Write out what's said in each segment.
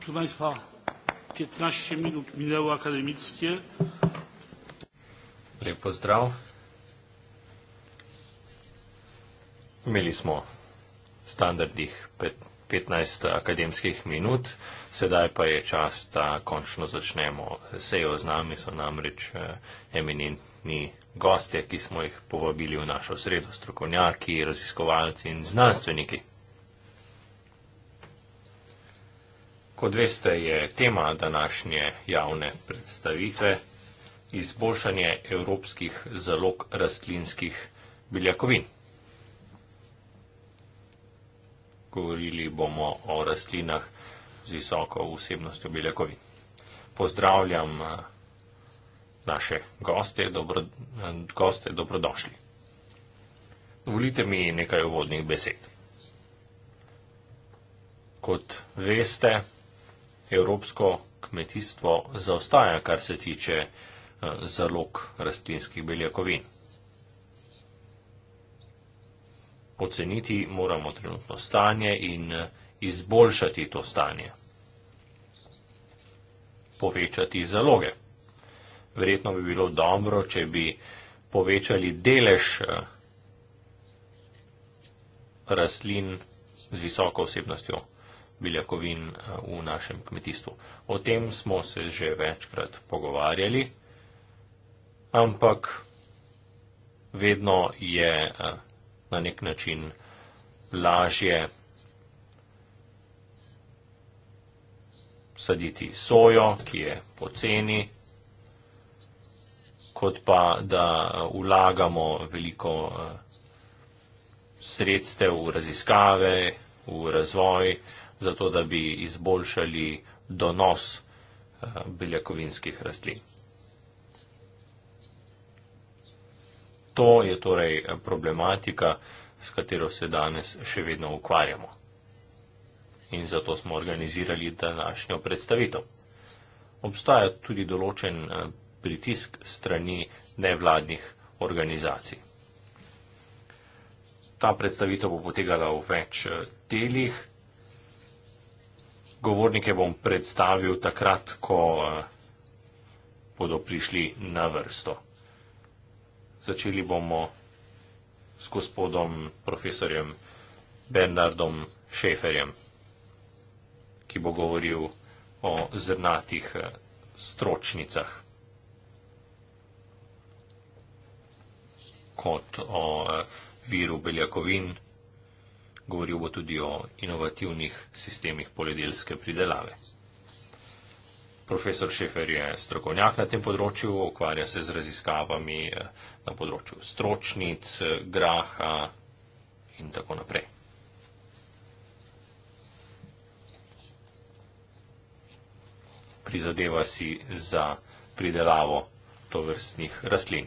Proszę Państwa, 15 minut minęło akademickie. Lep pozdrav. Imeli smo standardnih 15 akademskih minut, sedaj pa je čas, da končno začnemo sejo. Z nami so namreč eh, eminentni gostje, ki smo jih povabili v našo sredo, strokovnjaki, raziskovalci in znanstveniki. Kot veste, je tema današnje javne predstavitve izboljšanje evropskih zalog rastlinskih beljakovin. Govorili bomo o rastlinah z visoko vsebnostjo beljakovin. Pozdravljam eh, naše goste, dobro, eh, goste dobrodošli. Dovolite mi nekaj uvodnih besed. Kot veste, evropsko kmetijstvo zaostaja, kar se tiče eh, zalog rastlinskih beljakovin. Oceniti moramo trenutno stanje in eh, izboljšati to stanje. Povečati zaloge. Verjetno bi bilo dobro, če bi povečali delež eh, rastlin z visoko vsebnostjo beljakovin eh, v našem kmetijstvu. O tem smo se že večkrat pogovarjali, ampak vedno je eh, na nek način lažje saditi sojo, ki je poceni, kot pa da eh, vlagamo veliko sredstev v raziskave, v razvoj, zato da bi izboljšali donos eh, beljakovinskih rastlin. To je torej eh, problematika, s katero se danes še vedno ukvarjamo. In zato smo organizirali današnjo predstavitev. Obstaja tudi določen eh, pritisk strani nevladnih organizacij. Ta predstavitev bo potekala v več telih govornike bom predstavil takrat, ko eh, bodo prišli na vrsto. Začeli bomo s gospodom profesorjem Bernardom Šeferjem, ki bo govoril o zrnatih eh, stročnicah kot o eh, viru beljakovin govoril bo tudi o inovativnih sistemih poljedelske pridelave. Profesor Šefer je strokovnjak na tem področju, ukvarja se z raziskavami eh, na področju stročnic, eh, graha in tako naprej. Prizadeva si za pridelavo tovrstnih rastlin.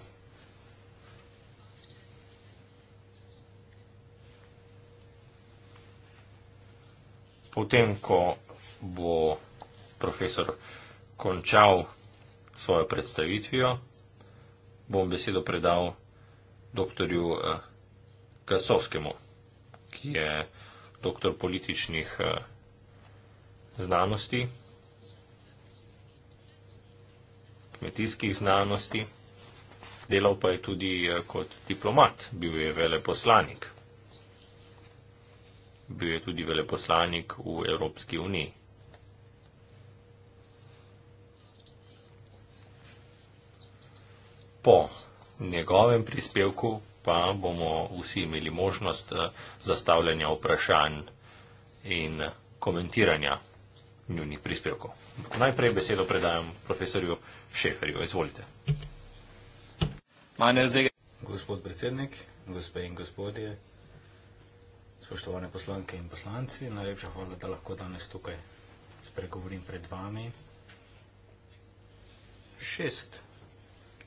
potem, ko bo profesor končal svojo predstavitvijo, bom besedo predal doktorju eh, Kasovskemu, ki je doktor političnih eh, znanosti, kmetijskih znanosti, delal pa je tudi eh, kot diplomat, bil je veleposlanik. Bil je tudi veleposlanik v Evropski uniji. Po njegovem prispevku pa bomo vsi imeli možnost eh, zastavljanja vprašanj in komentiranja njunih prispevkov. Najprej besedo predajam profesorju Šeferju. Izvolite. Gospod predsednik, gospe in gospodje, Spoštovane poslanke in poslanci, najlepša hvala, da lahko danes tukaj spregovorim pred vami. Šest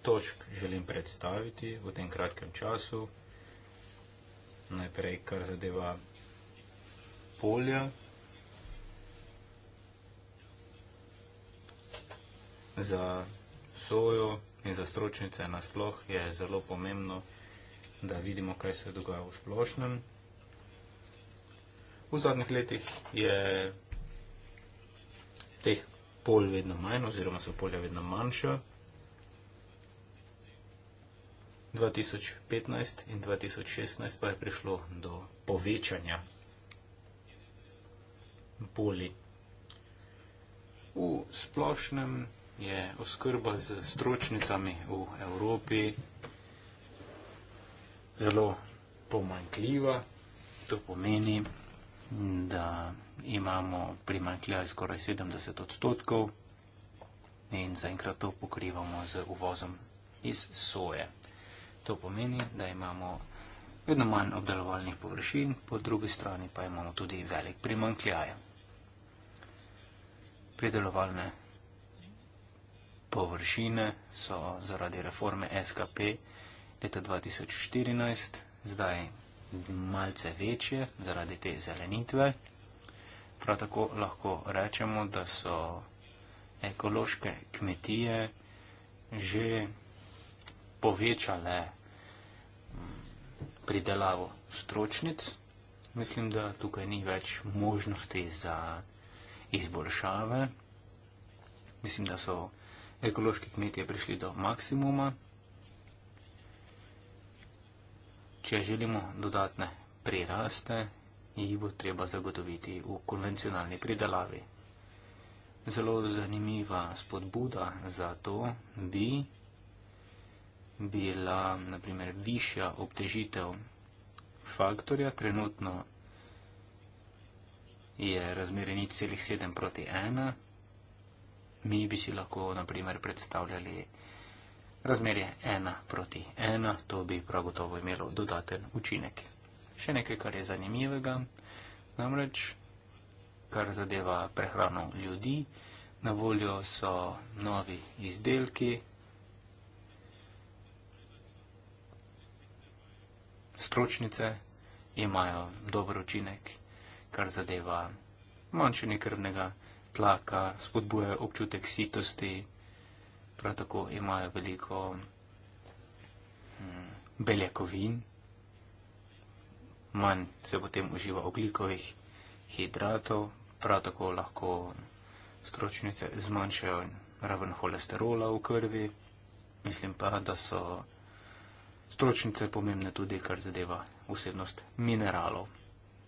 točk želim predstaviti v tem kratkem času. Najprej, kar zadeva polja. Za sojo in za stročnice nasploh je zelo pomembno, da vidimo, kaj se dogaja v splošnem v zadnjih letih je teh pol vedno manj, oziroma so polja vedno manjša. 2015 in 2016 pa je prišlo do povečanja poli. V splošnem je oskrba z stročnicami v Evropi zelo pomankljiva. To pomeni, da imamo primankljaj skoraj 70 odstotkov in zaenkrat to pokrivamo z uvozom iz soje. To pomeni, da imamo vedno manj obdelovalnih površin, po drugi strani pa imamo tudi velik primankljaj. Pridelovalne površine so zaradi reforme SKP leta 2014 zdaj malce večje zaradi te zelenitve. Prav tako lahko rečemo, da so ekološke kmetije že povečale mm, pridelavo stročnic. Mislim, da tukaj ni več možnosti za izboljšave. Mislim, da so ekološki kmetije prišli do maksimuma. Če želimo dodatne priraste, jih bo treba zagotoviti v konvencionalni pridelavi. Zelo zanimiva spodbuda za to bi bila naprimer višja obtežitev faktorja. Trenutno je razmere nič celih 7 proti 1. Mi bi si lahko naprimer predstavljali razmerje ena proti ena, to bi prav gotovo imelo dodaten učinek. Še nekaj, kar je zanimivega, namreč, kar zadeva prehrano ljudi, na voljo so novi izdelki, stročnice imajo dober učinek, kar zadeva manjšanje krvnega tlaka, spodbuje občutek sitosti, prav tako imajo veliko hm, beljakovin, manj se potem uživa oglikovih hidratov, prav tako lahko stročnice zmanjšajo raven holesterola v krvi. Mislim pa, da so stročnice pomembne tudi, kar zadeva vsebnost mineralov.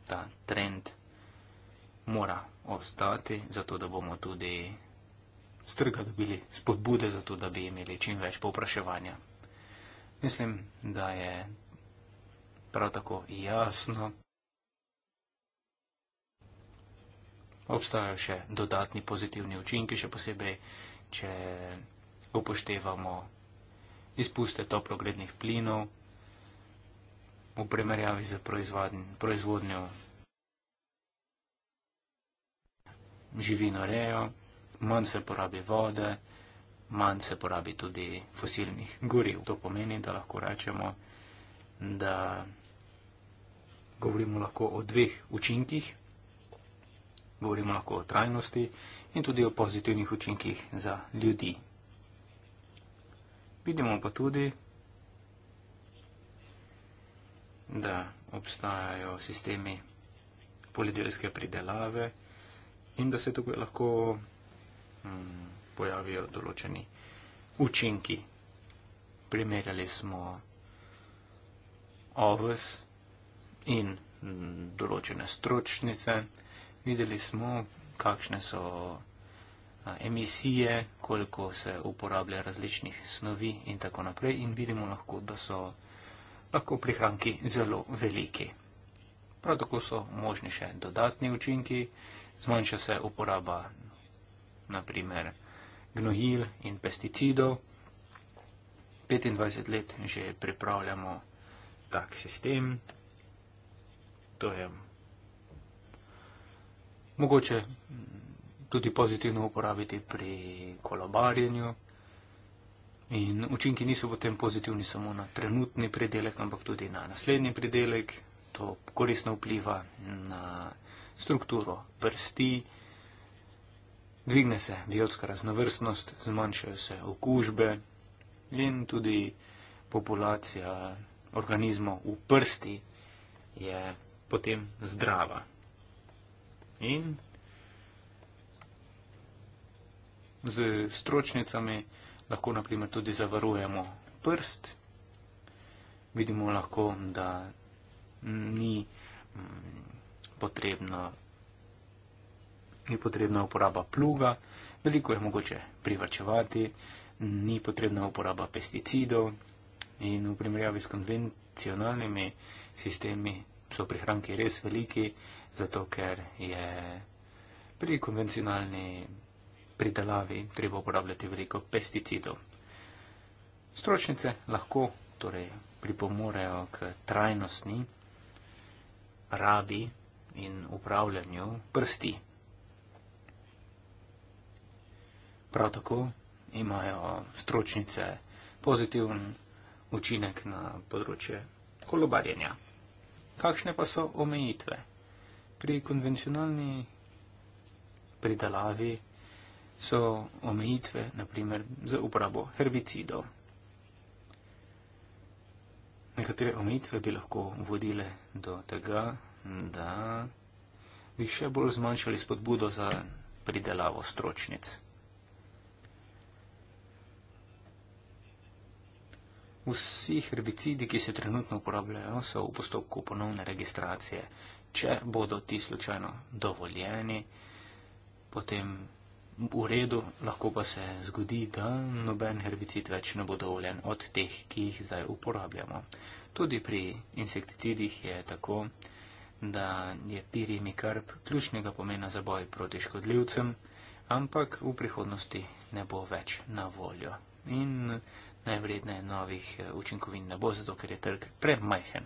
Ta trend mora ostati, zato da bomo tudi s trga dobili spodbude za to, da bi imeli čim več povpraševanja. Mislim, da je prav tako jasno. Obstajajo še dodatni pozitivni učinki, še posebej, če upoštevamo izpuste toplogrednih plinov v primerjavi z proizvodnjo živino rejo manj se porabi vode, manj se porabi tudi fosilnih goriv. To pomeni, da lahko rečemo, da govorimo lahko o dveh učinkih, govorimo lahko o trajnosti in tudi o pozitivnih učinkih za ljudi. Vidimo pa tudi, da obstajajo sistemi poljedelske pridelave in da se tukaj lahko pojavijo določeni učinki. Primerjali smo oves in določene stročnice, videli smo, kakšne so emisije, koliko se uporablja različnih snovi in tako naprej in vidimo lahko, da so lahko prihranki zelo veliki. Prav tako so možni še dodatni učinki, zmanjša se uporaba naprimer gnojil in pesticidov. 25 let že pripravljamo tak sistem. To je mogoče tudi pozitivno uporabiti pri kolobarjenju. In učinki niso potem pozitivni samo na trenutni predelek, ampak tudi na naslednji predelek. To koristno vpliva na strukturo prsti, dvigne se biotska raznovrstnost, zmanjšajo se okužbe in tudi populacija organizmov v prsti je potem zdrava. In z stročnicami lahko naprimer tudi zavarujemo prst, vidimo lahko, da ni mm, potrebno ni potrebna uporaba pluga, veliko je mogoče privrčevati, ni potrebna uporaba pesticidov in v primerjavi s konvencionalnimi sistemi so prihranki res veliki, zato ker je pri konvencionalni pridelavi treba uporabljati veliko pesticidov. Stročnice lahko torej pripomorejo k trajnostni rabi in upravljanju prsti Prav tako imajo stročnice pozitiven učinek na področje kolobarjenja. Kakšne pa so omejitve? Pri konvencionalni pridelavi so omejitve naprimer za uporabo herbicidov. Nekatere omejitve bi lahko vodile do tega, da bi še bolj zmanjšali spodbudo za pridelavo stročnic. Vsi herbicidi, ki se trenutno uporabljajo, so v postopku ponovne registracije. Če bodo ti slučajno dovoljeni, potem v redu, lahko pa se zgodi, da noben herbicid več ne bo dovoljen od teh, ki jih zdaj uporabljamo. Tudi pri insekticidih je tako, da je pirimikarp ključnega pomena za boj proti škodljivcem, ampak v prihodnosti ne bo več na voljo. In najvrednejših novih eh, učinkovin ne bo, zato ker je trg premajhen.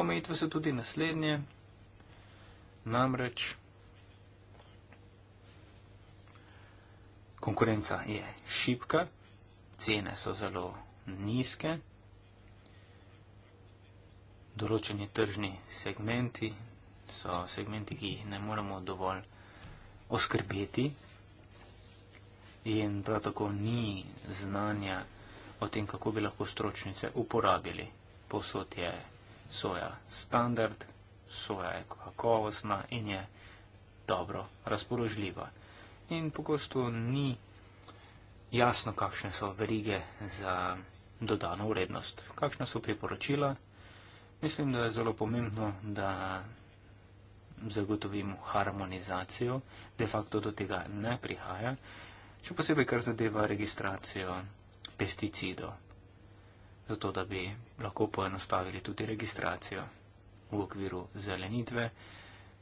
Omejitve so tudi naslednje, namreč konkurenca je šipka, cene so zelo nizke, določeni tržni segmenti so segmenti, ki jih ne moremo dovolj oskrbeti in prav tako ni znanja o tem, kako bi lahko stročnice uporabili. Posod je soja standard, soja je kakovostna in je dobro razpoložljiva. In pogosto ni jasno, kakšne so verige za dodano vrednost. Kakšna so priporočila? Mislim, da je zelo pomembno, da zagotovimo harmonizacijo. De facto do tega ne prihaja. Še posebej, kar zadeva registracijo pesticidov, zato da bi lahko poenostavili tudi registracijo v okviru zelenitve,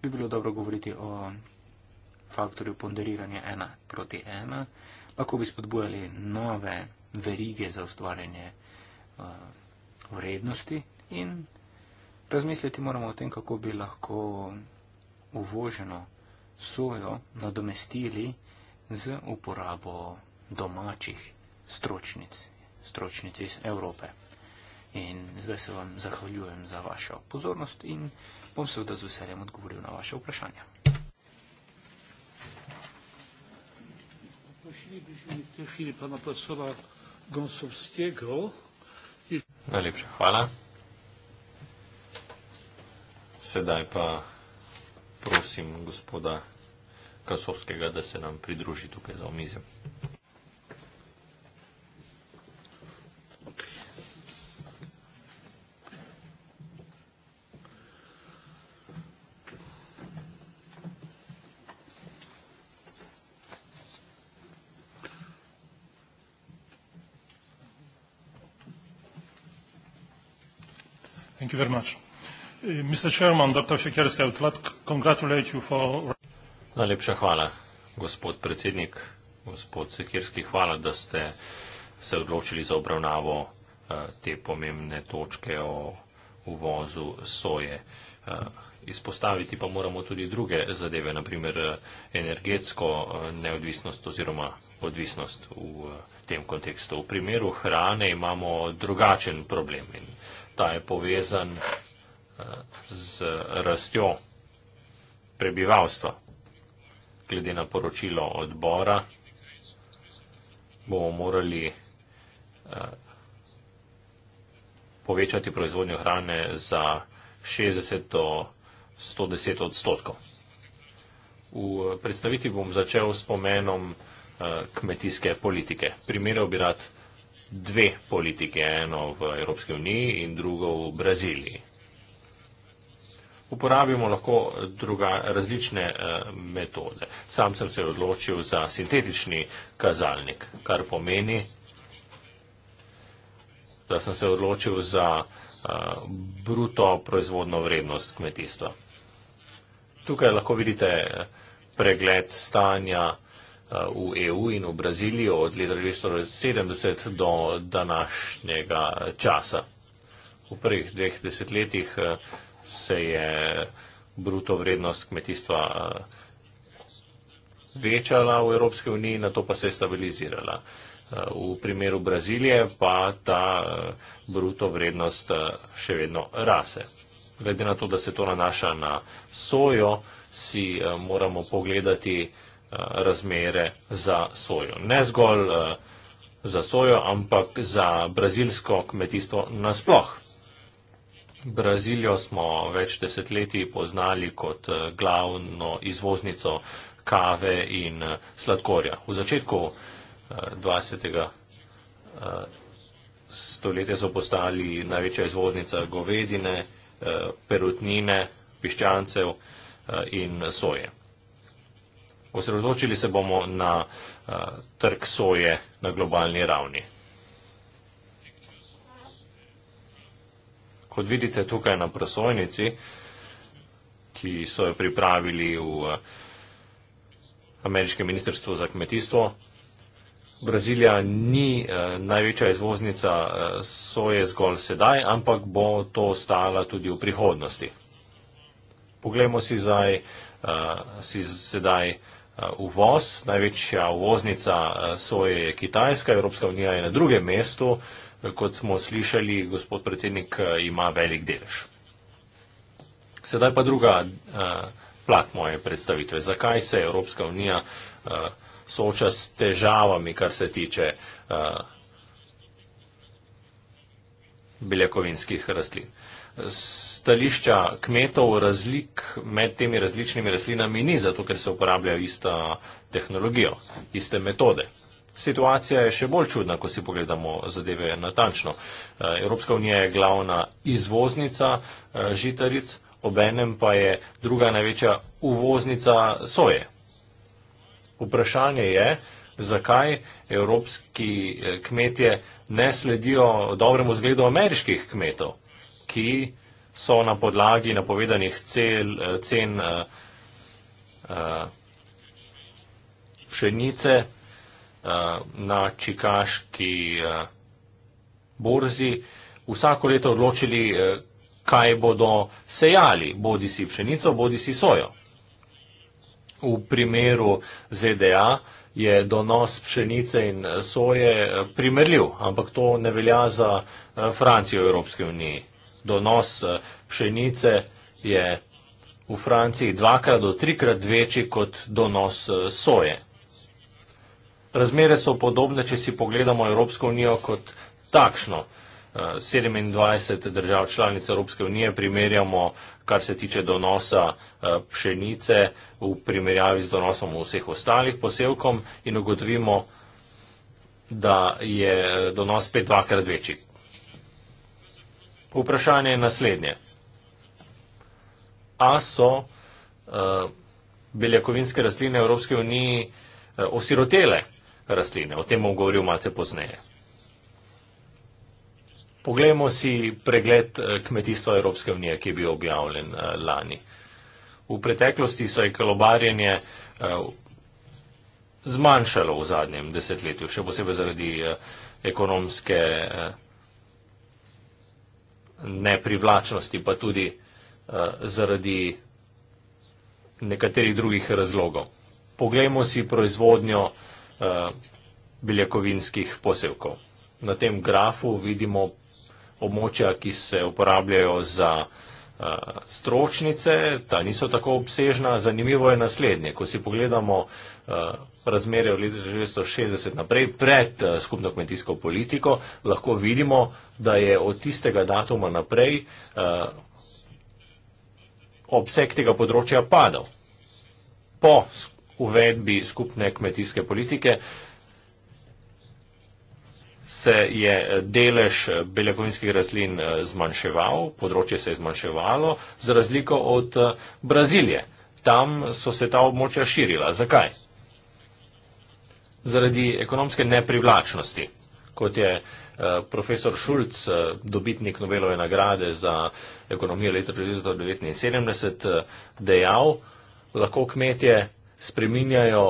bi bilo dobro govoriti o faktorju ponderiranja 1 proti 1, lahko bi spodbujali nove verige za ustvarjanje uh, vrednosti in razmisliti moramo o tem, kako bi lahko uvoženo sojo nadomestili z uporabo domačih stročnic, stročnic iz Evrope. In zdaj se vam zahvaljujem za vašo pozornost in bom seveda z veseljem odgovoril na vaše vprašanja. Najlepša hvala. Sedaj pa prosim gospoda Kasovskega, da se nam pridruži tukaj za omizem. you very much. Eh, Mr. Chairman, Dr. Sikerski, I would like to congratulate you for... Najlepša hvala, gospod predsednik, gospod Sikerski, hvala, da ste se odločili za obravnavo eh, te pomembne točke o uvozu soje. Eh, izpostaviti pa moramo tudi druge zadeve, naprimer energetsko neodvisnost oziroma odvisnost v tem kontekstu. V primeru hrane imamo drugačen problem in ta je povezan eh, z rastjo prebivalstva. Glede na poročilo odbora bomo morali eh, povečati proizvodnjo hrane za 60 do 110 odstotkov. V predstaviti bom začel s pomenom eh, kmetijske politike. Primerov bi rad povedal dve politike, eno v Evropski uniji in drugo v Braziliji. Uporabimo lahko druga, različne eh, metode. Sam sem se odločil za sintetični kazalnik, kar pomeni, da sem se odločil za eh, bruto proizvodno vrednost kmetijstva. Tukaj lahko vidite eh, pregled stanja v EU in v Brazilijo od leta 1970 do današnjega časa. V prvih dveh desetletjih eh, se je bruto vrednost kmetijstva eh, večala v Evropske uniji, na to pa se je stabilizirala. Eh, v primeru Brazilije pa ta bruto vrednost še vedno rase. Glede na to, da se to nanaša na sojo, si moramo pogledati, razmere za sojo. Ne zgolj eh, za sojo, ampak za brazilsko kmetijstvo nasploh. Brazilijo smo več desetletij poznali kot eh, glavno izvoznico kave in eh, sladkorja. V začetku 20. stoletja so postali največja izvoznica govedine, perutnine, piščancev in soje. Osredotočili se bomo na uh, trg soje na globalni ravni. Kot vidite tukaj na prosojnici, ki so jo pripravili v eh, Ameriškem ministrstvu za kmetijstvo, Brazilija ni eh, največja izvoznica eh, soje zgolj sedaj, ampak bo to ostala tudi v prihodnosti. Poglejmo si, zdaj, eh, si sedaj eh, Eh, uvoz, največja uvoznica eh, soje je Kitajska, Evropska unija je na drugem mestu, eh, kot smo slišali, gospod predsednik ima velik delež. Sedaj pa druga plat moje predstavitve. Zakaj se Evropska unija sooča s težavami, kar se tiče beljakovinskih rastlin? stališča kmetov razlik med temi različnimi rastlinami ni, zato ker se uporabljajo isto tehnologijo, iste metode. Situacija je še bolj čudna, ko si pogledamo zadeve natančno. Eh, Evropska unija je glavna izvoznica eh, žitaric, obenem pa je druga največja uvoznica soje. Vprašanje je, zakaj evropski eh, kmetje ne sledijo dobremu zgledu ameriških kmetov, ki so na podlagi napovedanih cel, eh, cen eh, eh, pšenice na čikaški borzi vsako leto odločili, kaj bodo sejali, bodi si pšenico, bodi si sojo. V primeru ZDA je donos pšenice in soje primerljiv, ampak to ne velja za Francijo v Evropske unije donos eh, pšenice je v Franciji dvakrat do trikrat večji kot donos eh, soje. Razmere so podobne, če si pogledamo Evropsko unijo kot takšno. 27 eh, držav članic Evropske unije primerjamo, kar se tiče donosa pšenice v primerjavi z donosom vseh ostalih posevkom in ugotovimo, da je donos pet dvakrat večji. Vprašanje je naslednje. A so uh, beljakovinske rastline Evropske unije uh, osirotele rastline? O tem bom govoril malce pozneje. Poglejmo si pregled eh, kmetijstva Evropske unije, ki je bil objavljen uh, lani. V preteklosti so je kalobarjenje uh, zmanjšalo v zadnjem desetletju, še posebej zaradi uh, ekonomske. Uh, neprivlačnosti, pa tudi eh, zaradi nekaterih drugih razlogov. Poglejmo si proizvodnjo eh, beljakovinskih posevkov. Na tem grafu vidimo območja, ki se uporabljajo za proizvodnjo stročnice, ta niso tako obsežna. Zanimivo je naslednje, ko si pogledamo razmere v letu 1960 naprej, pred skupno kmetijsko politiko, lahko vidimo, da je od tistega datuma naprej obseg tega področja padal. Po uvedbi skupne kmetijske politike se je eh, delež eh, beljakovinskih rastlin eh, zmanjševal, področje se je zmanjševalo, za razliko od Brazilije. Tam so se ta območja širila. Zakaj? Zaradi ekonomske neprivlačnosti, kot je profesor Šulc, dobitnik Nobelove nagrade za ekonomijo leta 1979, dejal, lahko kmetje spreminjajo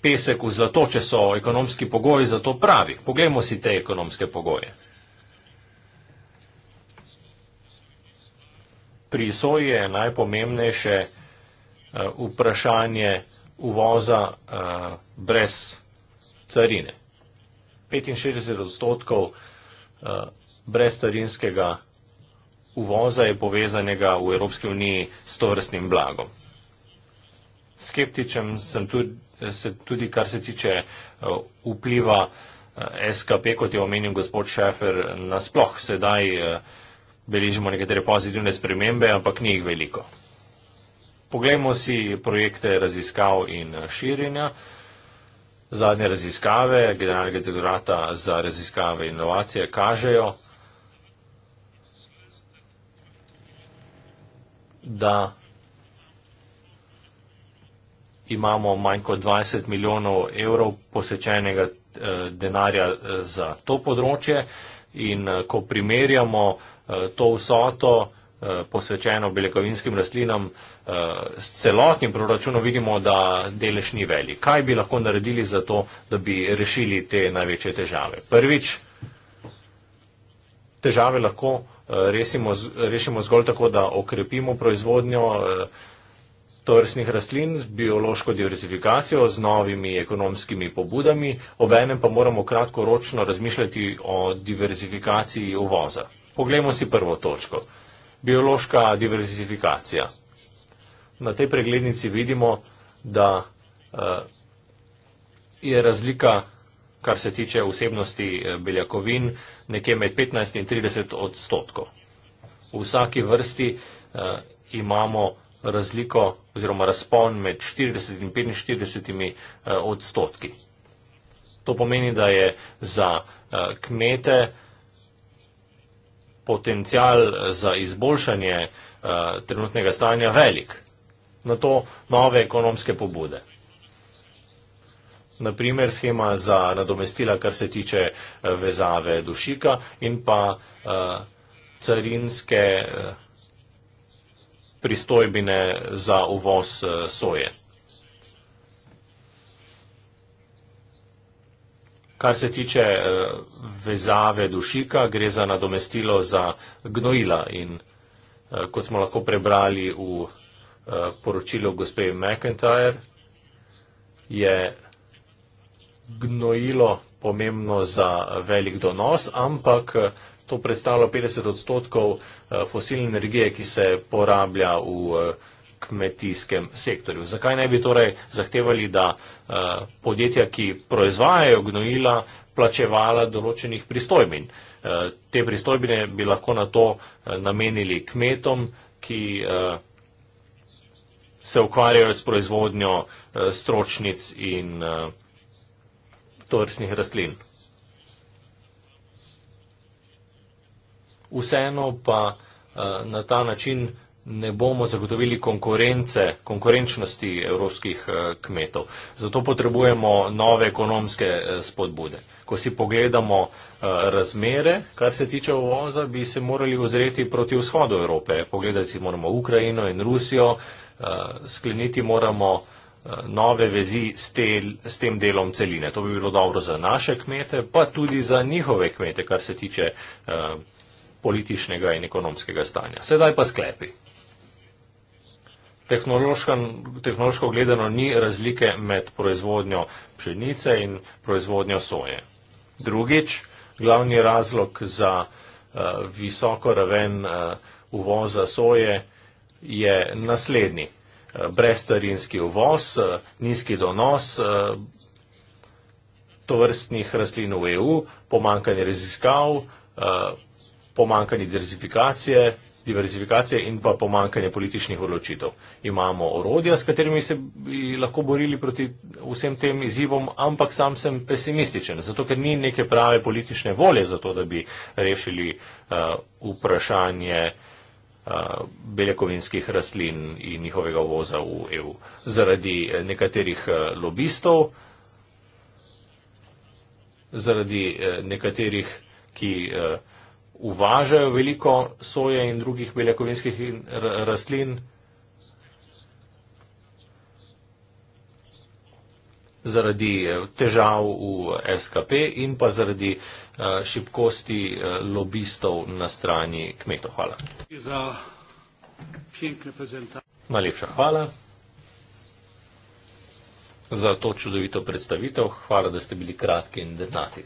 pesek v zlato, če so ekonomski pogoji za to pravi. Poglejmo si te ekonomske pogoje. Pri soji je najpomembnejše eh, vprašanje uvoza eh, brez carine. 65 odstotkov eh, brezcarinskega uvoza je povezanega v Evropski uniji s tovrstnim blagom. Skeptičen sem tudi se, tudi kar se tiče eh, vpliva eh, SKP, kot je omenil gospod Šefer, nasploh sedaj eh, beležimo nekatere pozitivne spremembe, ampak ni jih veliko. Poglejmo si projekte raziskav in širjenja. Zadnje raziskave Generalnega direktorata za raziskave in inovacije kažejo, da imamo manj kot 20 milijonov evrov posečenega eh, denarja eh, za to področje in eh, ko primerjamo to vsoto posvečeno beljakovinskim rastlinam s celotnim proračunom, vidimo, da delež ni velik. Kaj bi lahko naredili za to, da bi rešili te največje težave? Prvič, težave lahko rešimo zgolj tako, da okrepimo proizvodnjo vrstnih rastlin z biološko diversifikacijo, z novimi ekonomskimi pobudami, obenem pa moramo kratkoročno razmišljati o diversifikaciji uvoza. Poglejmo si prvo točko. Biološka diversifikacija. Na tej preglednici vidimo, da eh, je razlika, kar se tiče vsebnosti eh, beljakovin, nekje med 15 in 30 odstotkov. V vsaki vrsti eh, imamo razliko oziroma razpon med 40 in 45 eh, odstotki. To pomeni, da je za eh, kmete potencial eh, za izboljšanje trenutnega stanja velik na to nove ekonomske pobude. Naprimer, schema za nadomestila, kar se tiče vezave dušika in pa uh, carinske uh, pristojbine za uvoz eh, soje. Kar se tiče eh, vezave dušika, gre za nadomestilo za gnojila in eh, kot smo lahko prebrali v poročilu gospe McIntyre, je gnojilo pomembno za velik donos, ampak vsega, to predstavlja 50 odstotkov eh, fosilne energije, ki se porablja v eh, kmetijskem sektorju. Zakaj ne bi torej zahtevali, da eh, podjetja, ki proizvajajo gnojila, plačevala določenih pristojbin? Te pristojbine bi lahko na to namenili kmetom, ki se ukvarjajo s proizvodnjo stročnic in tovrstnih rastlin. vseeno pa eh, na ta način ne bomo zagotovili konkurence, konkurenčnosti evropskih eh, kmetov. Zato potrebujemo nove ekonomske eh, spodbude. Ko si pogledamo razmere, kar se tiče uvoza, bi se morali ozreti proti vzhodu Evrope. Pogledati si moramo Ukrajino in Rusijo, skleniti moramo nove vezi s, te, s tem delom celine. To bi bilo dobro za naše kmete, pa tudi za njihove kmete, kar se tiče političnega in ekonomskega stanja. Sedaj pa sklepi. Tehnološko gledano ni razlike med proizvodnjo pšenice in proizvodnjo soje. Drugič, glavni razlog za uh, visoko raven uh, uvoza soje je naslednji. Uh, brezcarinski uvoz, uh, nizki donos uh, tovrstnih rastlin v EU, pomankanje raziskav, uh, pomankanje diversifikacije, diversifikacije in pa pomankanje političnih odločitev. Imamo orodja, s katerimi se bi lahko borili proti vsem tem izzivom, ampak sam sem pesimističen, zato ker ni neke prave politične volje za to, da bi rešili uh, vprašanje eh, beljakovinskih rastlin in njihovega voza v EU. Zaradi eh, nekaterih lobistov, zaradi nekaterih, ki uvažajo veliko soje in drugih beljakovinskih rastlin. zaradi eh, težav v SKP in pa zaradi eh, šibkosti eh, lobistov na strani kmetov. Hvala. Najlepša hvala za to čudovito predstavitev. Hvala, da ste bili kratki in detati.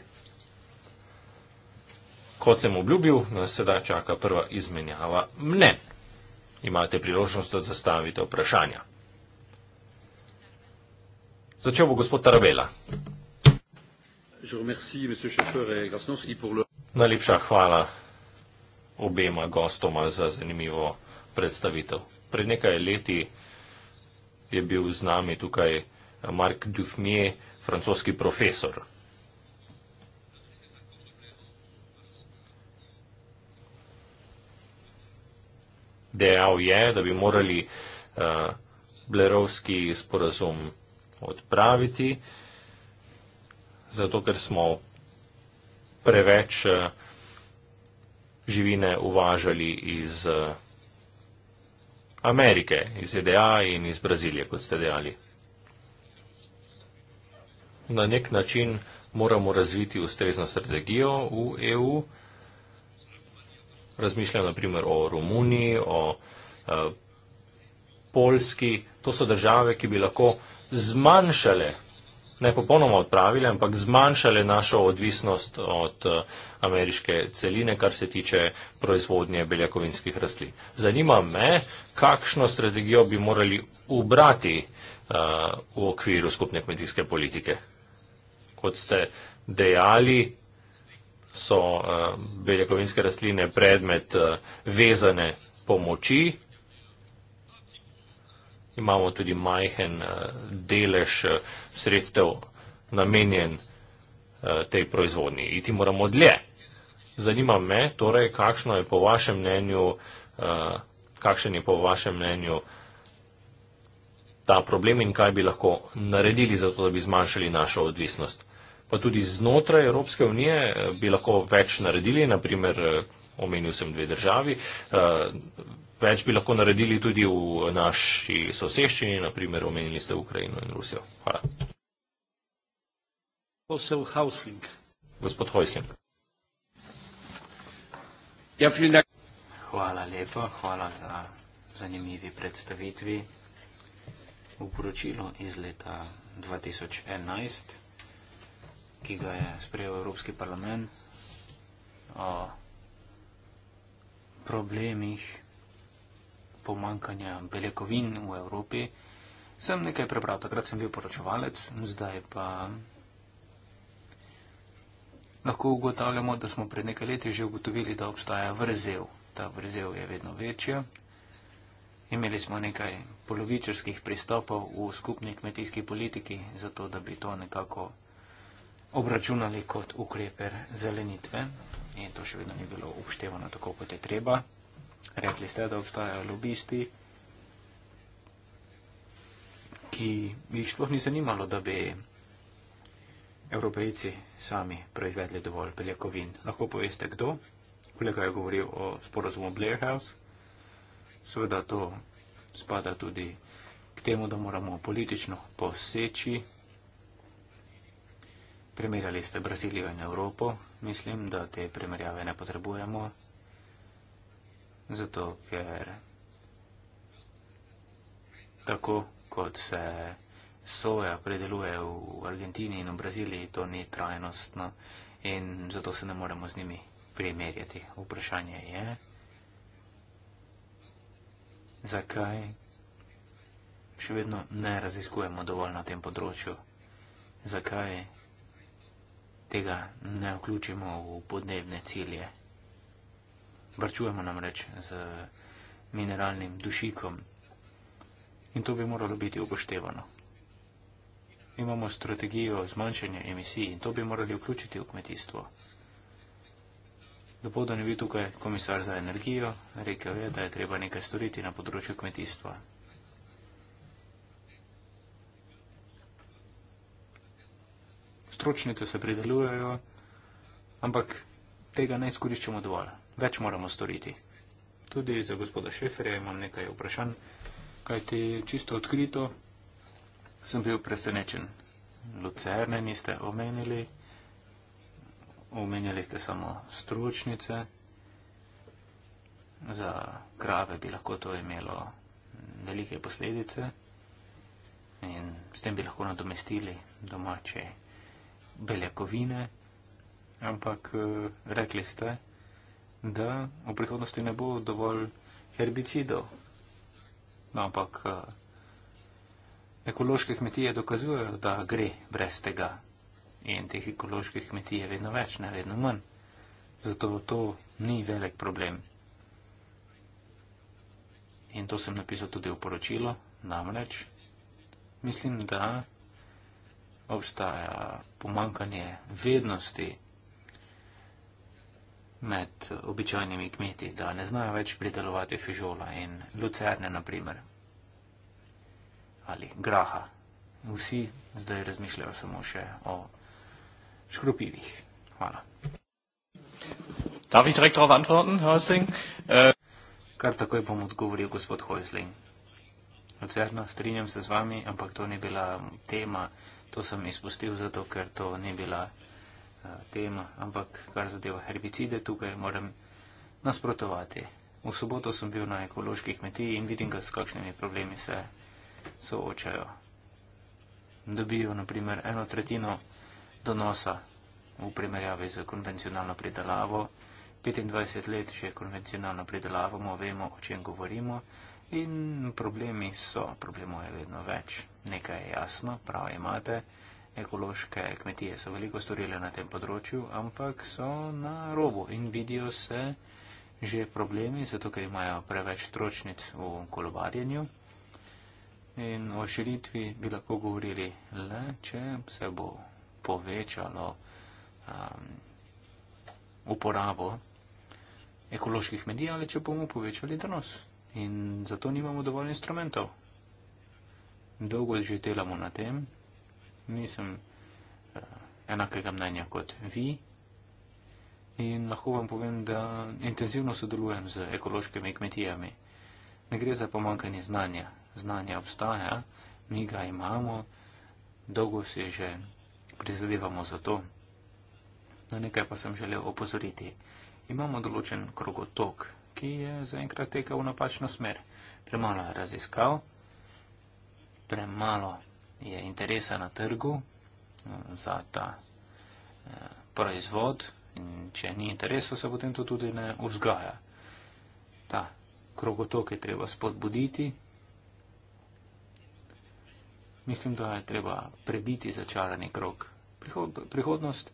Kot sem obljubil, nas sedaj čaka prva izmenjava mnen. Imate priložnost, da zastavite vprašanja. Začel bo gospod Tarabela. Najlepša hvala obema gostoma za zanimivo predstavitev. Pred nekaj leti je bil z nami tukaj Mark Dufmier, francoski profesor. Dejal je, da bi morali uh, Blerovski sporazum odpraviti, zato ker smo preveč uh, živine uvažali iz uh, Amerike, iz EDA in iz Brazilije, kot ste dejali. Na nek način moramo razviti ustrezno strategijo v EU razmišljam naprimer o Romuniji, o eh, Polski, to so države, ki bi lahko zmanjšale, ne popolnoma odpravile, ampak zmanjšale našo odvisnost od eh, ameriške celine, kar se tiče proizvodnje beljakovinskih rastlin. Zanima me, kakšno strategijo bi morali ubrati eh, v okviru skupne kmetijske politike. Kot ste dejali, so uh, eh, beljakovinske rastline predmet uh, vezane pomoči. Imamo tudi majhen uh, delež uh, sredstev namenjen uh, tej proizvodnji. Iti moramo dlje. Zanima me, torej, kakšno je po vašem mnenju, uh, kakšen je po vašem mnenju ta problem in kaj bi lahko naredili za to, da bi zmanjšali našo odvisnost pa tudi znotraj Evropske unije eh, bi lahko več naredili, naprimer eh, omenil sem dve državi, eh, več bi lahko naredili tudi v naši soseščini, naprimer omenili ste Ukrajino in Rusijo. Hvala. Gospod Hojsling. Ja, hvala lepa, hvala za zanimivi predstavitvi v poročilu iz leta 2011 ki ga je sprejel Evropski parlament, o problemih pomankanja beljakovin v Evropi. Sem nekaj prebral, takrat sem bil poročevalec, zdaj pa lahko ugotavljamo, da smo pred nekaj leti že ugotovili, da obstaja vrzel. Ta vrzel je vedno večja. Imeli smo nekaj polovičarskih pristopov v skupni kmetijski politiki, zato da bi to nekako obračunali kot ukrepe zelenitve in to še vedno ni bilo upoštevano tako, kot je treba. Rekli ste, da obstajajo lobisti, ki jih sploh ni zanimalo, da bi evropejci sami proizvedli dovolj beljakovin. Lahko poveste, kdo? Kolega je govoril o sporozumu Blair House. Seveda to spada tudi k temu, da moramo politično poseči Primerjali ste Brazilijo in Evropo. Mislim, da te primerjave ne potrebujemo, zato ker tako kot se soja predeluje v Argentini in v Braziliji, to ni trajnostno in zato se ne moremo z njimi primerjati. Vprašanje je, zakaj še vedno ne raziskujemo dovolj na tem področju, zakaj tega ne vključimo v podnebne cilje. Vrčujemo namreč z mineralnim dušikom in to bi moralo biti upoštevano. Imamo strategijo zmanjšanja emisij in to bi morali vključiti v kmetijstvo. Dopoldan je bil tukaj komisar za energijo, rekel je, da je treba nekaj storiti na področju kmetijstva. stročnice se pridelujejo, ampak tega ne izkoriščamo dovolj. Več moramo storiti. Tudi za gospoda Šeferja imam nekaj vprašanj, kajti čisto odkrito sem bil presenečen. Lucerne niste omenili, omenjali ste samo stročnice. Za krave bi lahko to imelo velike posledice in s tem bi lahko nadomestili domače beljakovine, ampak eh, rekli ste, da v prihodnosti ne bo dovolj herbicidov. No, ampak eh, ekološke kmetije dokazujejo, da gre brez tega in teh ekoloških kmetij je vedno več, ne vedno manj. Zato to ni velik problem. In to sem napisal tudi v poročilo, namreč mislim, da obstaja pomankanje vednosti med običajnimi kmeti, da ne znajo več pridelovati fižola in lucerne, naprimer, ali graha. Vsi zdaj razmišljajo samo še o škrupivih. Hvala. Darf ich direkt darauf antworten, Häusling? Äh, Kar takoj bom odgovoril, gospod Häusling. Lucerna, strinjam se z vami, ampak to ni bila tema. To sem izpustil, zato ker to ni bila uh, tema, ampak kar zadeva herbicide, tukaj moram nasprotovati. V soboto sem bil na ekoloških kmetiji in vidim, s kakšnimi problemi se soočajo. Dobijo naprimer eno tretjino donosa v primerjavi z konvencionalno pridelavo. 25 let že konvencionalno pridelavamo, vemo, o čem govorimo. In problemi so, problemov je vedno več. Nekaj je jasno, prav imate. Ekološke kmetije so veliko storile na tem področju, ampak so na robu in vidijo se že problemi, zato ker imajo preveč tročnic v kolobarjenju. In o širitvi bi lahko govorili le, če se bo povečalo um, uporabo ekoloških medij ali če bomo povečali donos in zato nimamo dovolj instrumentov. Dolgo že delamo na tem, nisem eh, enakega mnenja kot vi in lahko vam povem, da intenzivno sodelujem z ekološkimi kmetijami. Ne gre za pomankanje znanja. Znanje obstaja, mi ga imamo, dolgo se že prizadevamo za to. Na nekaj pa sem želel opozoriti. Imamo določen krogotok ki je zaenkrat tekel v napačno smer. Premalo je raziskav, premalo je interesa na trgu eh, za ta eh, proizvod in če ni interesa, se potem to tudi ne vzgaja. Ta krogotok je treba spodbuditi. Mislim, da je treba prebiti začarani krog. Prihodnost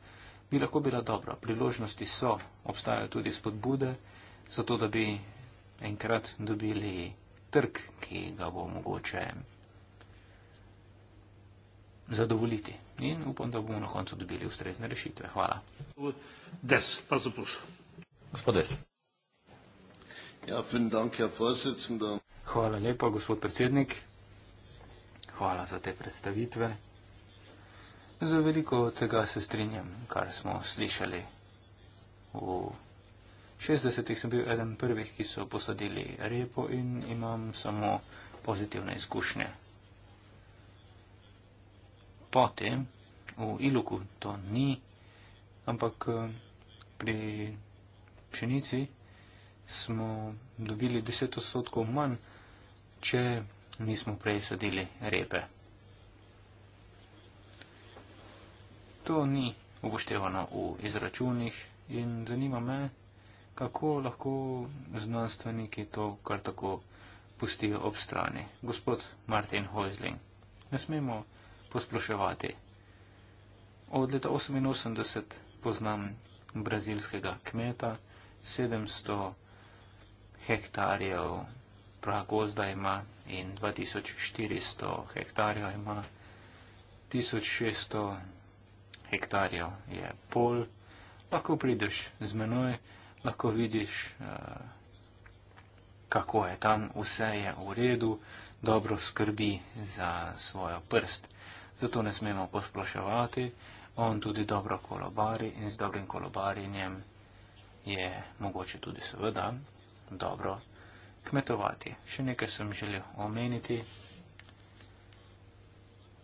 bi lahko bila dobra, priložnosti so, obstajajo tudi spodbude zato da bi enkrat dobili trg, ki ga bo mogoče zadovoljiti. In upam, da bomo na koncu dobili ustrezne rešitve. Hvala. Des, pa zapušam. Gospod Des. Ja, dank, Hvala lepa, gospod predsednik. Hvala za te predstavitve. Za veliko tega se strinjam, kar smo slišali v 60-ih sem bil eden prvih, ki so posadili repo in imam samo pozitivne izkušnje. Potem v Iluku to ni, ampak eh, pri pšenici smo dobili 10 odstotkov manj, če nismo prej sadili repe. To ni upoštevano v izračunih in zanima me, kako lahko znanstveniki to kar tako pustijo ob strani. Gospod Martin Hoizling, ne smemo posploševati. Od leta 88 poznam brazilskega kmeta, 700 hektarjev pragozda ima in 2400 hektarjev ima, 1600 hektarjev je pol, lahko prideš z menoj lahko vidiš, eh, kako je tam, vse je v redu, dobro skrbi za svojo prst. Zato ne smemo posploševati, on tudi dobro kolobari in z dobrim kolobarjenjem je mogoče tudi seveda dobro kmetovati. Še nekaj sem želel omeniti.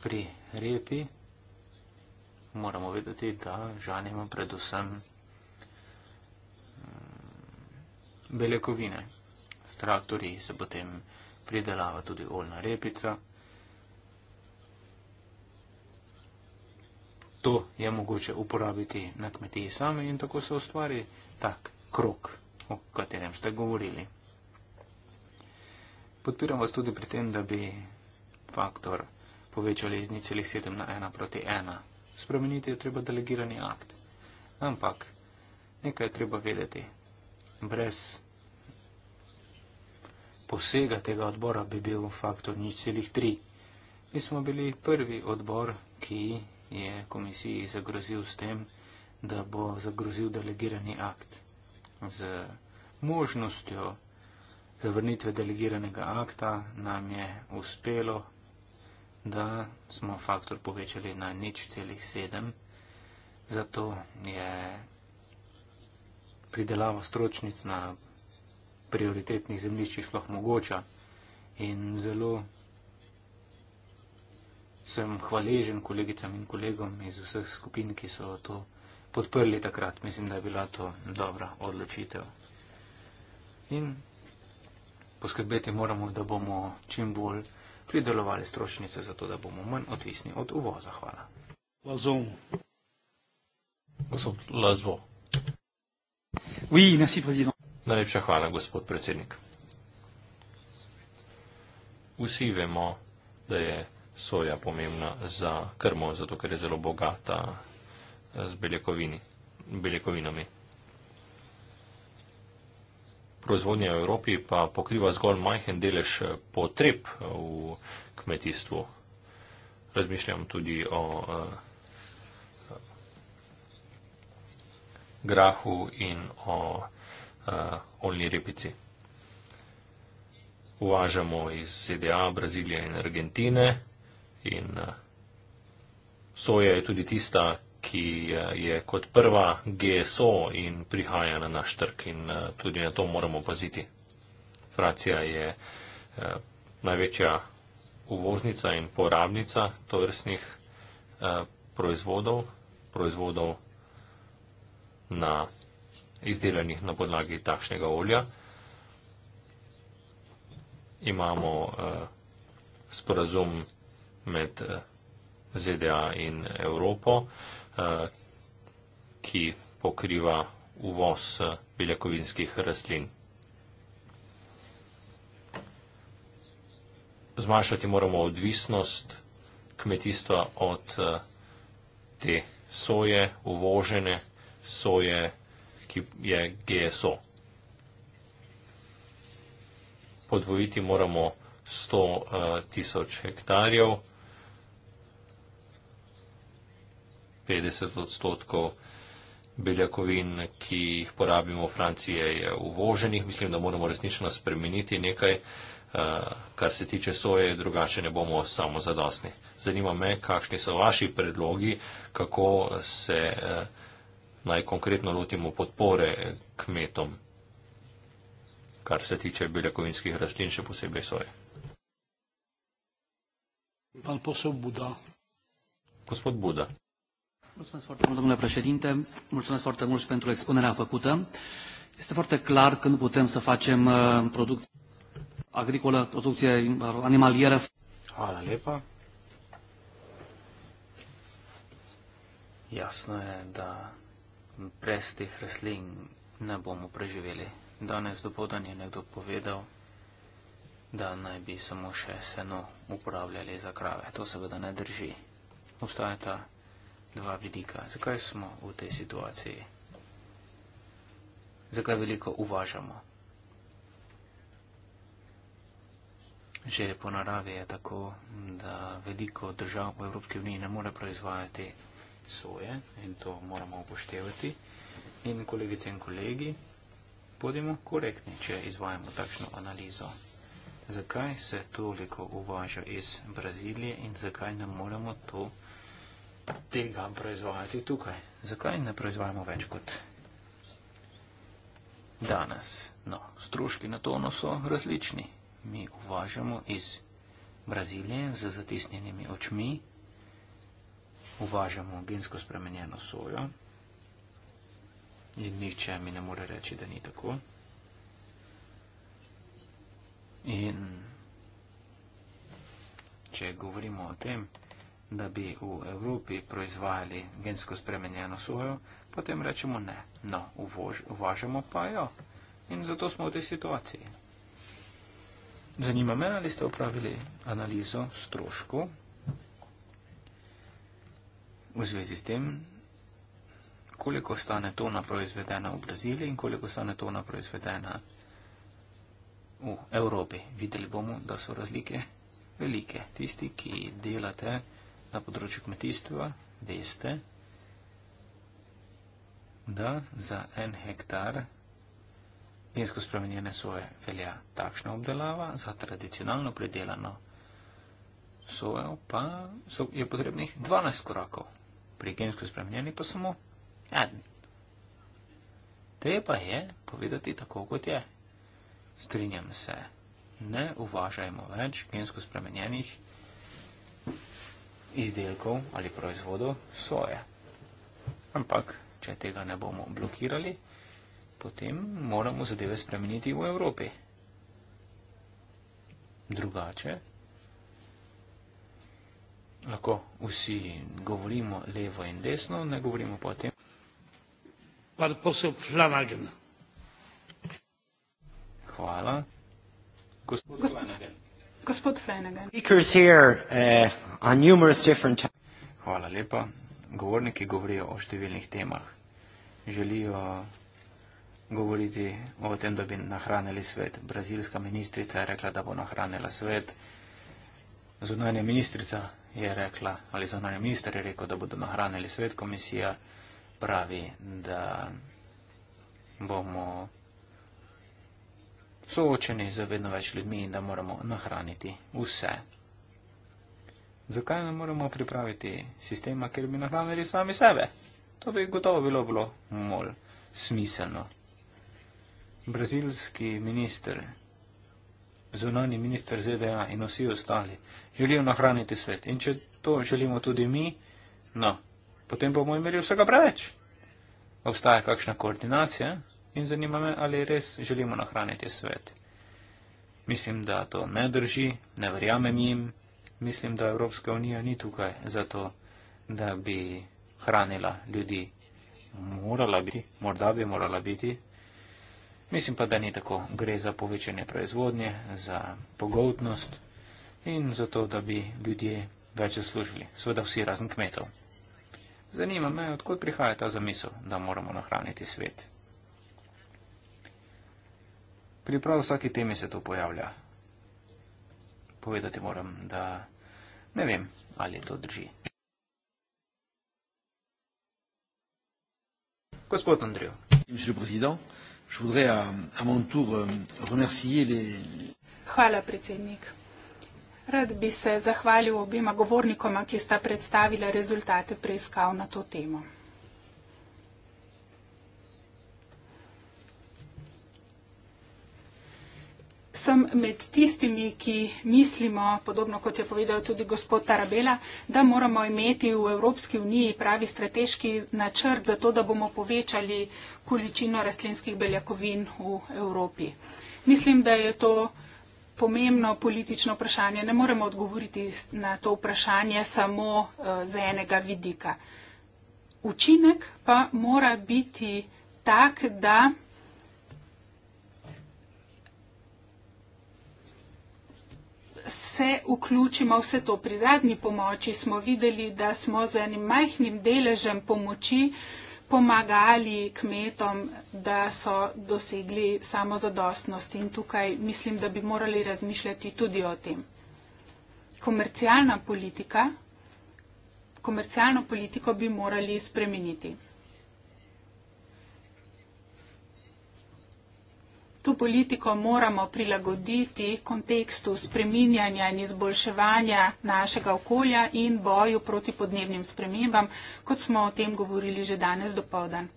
Pri repi moramo vedeti, da žanimo predvsem beljakovine. S traktorji se potem pridelava tudi oljna repica. To je mogoče uporabiti na kmetiji sami in tako se ustvari tak krok, o katerem ste govorili. Podpiram vas tudi pri tem, da bi faktor povečali iz ničelih 7 na 1 proti 1. Spremeniti je treba delegirani akt. Ampak nekaj je treba vedeti brez posega tega odbora bi bil faktor nič celih tri. Mi smo bili prvi odbor, ki je komisiji zagrozil s tem, da bo zagrozil delegirani akt. Z možnostjo zavrnitve delegiranega akta nam je uspelo, da smo faktor povečali na nič celih sedem. Zato je pridelava stročnic na prioritetnih zemljiščih sploh mogoča. In zelo sem hvaležen kolegicam in kolegom iz vseh skupin, ki so to podprli takrat. Mislim, da je bila to dobra odločitev. In poskrbeti moramo, da bomo čim bolj pridelovali stročnice, zato da bomo manj odvisni od uvoza. Hvala. Lazo. Gospod Lazo. Oui, merci, président. Najlepša hvala, gospod predsednik. Vsi vemo, da je soja pomembna za krmo, zato ker je zelo bogata z beljakovinami. Proizvodnja v Evropi pa pokriva zgolj majhen delež potreb v kmetijstvu. Razmišljam tudi o. Uh, grahu in o uh, eh, oljni repici. Uvažamo iz ZDA, Brazilije in Argentine in uh, soja je tudi tista, ki uh, je kot prva GSO e in prihaja na naš trg in uh, tudi na to moramo paziti. Francija je uh, največja uvoznica in porabnica tovrstnih uh, proizvodov, proizvodov na izdelanih na podlagi takšnega olja. Imamo uh, sporazum med uh, eh, ZDA in Evropo, uh, ki pokriva uvoz uh, beljakovinskih rastlin. Zmanjšati moramo odvisnost kmetijstva od uh, te soje, uvožene soje, ki je GSO. Podvojiti moramo 100 uh, eh, tisoč hektarjev, 50 odstotkov beljakovin, ki jih porabimo v Franciji, je uvoženih. Mislim, da moramo resnično spremeniti nekaj, uh, kar se tiče soje, drugače ne bomo samo zadostni. Zanima me, kakšni so vaši predlogi, kako se. Uh, naj konkretno lotimo podpore kmetom, kar se tiče beljakovinskih rastlin, še posebej soje. Pan posel Buda. Gospod Buda. Mulțumesc foarte mult, domnule președinte. Mulțumesc foarte mult și pentru expunerea făcută. Este foarte clar că nu putem să facem uh, producție agricolă, producție uh, animalieră. Hvala lepa. Jasno je, da brez teh rastlin ne bomo preživeli. Danes dopoldan je nekdo povedal, da naj bi samo še seno uporabljali za krave. To seveda ne drži. Obstajata dva vidika. Zakaj smo v tej situaciji? Zakaj veliko uvažamo? Že po naravi je tako, da veliko držav v Evropski uniji ne more proizvajati krave soje in to moramo upoštevati. In kolegice in kolegi, bodimo korektni, če izvajamo takšno analizo. Zakaj se toliko uvaža iz Brazilije in zakaj ne moremo to, tega proizvajati tukaj? Zakaj ne proizvajamo več kot danes? No, stroški na tono so različni. Mi uvažamo iz Brazilije z zatisnjenimi očmi uvažamo gensko spremenjeno sojo. In nihče mi ne more reči, da ni tako. In če govorimo o tem, da bi v Evropi proizvajali gensko spremenjeno sojo, potem rečemo ne. No, uvož, uvažamo pa jo. In zato smo v tej situaciji. Zanima me, ali ste upravili analizo stroškov V zvezi s tem, koliko stane tona proizvedena v Braziliji in koliko stane tona proizvedena v Evropi. Videli bomo, da so razlike velike. Tisti, ki delate na področju kmetijstva, veste, da za en hektar gensko spremenjene soje velja takšna obdelava, za tradicionalno predelano sojo pa so, je potrebnih 12 korakov pri gensko spremenjeni pa samo eden. Treba je povedati tako, kot je. Strinjam se, ne uvažajmo več gensko spremenjenih izdelkov ali proizvodov soje. Ampak, če tega ne bomo blokirali, potem moramo zadeve spremeniti v Evropi. Drugače lahko vsi govorimo levo in desno, ne govorimo pa o tem. Hvala. Gospod Flanagan. Gospod Flanagan. Uh, Hvala lepa. Govorniki govorijo o številnih temah. Želijo govoriti o tem, da bi nahranili svet. Brazilska ministrica je rekla, da bo nahranila svet. Zunanja ministrica je rekla, ali zunanje minister je rekel, da bodo nahranili svet, komisija pravi, da bomo soočeni z vedno več ljudmi in da moramo nahraniti vse. Zakaj ne moramo pripraviti sistema, kjer bi nahranili sami sebe? To bi gotovo bilo bolj smiselno. Brazilski minister zunani minister ZDA in vsi ostali, želijo nahraniti svet. In če to želimo tudi mi, no, potem bomo imeli vsega preveč. Obstaja kakšna koordinacija in zanima me, ali res želimo nahraniti svet. Mislim, da to ne drži, ne verjamem jim, mislim, da Evropska unija ni tukaj zato, da bi hranila ljudi. Morala bi, morda bi morala biti, Mislim pa, da ni tako. Gre za povečanje proizvodnje, za pogotnost in za to, da bi ljudje več zaslužili. Sveda vsi razen kmetov. Zanima me, odkud prihaja ta zamisel, da moramo nahraniti svet. Pri prav vsaki temi se to pojavlja. Povedati moram, da ne vem, ali to drži. Gospod Andrijo. Gospod predsednik. Je voudrais à, à mon tour euh, remercier les. Hvala, predsednik. Rad bi se zahvalil obima govornikoma, ki sta predstavila rezultate preiskav na to temo. sem med tistimi, ki mislimo, podobno kot je povedal tudi gospod Tarabela, da moramo imeti v Evropski uniji pravi strateški načrt za to, da bomo povečali količino rastlinskih beljakovin v Evropi. Mislim, da je to pomembno politično vprašanje. Ne moremo odgovoriti na to vprašanje samo eh, z enega vidika. Učinek pa mora biti tak, da se vključimo vse to. Pri zadnji pomoči smo videli, da smo z enim majhnim deležem pomoči pomagali kmetom, da so dosegli samozadostnost. In tukaj mislim, da bi morali razmišljati tudi o tem. Komercialna politika, komercialno politiko bi morali spremeniti. to politiko moramo prilagoditi kontekstu spreminjanja in izboljševanja našega okolja in boju proti podnebnim spremembam, kot smo o tem govorili že danes dopoldan.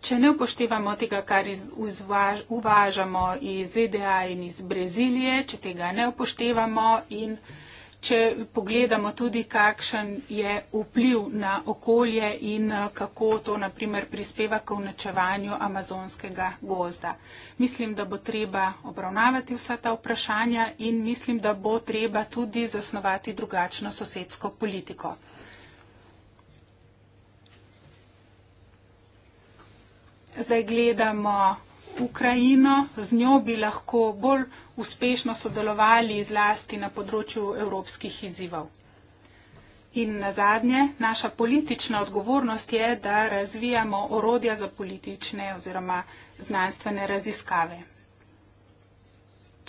Če ne upoštevamo tega, kar iz, uzvaž, uvažamo iz ZDA in iz Brazilije, če tega ne upoštevamo in če pogledamo tudi, kakšen je vpliv na okolje in eh, kako to naprimer prispeva k unačevanju amazonskega gozda. Mislim, da bo treba obravnavati vsa ta vprašanja in mislim, da bo treba tudi zasnovati drugačno sosedsko politiko. Zdaj gledamo Ukrajino, z njo bi lahko bolj uspešno sodelovali zlasti na področju evropskih izzivov. In na zadnje, naša politična odgovornost je, da razvijamo orodja za politične oziroma znanstvene raziskave.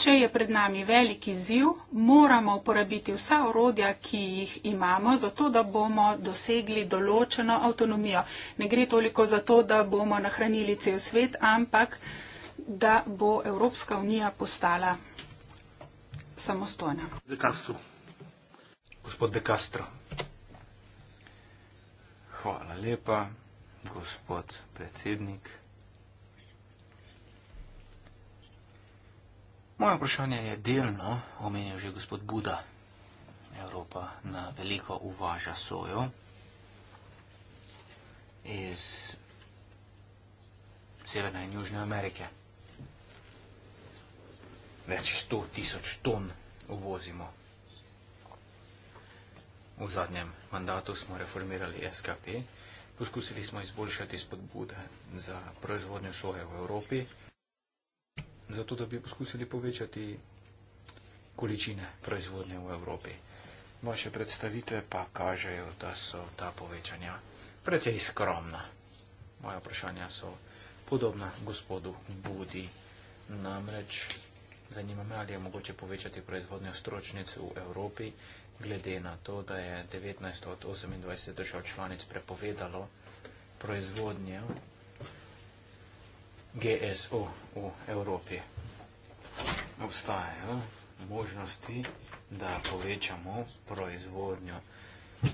Če je pred nami veliki ziv, moramo uporabiti vsa orodja, ki jih imamo, zato da bomo dosegli določeno avtonomijo. Ne gre toliko za to, da bomo nahranili cel svet, ampak da bo Evropska unija postala samostojna. De Castro. Gospod De Castro. Hvala lepa, gospod predsednik. Moje vprašanje je delno, omenil že gospod Buda. Evropa na veliko uvaža sojo iz Severne in Južne Amerike. Več sto tisoč ton uvozimo. V zadnjem mandatu smo reformirali SKP, poskusili smo izboljšati spodbude za proizvodnjo soje v Evropi zato da bi poskusili povečati količine proizvodnje v Evropi. Vaše predstavitve pa kažejo, da so ta povečanja precej skromna. Moja vprašanja so podobna gospodu Budi. Namreč zanima me, ali je mogoče povečati proizvodnjo stročnic v Evropi, glede na to, da je 19 od 28 držav članic prepovedalo proizvodnjo GSO v Evropi. Obstajajo možnosti, da povečamo proizvodnjo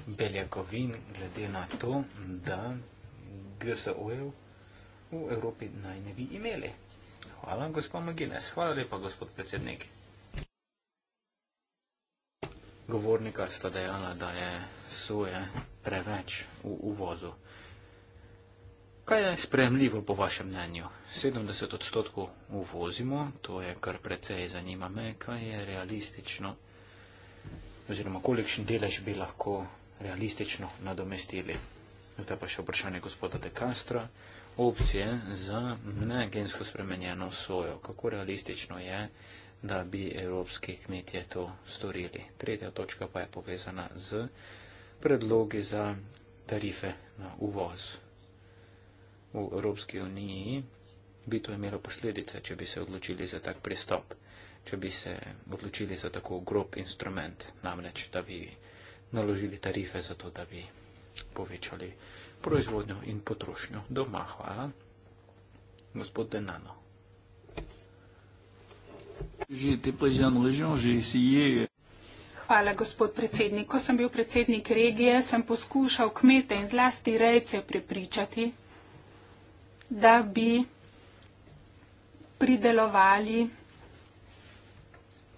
beljakovin, glede na to, da GSO-jev v Evropi naj ne bi imeli. Hvala, gospod Magines. Hvala lepa, gospod predsednik. Govornika sta dejala, da je soje preveč v uvozu. Kaj je sprejemljivo po vašem mnenju? 70 odstotkov uvozimo, to je kar precej zanima me, kaj je realistično oziroma kolikšen delež bi lahko realistično nadomestili. Zdaj pa še vprašanje gospoda De Castra. Opcije za negensko spremenjeno sojo. Kako realistično je, da bi evropski kmetje to storili? Tretja točka pa je povezana z predlogi za tarife na uvoz v Evropski uniji, bi to imelo posledice, če bi se odločili za tak pristop, če bi se odločili za tako grob instrument, namreč da bi naložili tarife za to, da bi povečali proizvodnjo in potrošnjo doma. Hvala. Gospod Denano. Hvala, gospod predsednik. Ko sem bil predsednik regije, sem poskušal kmete in zlasti rejce prepričati, da bi pridelovali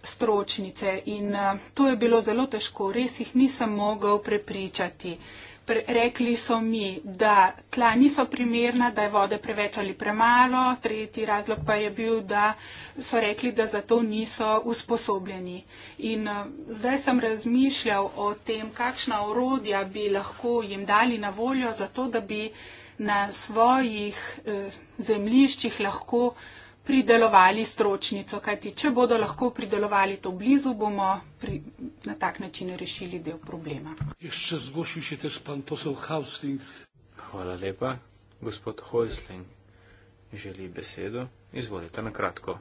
stročnice. In eh, to je bilo zelo težko, res jih nisem mogel prepričati. Rekli so mi, da tla niso primerna, da je vode preveč ali premalo, tretji razlog pa je bil, da so rekli, da za to niso usposobljeni. In eh, zdaj sem razmišljal o tem, kakšna orodja bi lahko jim dali na voljo za to, da bi uh, na svojih eh, zemljiščih lahko pridelovali stročnico, kajti če bodo lahko pridelovali to blizu, bomo pri, na tak način rešili del problema. Hvala lepa. Gospod Hojsling želi besedo. Izvolite na kratko.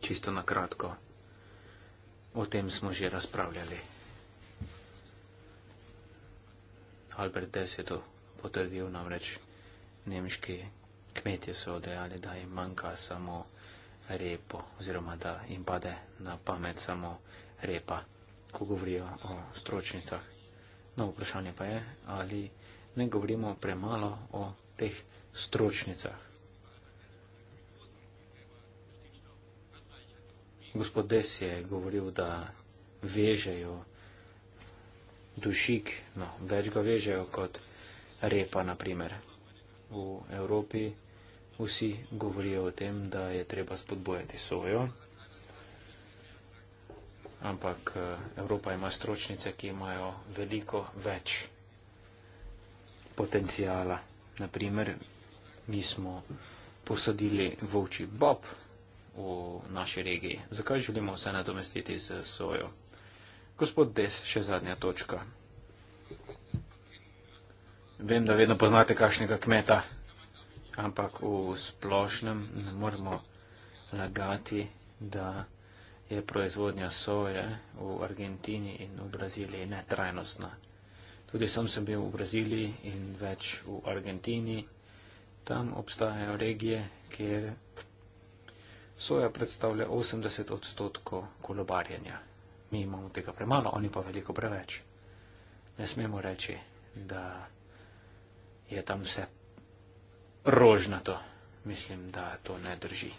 Čisto na kratko. O tem smo že razpravljali. Albert Desedo, potrdil, namreč nemški kmetje so dejali, da jim manjka samo repo oziroma da jim pade na pamet samo repa, ko govorijo o stročnicah. No, vprašanje pa je, ali ne govorimo premalo o teh stročnicah. Gospod Des je govoril, da vežejo dušik, no, več ga vežejo kot dušik repa, na primer. V Evropi vsi govorijo o tem, da je treba spodbojati sojo, ampak eh, Evropa ima stročnice, ki imajo veliko več potencijala. Naprimer, mi smo posadili volči bob v naši regiji. Zakaj želimo vse nadomestiti z sojo? Gospod Des, še zadnja točka. Vem, da vedno poznate kakšnega kmeta, ampak v splošnem ne moremo lagati, da je proizvodnja soje v Argentini in v Braziliji netrajnostna. Tudi sam sem bil v Braziliji in več v Argentini. Tam obstajajo regije, kjer soja predstavlja 80 odstotkov kolobarjenja. Mi imamo tega premalo, oni pa veliko preveč. Ne smemo reči, da je tam vse rožnato. Mislim, da to ne drži.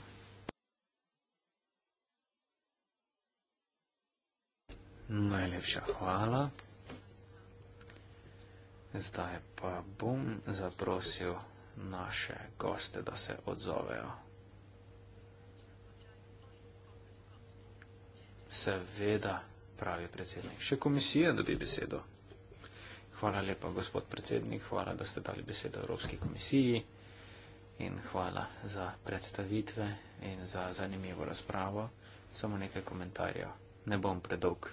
Najlepša hvala. Zdaj pa bom zaprosil naše goste, da se odzovejo. Seveda, pravi predsednik, še komisija dobi besedo. Hvala lepa, gospod predsednik, hvala, da ste dali besedo Evropski komisiji in hvala za predstavitve in za zanimivo razpravo. Samo nekaj komentarjev, ne bom predolg.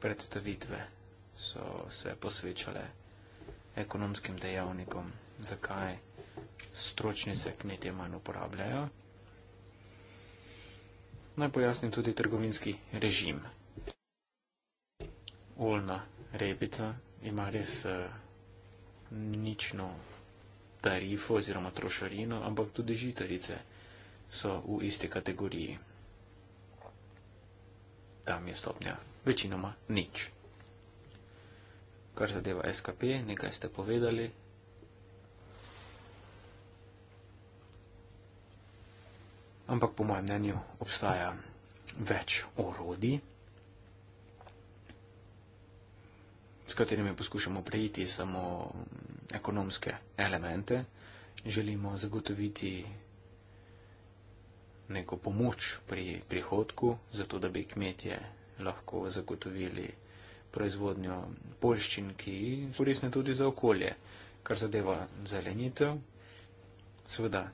Predstavitve so se posvečale ekonomskim dejavnikom, zakaj stročnice kmetje manj uporabljajo. Naj pojasnim tudi trgovinski režim oljna repica ima res uh, nično tarifo oziroma trošarino, ampak tudi žitarice so v isti kategoriji. Tam je stopnja večinoma nič. Kar zadeva SKP, nekaj ste povedali. Ampak po mojem mnenju obstaja več orodij, s katerimi poskušamo prejiti samo ekonomske elemente, želimo zagotoviti neko pomoč pri prihodku, zato da bi kmetje lahko zagotovili proizvodnjo polščin, ki koristne tudi za okolje, kar zadeva zelenitev. Seveda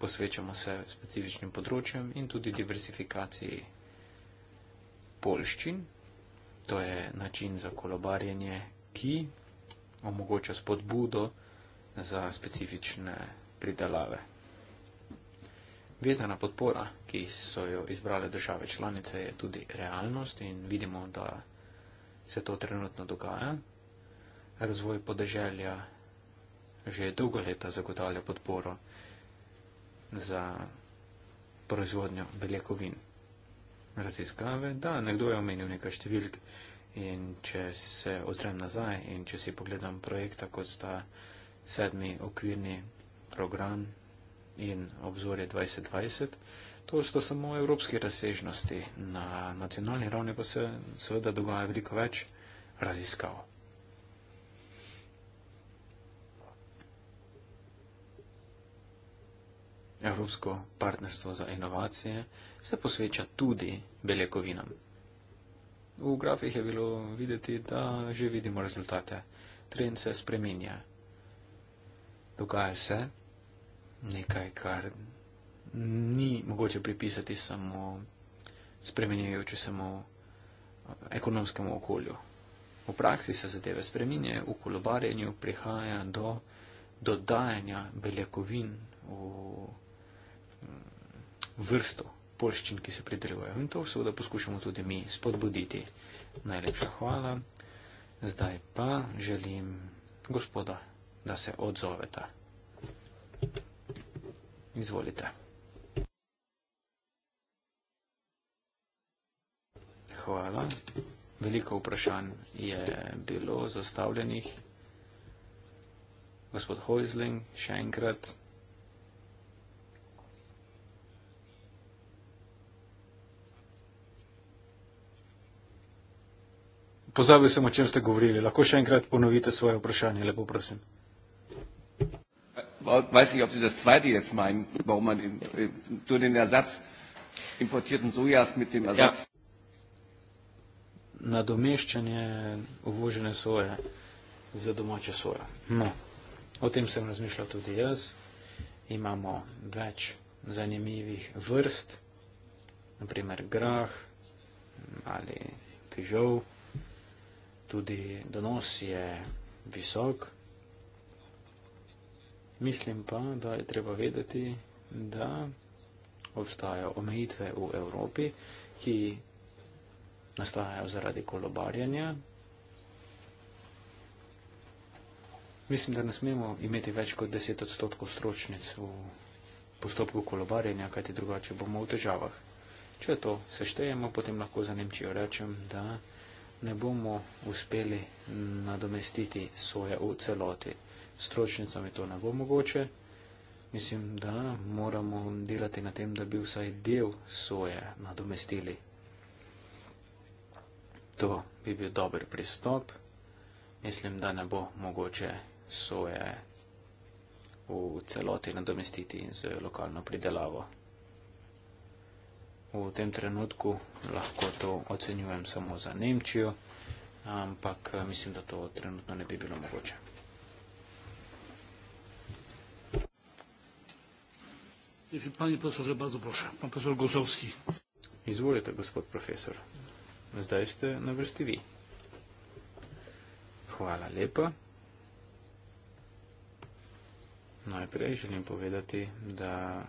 posvečamo se specifičnim področjem in tudi diversifikaciji polščin. To je način za kolobarjenje, ki omogoča spodbudo za specifične pridelave. Vezana podpora, ki so jo izbrale države članice, je tudi realnost in vidimo, da se to trenutno dogaja. Razvoj podeželja že dolgo leta zagotavlja podporo za proizvodnjo beljakovin raziskave. Da, nekdo je omenil nekaj številk in če se ozrem nazaj in če si pogledam projekta kot sta sedmi okvirni program in obzorje 2020, to sta samo evropski razsežnosti. Na nacionalni ravni pa se seveda dogaja veliko več raziskav. Evropsko partnerstvo za inovacije se posveča tudi beljakovinam. V grafih je bilo videti, da že vidimo rezultate. Trend se spreminja. Dogaja se nekaj, kar ni mogoče pripisati samo spremenjajoče samo eh, ekonomskemu okolju. V praksi se zadeve spreminjajo, v kolobarjenju prihaja do dodajanja beljakovin v mm, vrsto polščin, ki se pridelujejo. In to seveda poskušamo tudi mi spodbuditi. Najlepša hvala. Zdaj pa želim gospoda, da se odzoveta. Izvolite. Hvala. Veliko vprašanj je bilo zastavljenih. Gospod Hojzling, še enkrat. pozabil sem, o čem ste govorili. Lahko še enkrat ponovite svoje vprašanje, lepo prosim. Weiß ich, ob Sie das zweite jetzt meinen, warum man nur den Ersatz importierten Sojas mit dem ja. Ersatz. Ja. Nadomeščanje uvožene soje za domačo sojo. No, o tem sem razmišljal tudi jaz. Imamo več zanimivih vrst, naprimer grah ali fižol tudi donos je visok. Mislim pa, da je treba vedeti, da obstajajo omejitve v Evropi, ki nastajajo zaradi kolobarjanja. Mislim, da ne smemo imeti več kot 10 odstotkov stročnic v postopku kolobarjenja, kajti drugače bomo v težavah. Če to seštejemo, potem lahko za Nemčijo rečem, da ne bomo uspeli nadomestiti soje v celoti. S tročnicami to ne bo mogoče. Mislim, da moramo delati na tem, da bi vsaj del soje nadomestili. To bi bil dober pristop. Mislim, da ne bo mogoče soje v celoti nadomestiti z lokalno pridelavo v tem trenutku lahko to ocenjujem samo za Nemčijo, ampak eh, mislim, da to trenutno ne bi bilo mogoče. Izvolite, gospod profesor. Zdaj ste na vrsti vi. Hvala lepa. Najprej želim povedati, da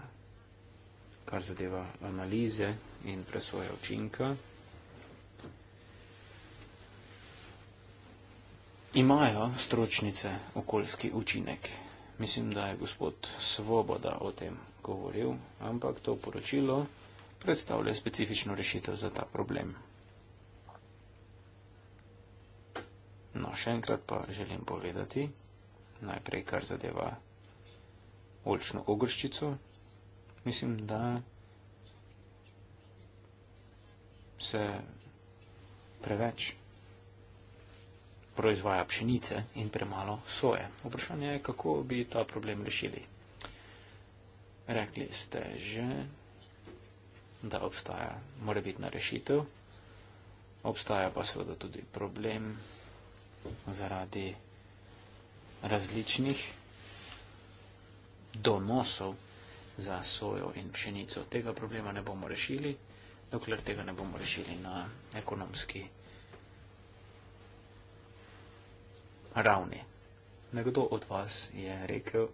kar zadeva analize in presoje učinka. Imajo stročnice okoljski učinek. Mislim, da je gospod Svoboda o tem govoril, ampak to poročilo predstavlja specifično rešitev za ta problem. No, še enkrat pa želim povedati, najprej kar zadeva olčno ogrščico, mislim, da se preveč proizvaja pšenice in premalo soje. Vprašanje je, kako bi ta problem rešili. Rekli ste že, da obstaja morebitna rešitev, obstaja pa seveda tudi problem zaradi različnih donosov za sojo in pšenico. Tega problema ne bomo rešili, dokler tega ne bomo rešili na ekonomski ravni. Nekdo od vas je rekel,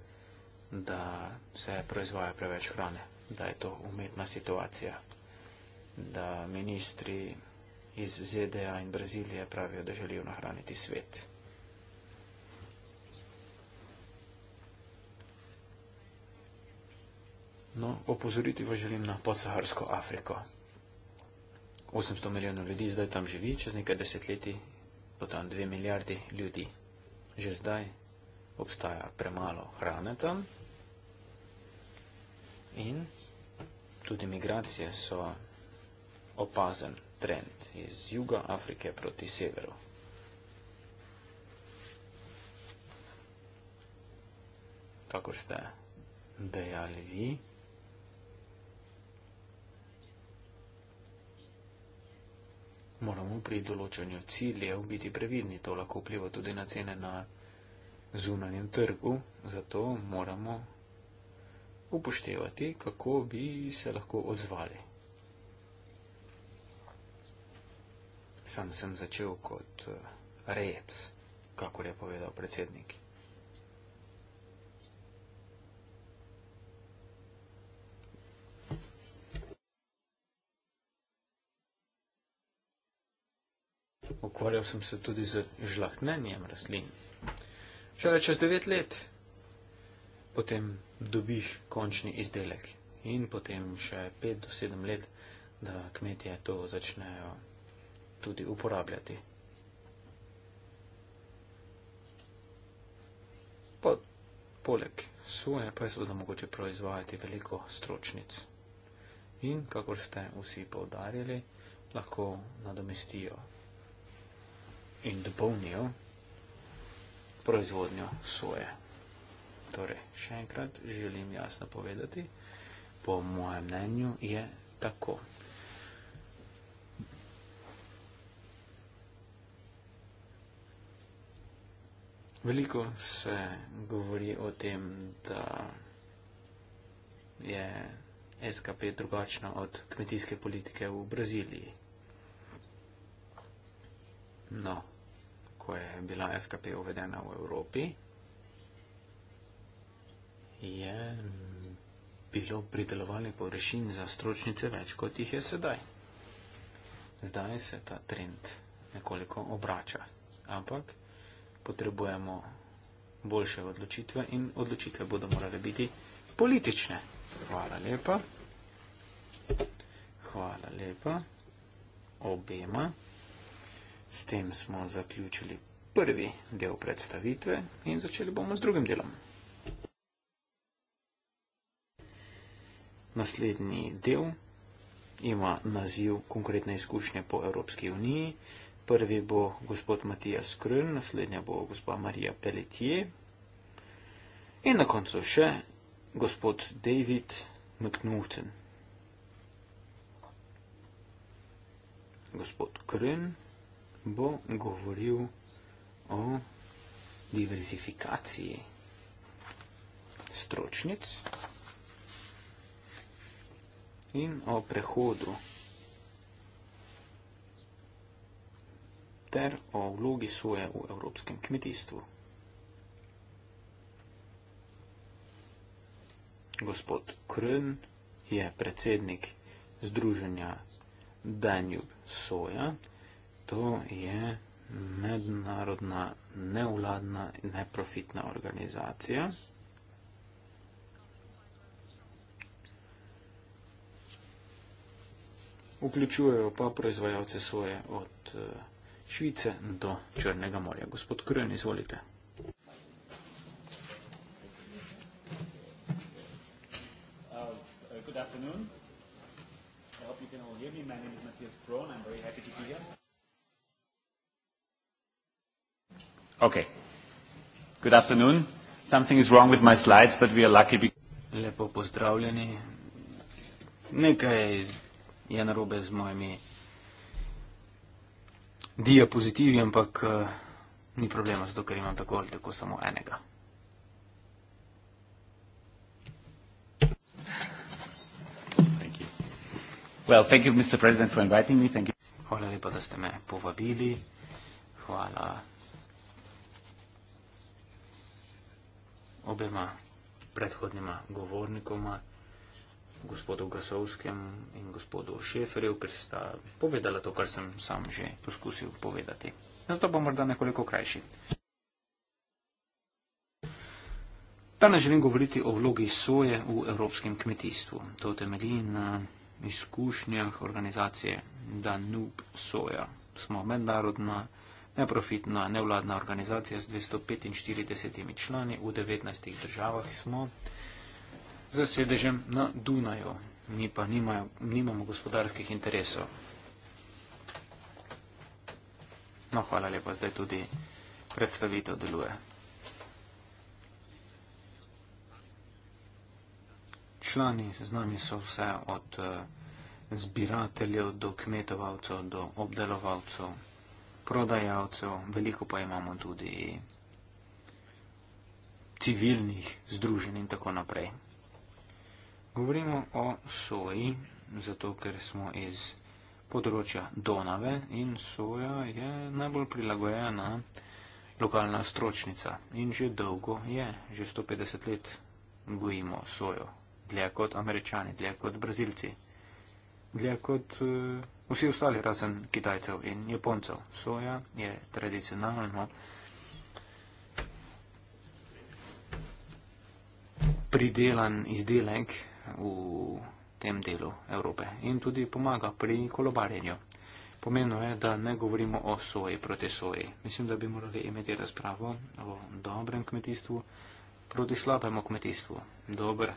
da se proizvaja preveč hrane, da je to umetna situacija, da ministri iz ZDA in Brazilije pravijo, da želijo nahraniti svet. No, opozoriti vas želim na podsaharsko Afriko. 800 milijonov ljudi zdaj tam živi, čez nekaj desetletji pa tam 2 milijardi ljudi. Že zdaj obstaja premalo hrane tam in tudi migracije so opazen trend iz juga Afrike proti severu. Kakor ste dejali vi? moramo pri določanju ciljev biti previdni, to lahko vpliva tudi na cene na zunanjem trgu, zato moramo upoštevati, kako bi se lahko odzvali. Sam sem začel kot eh, rejec, kakor je povedal predsednik. ukvarjal sem se tudi z žlahtnenjem rastlin. Šele čez devet let potem dobiš končni izdelek in potem še pet do sedem let, da kmetije to začnejo tudi uporabljati. Pa, poleg suje pa je seveda mogoče proizvajati veliko stročnic. In, kakor ste vsi povdarjali, lahko nadomestijo in dopolnijo proizvodnjo soje. Torej, še enkrat želim jasno povedati, po mojem mnenju je tako. Veliko se govori o tem, da je SKP drugačna od kmetijske politike v Braziliji. No, ko je bila SKP uvedena v Evropi, je bilo pridelovalnih površin za stročnice več, kot jih je sedaj. Zdaj se ta trend nekoliko obrača, ampak potrebujemo boljše odločitve in odločitve bodo morale biti politične. Hvala lepa. Hvala lepa obema. S tem smo zaključili prvi del predstavitve in začeli bomo z drugim delom. Naslednji del ima naziv konkretne izkušnje po Evropski uniji. Prvi bo gospod Matija Skrl, naslednja bo gospa Marija Pelletier in na koncu še gospod David McNulton. Gospod Krn, bo govoril o diverzifikaciji stročnic in o prehodu ter o vlogi svoje v evropskem kmetijstvu. Gospod Krn je predsednik Združenja Danjub Soja, to je mednarodna nevladna neprofitna organizacija. Vključujejo pa proizvajalce soje od eh, Švice do Črnega morja. Gospod Krön, izvolite. Uh, good afternoon. I hope you can all hear me. My name is Matthias Krohn. I'm very happy to be here. Okay. Good afternoon. Something is wrong with my slides, but we are lucky. Lepo pozdravljeni. Nekaj je narobe z mojimi diapozitivi, ampak eh, ni problema, zato ker imam tako ali tako samo enega. Thank you. Well, thank you, Mr. President, for inviting me. Thank you. Hvala lepa, da ste me povabili. Hvala obema predhodnima govornikoma, gospodu Gasovskem in gospodu Šeferju, ker sta povedala to, kar sem sam že poskusil povedati. Zato bom morda nekoliko krajši. Danes želim govoriti o vlogi soje v evropskem kmetijstvu. To temelji na izkušnjah organizacije Danube Soja. Smo mednarodna organizacija neprofitna nevladna organizacija z 245 člani v 19 državah smo z sedežem na Dunaju. Mi pa nimajo, nimamo gospodarskih interesov. No, hvala lepa, zdaj tudi predstavitev deluje. Člani z nami so vse od eh, zbirateljev do kmetovalcev, do obdelovalcev prodajalcev, veliko pa imamo tudi civilnih združenj in tako naprej. Govorimo o soji, zato ker smo iz področja Donave in soja je najbolj prilagojena lokalna stročnica in že dolgo je, že 150 let gojimo sojo, dlje kot američani, dlje kot brazilci, dlje kot uh, Vsi ostali, razen Kitajcev in Japoncev. Soja je tradicionalno pridelan izdelek v tem delu Evrope in tudi pomaga pri kolobarjenju. Pomembno je, da ne govorimo o soji proti soji. Mislim, da bi morali imeti razpravo o dobrem kmetijstvu proti slabemu kmetijstvu. Dober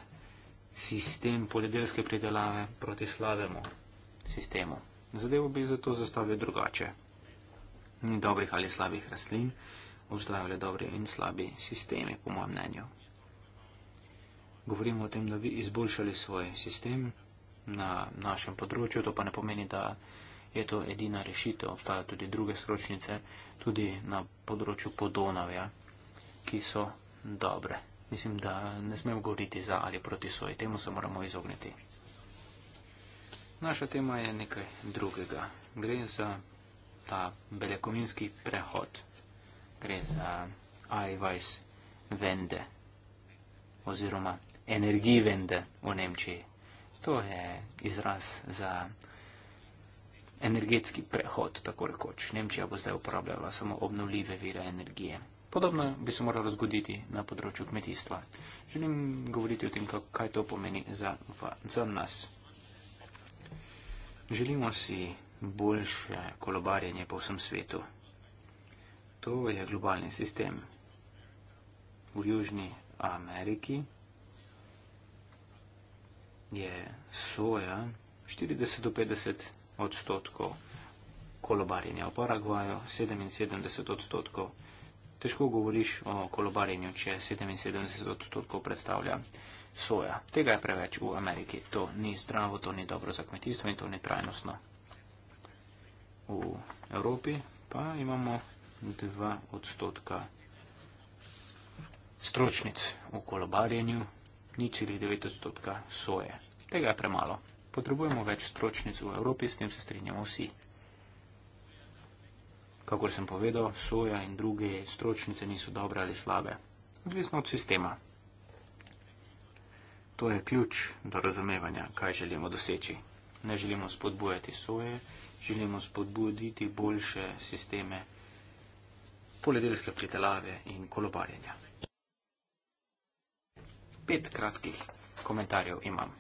sistem poljedelske pridelave proti slabemu sistemu. Zadevo bi zato zastavil drugače. Ni dobrih ali slabih rastlin, obstajajo le dobri in slabi sistemi, po mojem mnenju. Govorimo o tem, da bi izboljšali svoj sistem na našem področju, to pa ne pomeni, da je to edina rešitev. Obstajajo tudi druge sročnice, tudi na področju Podonavja, ki so dobre. Mislim, da ne smemo govoriti za ali proti svoji, temu se moramo izogniti. Naša tema je nekaj drugega. Gre za ta beljakovinski prehod. Gre za Eiweiss Wende oziroma Energiewende v Nemčiji. To je izraz za energetski prehod, tako rekoč. Nemčija bo zdaj uporabljala samo obnovljive vire energije. Podobno bi se moralo zgoditi na področju kmetijstva. Želim govoriti o tem, kaj to pomeni za, za nas. Želimo si boljše kolobarjenje po vsem svetu. To je globalni sistem. V Južni Ameriki je soja 40 do 50 odstotkov kolobarjenja v Paragvaju, 77 odstotkov. Težko govoriš o kolobarjenju, če 77 odstotkov predstavlja soja. Tega je preveč v Ameriki. To ni zdravo, to ni dobro za kmetijstvo in to ni trajnostno. V Evropi pa imamo 2 odstotka stročnic v kolobarjenju, ni celi 9 odstotka soje. Tega je premalo. Potrebujemo več stročnic v Evropi, s tem se strinjamo vsi. Kakor sem povedal, soja in druge stročnice niso dobre ali slabe. Odvisno od sistema. To je ključ do razumevanja, kaj želimo doseči. Ne želimo spodbujati soje, želimo spodbuditi boljše sisteme poljedelske pridelave in kolobarjenja. Pet kratkih komentarjev imam.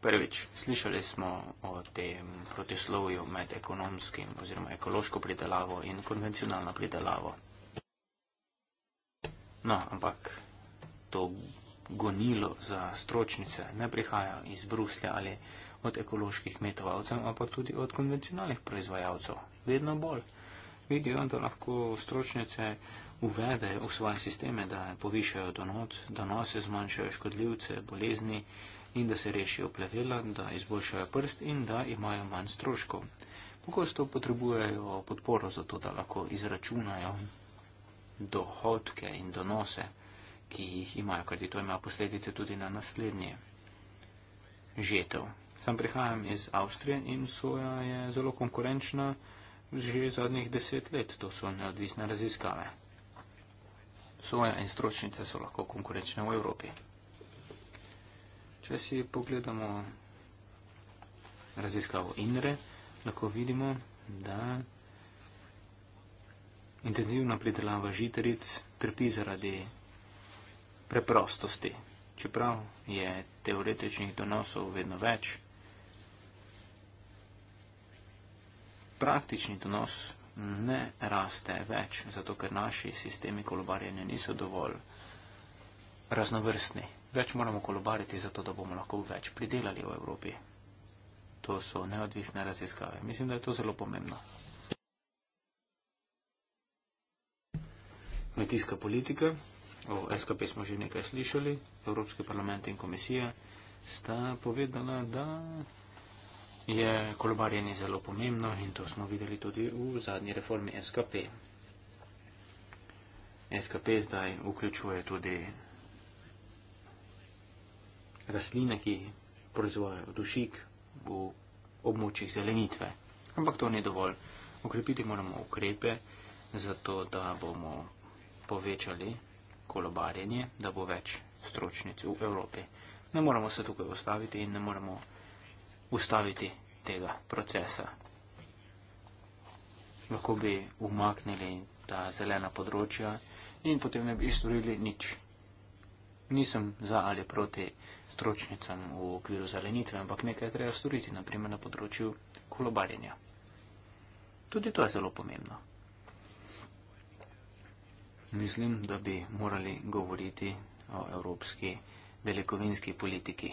Prvič, slišali smo o tem protislovju med ekonomskim oziroma ekološko pridelavo in konvencionalno pridelavo. No, ampak to gonilo za stročnice ne prihaja iz Bruslja ali od ekoloških metovalcev, ampak tudi od konvencionalnih proizvajalcev. Vedno bolj. Vidijo, da lahko stročnice uvede v svoje sisteme, da povišajo donot, da nose zmanjšajo škodljivce, bolezni in da se rešijo plevela, da izboljšajo prst in da imajo manj stroškov. Pogosto potrebujejo podporo za to, da lahko izračunajo dohodke in donose ki jih imajo, kajti to ima posledice tudi na naslednje žetev. Sam prihajam iz Avstrije in soja je zelo konkurenčna že zadnjih deset let. To so neodvisne raziskave. Soja in stročnice so lahko konkurenčne v Evropi. Če si pogledamo raziskavo INRE, lahko vidimo, da intenzivna pridelava žitaric trpi zaradi preprostosti. Čeprav je teoretičnih donosov vedno več, praktični donos ne raste več, zato ker naši sistemi kolobarjenja niso dovolj raznovrstni. Več moramo kolobariti, zato da bomo lahko več pridelali v Evropi. To so neodvisne raziskave. Mislim, da je to zelo pomembno. Kmetijska politika O SKP smo že nekaj slišali, Evropski parlament in komisija sta povedala, da je kolobarjenje zelo pomembno in to smo videli tudi v zadnji reformi SKP. SKP zdaj vključuje tudi rastline, ki proizvajajo dušik v območjih zelenitve. Ampak to ni dovolj. Ukrepiti moramo ukrepe, zato da bomo povečali kolobarjenje, da bo več stročnic v Evropi. Ne moramo se tukaj ustaviti in ne moramo ustaviti tega procesa. Lahko bi umaknili ta zelena področja in potem ne bi storili nič. Nisem za ali proti stročnicam v okviru zelenitve, ampak nekaj treba storiti, naprimer na področju kolobarjenja. Tudi to je zelo pomembno mislim, da bi morali govoriti o evropski beljakovinski politiki,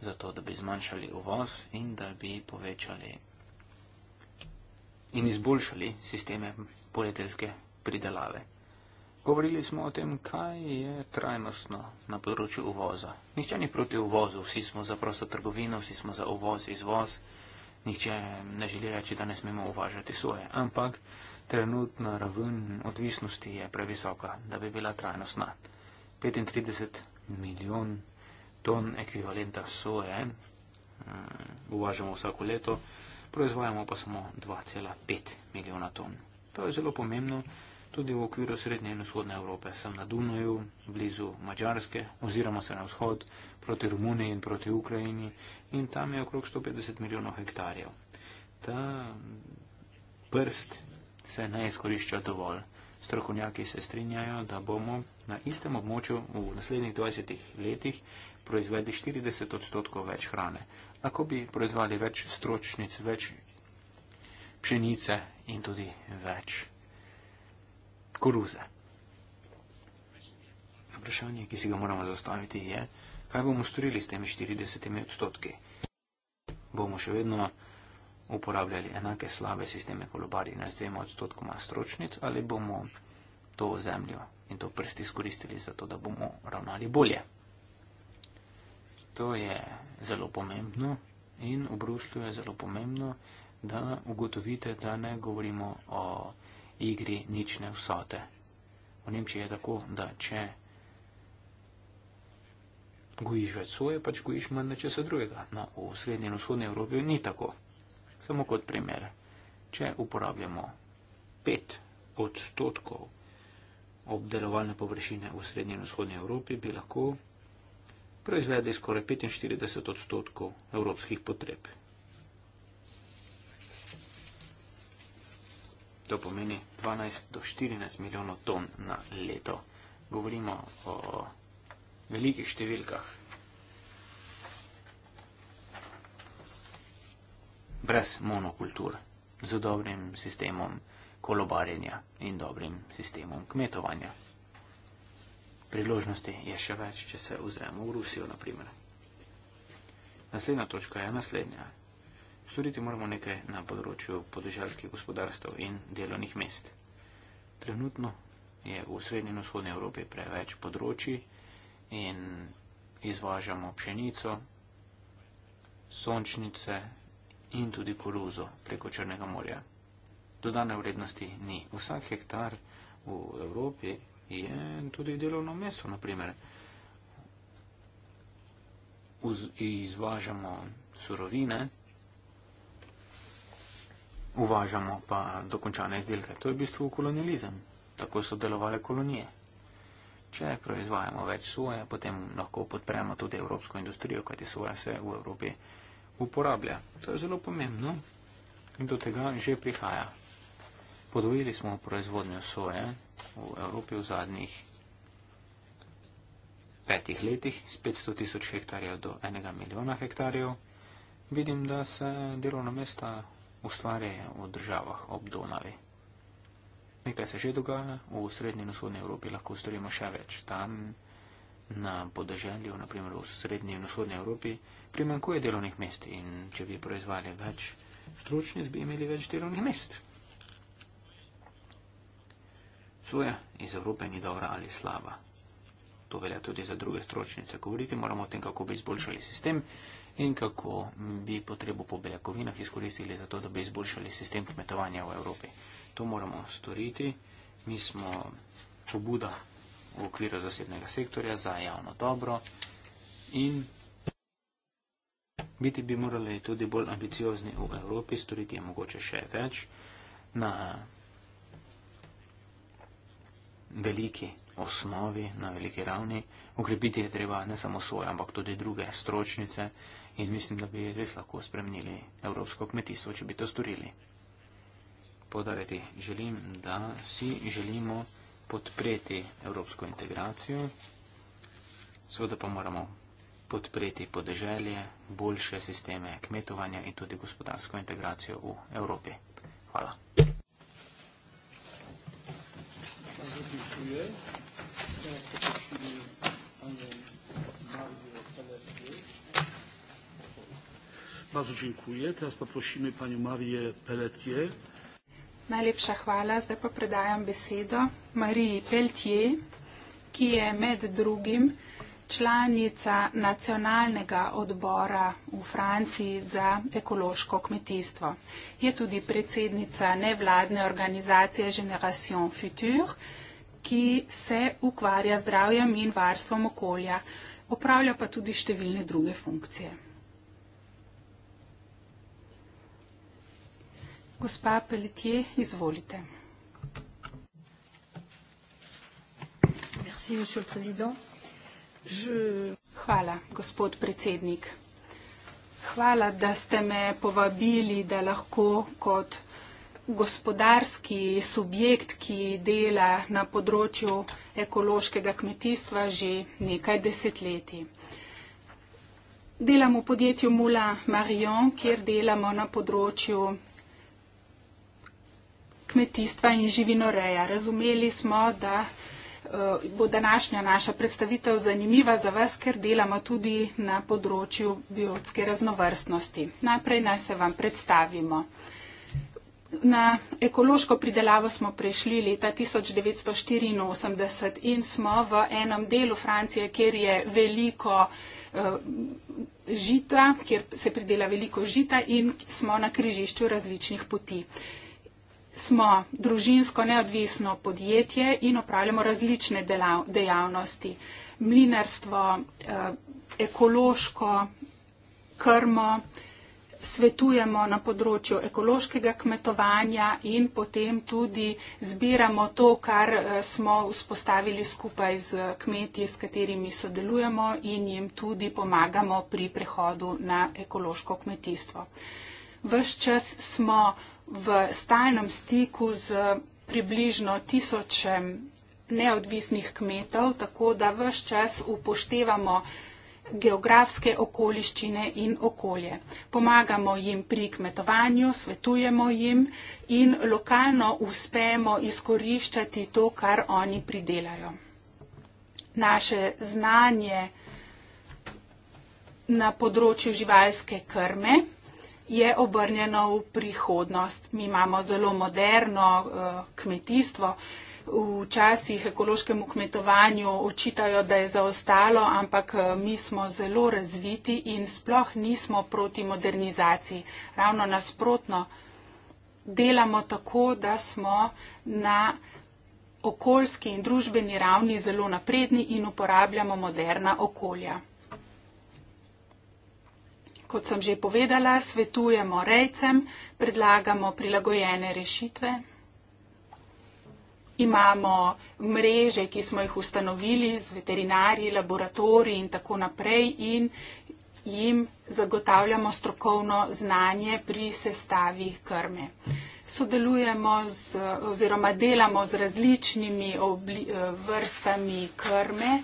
zato da bi zmanjšali uvoz in da bi povečali in izboljšali sisteme poljedelske pridelave. Govorili smo o tem, kaj je trajnostno na področju uvoza. Nihče ni proti uvozu, vsi smo za prosto trgovino, vsi smo za uvoz, izvoz. Nihče ne želi reči, da ne smemo uvažati svoje. Ampak Trenutna raven odvisnosti je previsoka, da bi bila trajnostna. 35 milijon ton ekvivalenta soje mm, uvažamo vsako leto, proizvajamo pa samo 2,5 milijona ton. To je zelo pomembno tudi v okviru srednje in vzhodne Evrope. Sem na Dunaju, blizu Mačarske, oziroma se na vzhod, proti Romuniji in proti Ukrajini in tam je okrog 150 milijonov hektarjev. Ta prst se ne izkorišča dovolj. Strokovnjaki se strinjajo, da bomo na istem območju v naslednjih 20 letih proizvedli 40 odstotkov več hrane. Lahko bi proizvali več stročnic, več pšenice in tudi več koruze. Vprašanje, ki si ga moramo zastaviti, je, kaj bomo storili s temi 40 odstotki. Bomo še vedno uporabljali enake slabe sisteme kolobarjenja z dvema odstotkoma stročnic ali bomo to zemljo in to prst izkoristili za to, da bomo ravnali bolje. To je zelo pomembno in v Bruslju je zelo pomembno, da ugotovite, da ne govorimo o igri nične vsote. V Nemčiji je tako, da če gojiš več svoje, pač gojiš manj nečesa drugega. No, v srednji in vzhodni Evropi ni tako. Samo kot primer, če uporabljamo 5 odstotkov obdelovalne površine v srednji in vzhodnji Evropi, bi lahko proizvedli skoraj 45 odstotkov evropskih potreb. To pomeni 12 do 14 milijonov ton na leto. Govorimo o velikih številkah. brez monokultur, z dobrim sistemom kolobarjenja in dobrim sistemom kmetovanja. Priložnosti je še več, če se ozremo v Rusijo, naprimer. Naslednja točka je naslednja. Storiti moramo nekaj na področju podeželskih gospodarstv in delovnih mest. Trenutno je v srednji in vzhodnji Evropi preveč področji in izvažamo pšenico, sončnice, in tudi koruzo preko Črnega morja. Dodane vrednosti ni. Vsak hektar v Evropi je tudi delovno mesto, naprimer. Izvažamo surovine, uvažamo pa dokončane izdelke. To je v bistvu kolonializem. Tako so delovale kolonije. Če proizvajamo več svoje, potem lahko podpremo tudi evropsko industrijo, kajti svoje se v Evropi uporablja. To je zelo pomembno in do tega že prihaja. Podvojili smo proizvodnjo soje v Evropi v zadnjih petih letih, z 500 tisoč hektarjev do enega milijona hektarjev. Vidim, da se delovna mesta ustvarjajo v državah ob Donavi. Nekaj se že dogaja, v srednji in vzhodni Evropi lahko ustvarimo še več. Tam na podeželju, naprimer v srednji in vzhodnji Evropi, primankuje delovnih mest in če bi proizvali več stročnic, bi imeli več delovnih mest. Soja iz Evrope ni dobra ali slaba. To velja tudi za druge stročnice. Govoriti moramo o tem, kako bi izboljšali sistem in kako bi potrebo po beljakovinah izkoristili za to, da bi izboljšali sistem kmetovanja v Evropi. To moramo storiti. Mi smo pobuda v okviru zasebnega sektorja za javno dobro in biti bi morali tudi bolj ambiciozni v Evropi, storiti je mogoče še več na veliki osnovi, na veliki ravni. Ukrepiti je treba ne samo svoje, ampak tudi druge stročnice in mislim, da bi res lahko spremenili evropsko kmetijstvo, če bi to storili. Podariti želim, da si želimo podpreti evropsko integracijo, seveda pa moramo podpreti podeželje, boljše sisteme kmetovanja in tudi gospodarsko integracijo v Evropi. Hvala. Bardzo dziękuję. Teraz poprosimy panią Marię Peletier. Najlepša hvala. Zdaj pa predajam besedo Mariji Peltier, ki je med drugim članica nacionalnega odbora v Franciji za ekološko kmetijstvo. Je tudi predsednica nevladne organizacije Generation Future, ki se ukvarja zdravjem in varstvom okolja, opravlja pa tudi številne druge funkcije. Gospa Pelletier, izvolite. Merci, monsieur le président. Je... Hvala, gospod predsednik. Hvala, da ste me povabili, da lahko kot gospodarski subjekt, ki dela na področju ekološkega kmetijstva že nekaj desetletij. Delam v podjetju Mula Marion, kjer delamo na področju kmetijstva in živinoreja. Razumeli smo, da eh, bo današnja naša predstavitev zanimiva za vas, ker delamo tudi na področju biotske raznovrstnosti. Najprej naj se vam predstavimo. Na ekološko pridelavo smo prišli leta 1984 in smo v enem delu Francije, kjer je veliko eh, žita, kjer se pridela veliko žita in smo na križišču različnih poti smo družinsko neodvisno podjetje in opravljamo različne dejavnosti. Mlinarstvo, eh, ekološko krmo, svetujemo na področju ekološkega kmetovanja in potem tudi zbiramo to, kar eh, smo vzpostavili skupaj z kmeti, s katerimi sodelujemo in jim tudi pomagamo pri prehodu na ekološko kmetijstvo. Ves čas smo v stalnem stiku z približno tisočem neodvisnih kmetov, tako da vse čas upoštevamo geografske okoliščine in okolje. Pomagamo jim pri kmetovanju, svetujemo jim in lokalno uspemo izkoriščati to, kar oni pridelajo. Naše znanje na področju živalske krme je obrnjeno v prihodnost. Mi imamo zelo moderno eh, kmetijstvo. Včasih ekološkemu kmetovanju očitajo, da je zaostalo, ampak eh, mi smo zelo razviti in sploh nismo proti modernizaciji. Ravno nasprotno, delamo tako, da smo na okoljski in družbeni ravni zelo napredni in uporabljamo moderna okolja kot sem že povedala, svetujemo rejcem, predlagamo prilagojene rešitve. Imamo mreže, ki smo jih ustanovili z veterinarji, laboratoriji in tako naprej in jim zagotavljamo strokovno znanje pri sestavi krme. Sodelujemo z, oziroma delamo z različnimi obli, eh, vrstami krme.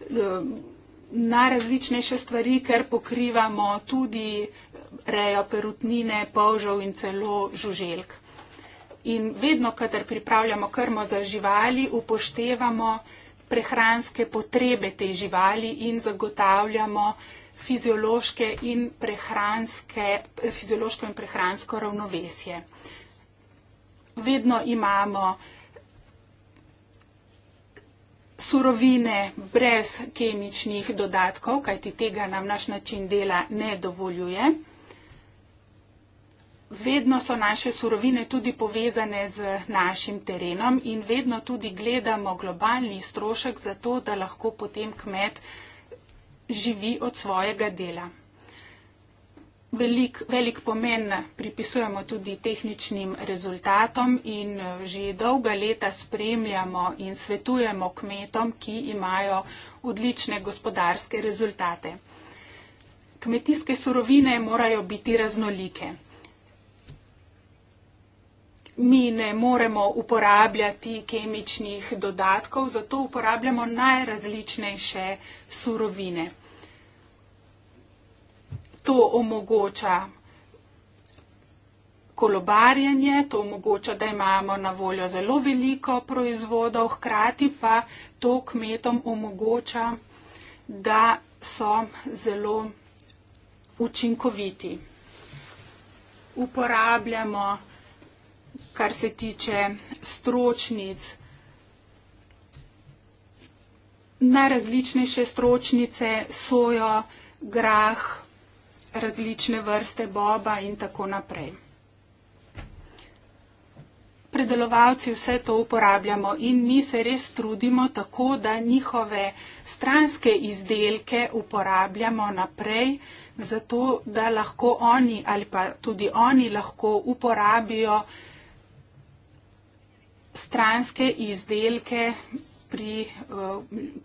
Eh, na različnejše stvari, ker pokrivamo tudi rejo perutnine, polžov in celo žuželk. In vedno, kadar pripravljamo krmo za živali, upoštevamo prehranske potrebe te živali in zagotavljamo fiziološke in prehranske, fiziološko in prehransko ravnovesje. Vedno imamo surovine brez kemičnih dodatkov, kajti tega nam naš način dela ne dovoljuje. Vedno so naše surovine tudi povezane z našim terenom in vedno tudi gledamo globalni strošek za to, da lahko potem kmet živi od svojega dela velik, velik pomen pripisujemo tudi tehničnim rezultatom in eh, že dolga leta spremljamo in svetujemo kmetom, ki imajo odlične gospodarske rezultate. Kmetijske surovine morajo biti raznolike. Mi ne moremo uporabljati kemičnih dodatkov, zato uporabljamo najrazličnejše surovine to omogoča kolobarjenje, to omogoča, da imamo na voljo zelo veliko proizvodov, hkrati pa to kmetom omogoča, da so zelo učinkoviti. Uporabljamo, kar se tiče stročnic, najrazličnejše stročnice, sojo, grah, različne vrste boba in tako naprej. Predelovalci vse to uporabljamo in mi se res trudimo tako, da njihove stranske izdelke uporabljamo naprej, zato da lahko oni ali pa tudi oni lahko uporabijo stranske izdelke pri eh,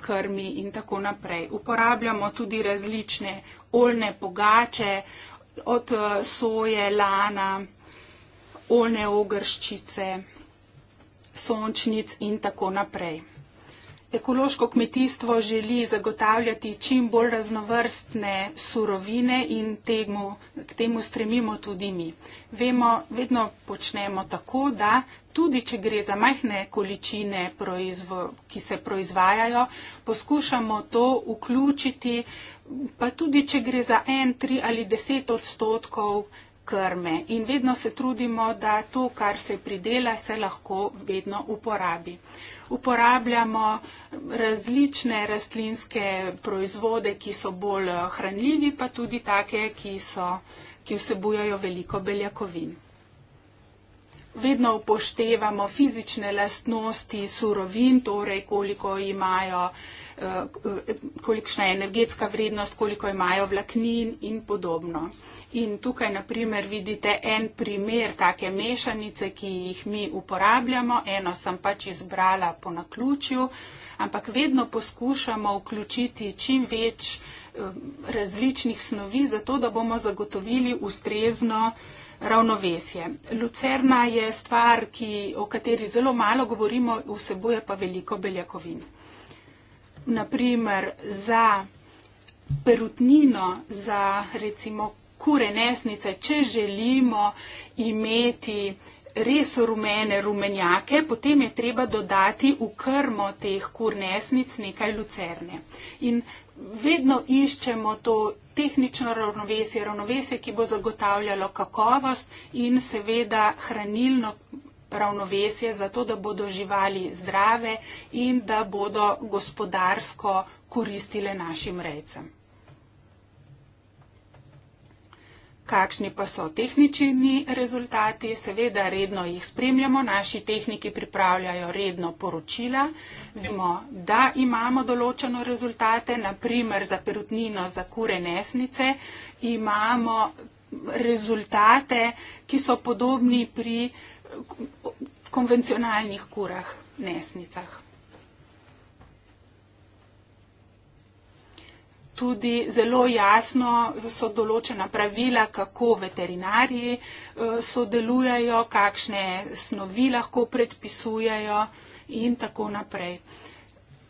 krmi in tako naprej. Uporabljamo tudi različne oljne pogače, od eh, soje, lana, oljne ogrščice, sončnic in tako naprej. Ekološko kmetijstvo želi zagotavljati čim bolj raznovrstne surovine in temu, k temu stremimo tudi mi. Vemo, vedno počnemo tako, da tudi če gre za majhne količine, proizvo, ki se proizvajajo, poskušamo to vključiti, pa tudi če gre za en, tri ali deset odstotkov krme. In vedno se trudimo, da to, kar se pridela, se lahko vedno uporabi. Uporabljamo različne rastlinske proizvode, ki so bolj hranljivi, pa tudi take, ki, so, ki vsebujajo veliko beljakovin vedno upoštevamo fizične lastnosti surovin, torej koliko imajo, eh, kolikšna je energetska vrednost, koliko imajo vlaknin in podobno. In tukaj naprimer vidite en primer take mešanice, ki jih mi uporabljamo. Eno sem pač izbrala po naključju, ampak vedno poskušamo vključiti čim več eh, različnih snovi, zato da bomo zagotovili ustrezno uh, ravnovesje. Lucerna je stvar, ki, o kateri zelo malo govorimo, vsebuje pa veliko beljakovin. Naprimer, za perutnino, za recimo kurenesnice, če želimo imeti res rumene rumenjake, potem je treba dodati v krmo teh kurnesnic nekaj lucerne. In vedno iščemo to tehnično ravnovesje, ravnovesje, ki bo zagotavljalo kakovost in seveda hranilno ravnovesje, zato da bodo živali zdrave in da bodo gospodarsko koristile našim rejcem. kakšni pa so tehnični rezultati. Seveda redno jih spremljamo, naši tehniki pripravljajo redno poročila. Vemo, da imamo določeno rezultate, naprimer za perutnino, za kure nesnice imamo rezultate, ki so podobni pri konvencionalnih kurah nesnicah. tudi zelo jasno so določena pravila, kako veterinari eh, sodelujejo, kakšne snovi lahko predpisujejo in tako naprej.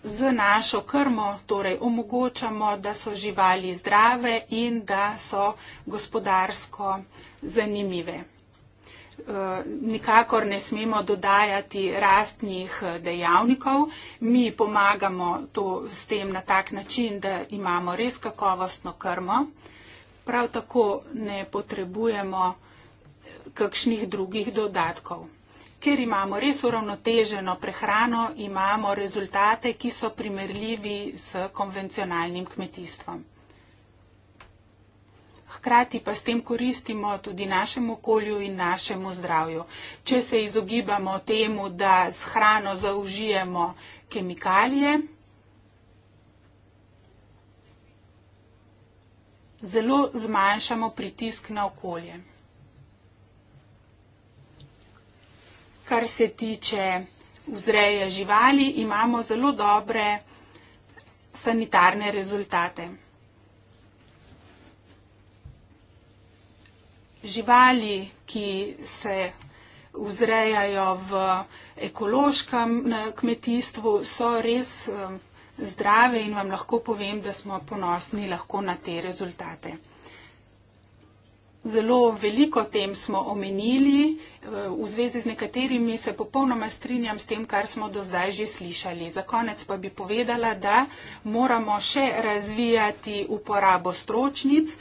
Z našo krmo torej omogočamo, da so živali zdrave in da so gospodarsko zanimive. Eh, nikakor ne smemo dodajati rastnih eh, dejavnikov. Mi pomagamo to s tem na tak način, da imamo res kakovostno krmo. Prav tako ne potrebujemo eh, kakšnih drugih dodatkov. Ker imamo res uravnoteženo prehrano, imamo rezultate, ki so primerljivi s konvencionalnim kmetijstvom hkrati pa s tem koristimo tudi našemu okolju in našemu zdravju. Če se izogibamo temu, da s hrano zaužijemo kemikalije, zelo zmanjšamo pritisk na okolje. Kar se tiče vzreje živali, imamo zelo dobre sanitarne rezultate. živali, ki se vzrejajo v ekološkem kmetijstvu, so res um, zdrave in vam lahko povem, da smo ponosni lahko na te rezultate. Zelo veliko tem smo omenili, uh, v zvezi z nekaterimi se popolnoma strinjam s tem, kar smo do zdaj že slišali. Za konec pa bi povedala, da moramo še razvijati uporabo stročnic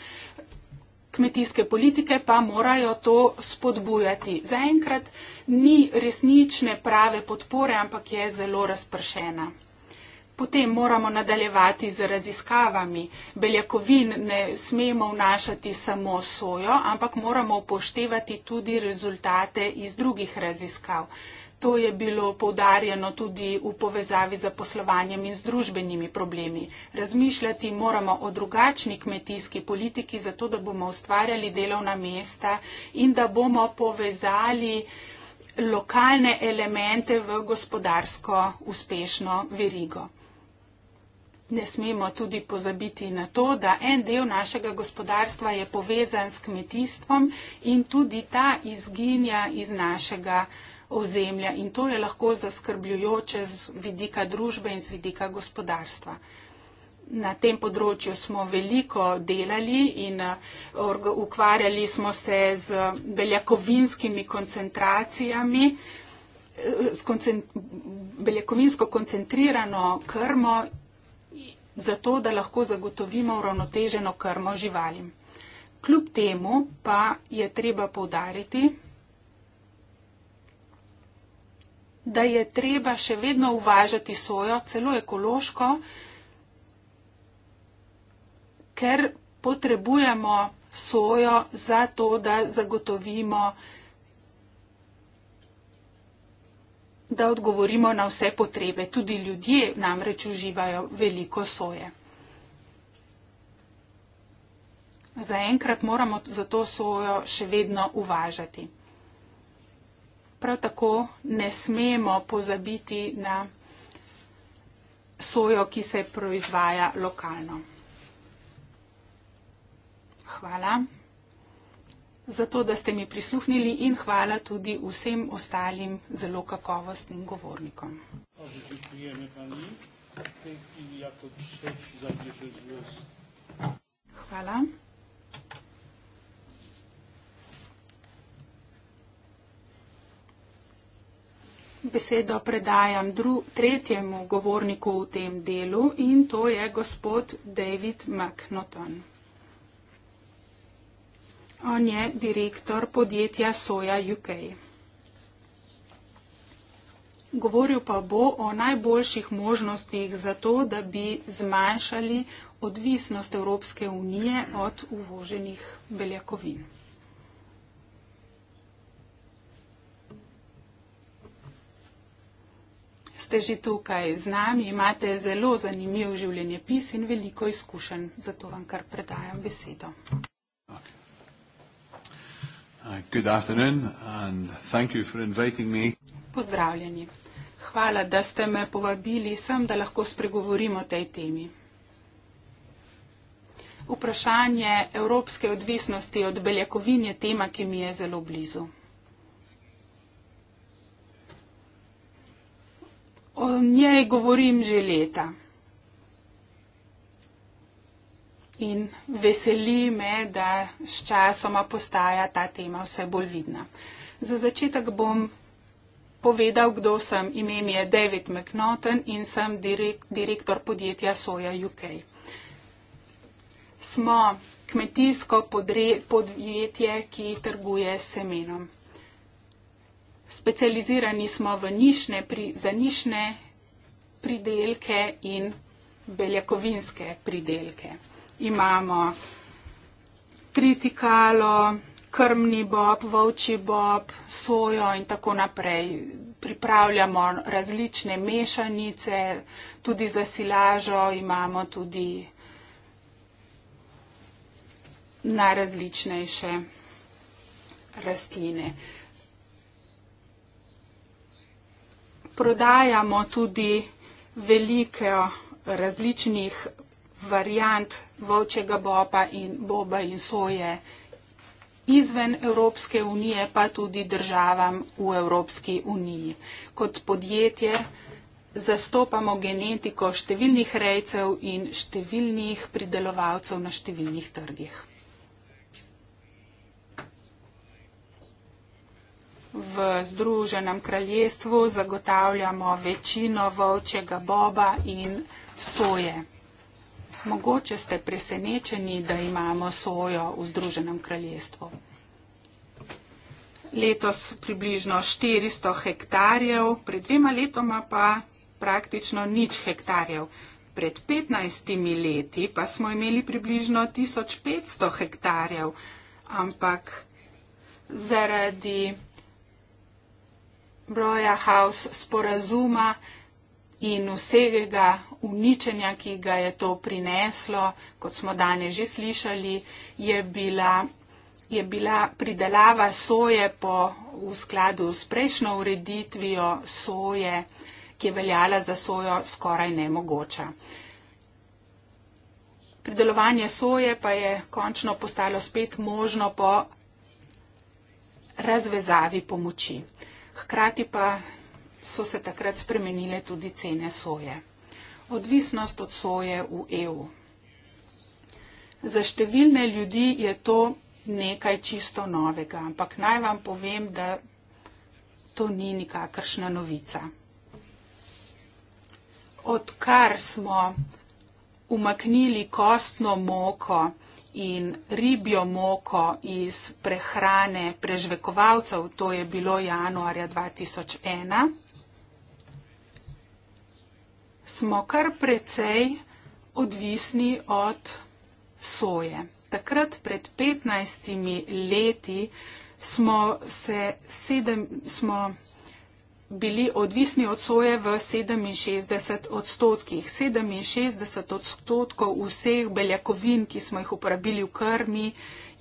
kmetijske politike pa morajo to spodbujati. Zaenkrat ni resnične prave podpore, ampak je zelo razpršena. Potem moramo nadaljevati z raziskavami. Beljakovin ne smemo vnašati samo sojo, ampak moramo upoštevati tudi rezultate iz drugih raziskav. To je bilo poudarjeno tudi v povezavi z poslovanjem in z družbenimi problemi. Razmišljati moramo o drugačni kmetijski politiki, zato da bomo ustvarjali delovna mesta in da bomo povezali lokalne elemente v gospodarsko uspešno verigo. Ne smemo tudi pozabiti na to, da en del našega gospodarstva je povezan s kmetijstvom in tudi ta izginja iz našega gospodarstva ozemlja in to je lahko zaskrbljujoče z vidika družbe in z vidika gospodarstva. Na tem področju smo veliko delali in eh, ukvarjali smo se z beljakovinskimi koncentracijami, eh, s koncentr beljakovinsko koncentrirano krmo, zato da lahko zagotovimo uravnoteženo krmo živalim. Kljub temu pa je treba povdariti, da je treba še vedno uvažati sojo, celo ekološko, ker potrebujemo sojo za to, da zagotovimo, da odgovorimo na vse potrebe. Tudi ljudje namreč uživajo veliko soje. Zaenkrat moramo za to sojo še vedno uvažati prav tako ne smemo pozabiti na sojo, ki se proizvaja lokalno. Hvala za to, da ste mi prisluhnili in hvala tudi vsem ostalim zelo kakovostnim govornikom. Hvala. besedo predajam dru, tretjemu govorniku v tem delu in to je gospod David McNaughton. On je direktor podjetja Soja UK. Govoril pa bo o najboljših možnostih za to, da bi zmanjšali odvisnost Evropske unije od uvoženih beljakovin. ste že tukaj z nami, imate zelo zanimiv življenjepis in veliko izkušenj, zato vam kar predajam besedo. Okay. Uh, Pozdravljeni. Hvala, da ste me povabili sem, da lahko spregovorim o tej temi. Vprašanje evropske odvisnosti od beljakovin je tema, ki mi je zelo blizu. O njej govorim že leta. In veseli me, da sčasoma postaja ta tema vse bolj vidna. Za začetek bom povedal, kdo sem. Ime mi je David McNaughton in sem direkt, direktor podjetja Soja UK. Smo kmetijsko podre, podjetje, ki trguje semenom specializirani smo v nišne, pri, za nišne pridelke in beljakovinske pridelke. Imamo tritikalo, krmni bob, volčji bob, sojo in tako naprej. Pripravljamo različne mešanice, tudi za silažo imamo tudi najrazličnejše rastline. prodajamo tudi veliko eh, različnih variant volčjega boba in boba in soje izven Evropske unije, pa tudi državam v Evropski uniji. Kot podjetje zastopamo genetiko številnih rejcev in številnih pridelovalcev na številnih trgih. v Združenem kraljestvu zagotavljamo večino volčjega boba in soje. Mogoče ste presenečeni, da imamo sojo v Združenem kraljestvu. Letos približno 400 hektarjev, pred dvema letoma pa praktično nič hektarjev. Pred 15 leti pa smo imeli približno 1500 hektarjev, ampak zaradi Broja House sporazuma in vsega uničenja, ki ga je to prineslo, kot smo danes že slišali, je bila, je bila pridelava soje po, v skladu s prejšnjo ureditvijo soje, ki je veljala za sojo skoraj nemogoča. Pridelovanje soje pa je končno postalo spet možno po razvezavi pomoči. Hkrati pa so se takrat spremenile tudi cene soje. Odvisnost od soje v EU. Za številne ljudi je to nekaj čisto novega, ampak naj vam povem, da to ni nikakršna novica. Odkar smo umaknili kostno moko, in ribjo moko iz prehrane prežvekovalcev. To je bilo januarja 2001. Smo kar precej odvisni od soje. Takrat pred 15 leti smo se sedem, smo bili odvisni od soje v 67 odstotkih. 67 odstotkov vseh beljakovin, ki smo jih uporabili v krmi,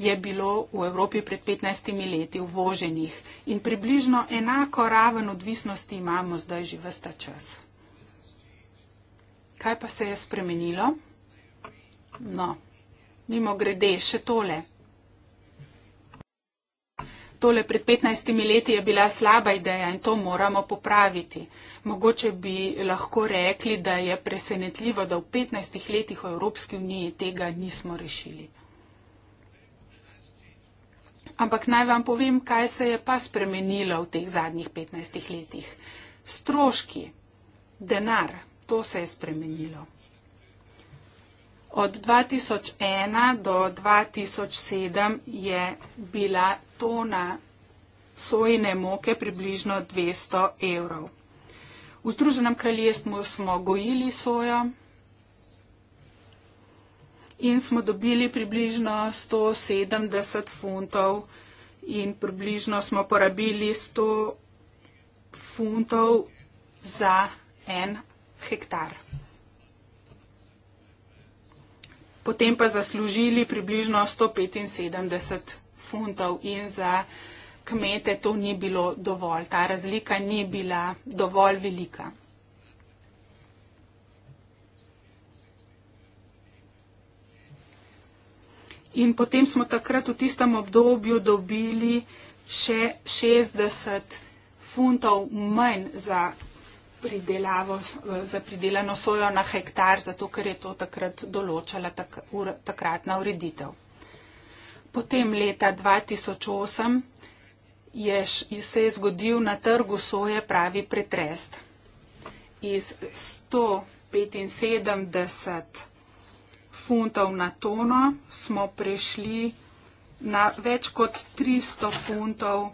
je bilo v Evropi pred 15 leti uvoženih. In približno enako raven odvisnosti imamo zdaj že vsta čas. Kaj pa se je spremenilo? No, mimo grede še tole tole pred 15 leti je bila slaba ideja in to moramo popraviti. Mogoče bi lahko rekli, da je presenetljivo, da v 15 letih v Evropski uniji tega nismo rešili. Ampak naj vam povem, kaj se je pa spremenilo v teh zadnjih 15 letih. Stroški, denar, to se je spremenilo. Od 2001 do 2007 je bila tona sojine moke približno 200 evrov. V Združenem kraljestvu smo gojili sojo in smo dobili približno 170 funtov in približno smo porabili 100 funtov za en hektar potem pa zaslužili približno 175 funtov in za kmete to ni bilo dovolj. Ta razlika ni bila dovolj velika. In potem smo takrat v tistem obdobju dobili še 60 funtov manj za pridelavo, za pridelano sojo na hektar, zato ker je to takrat določala tak, ur, takratna ureditev. Potem leta 2008 je, se je zgodil na trgu soje pravi pretrest. Iz 175 funtov na tono smo prišli na več kot 300 funtov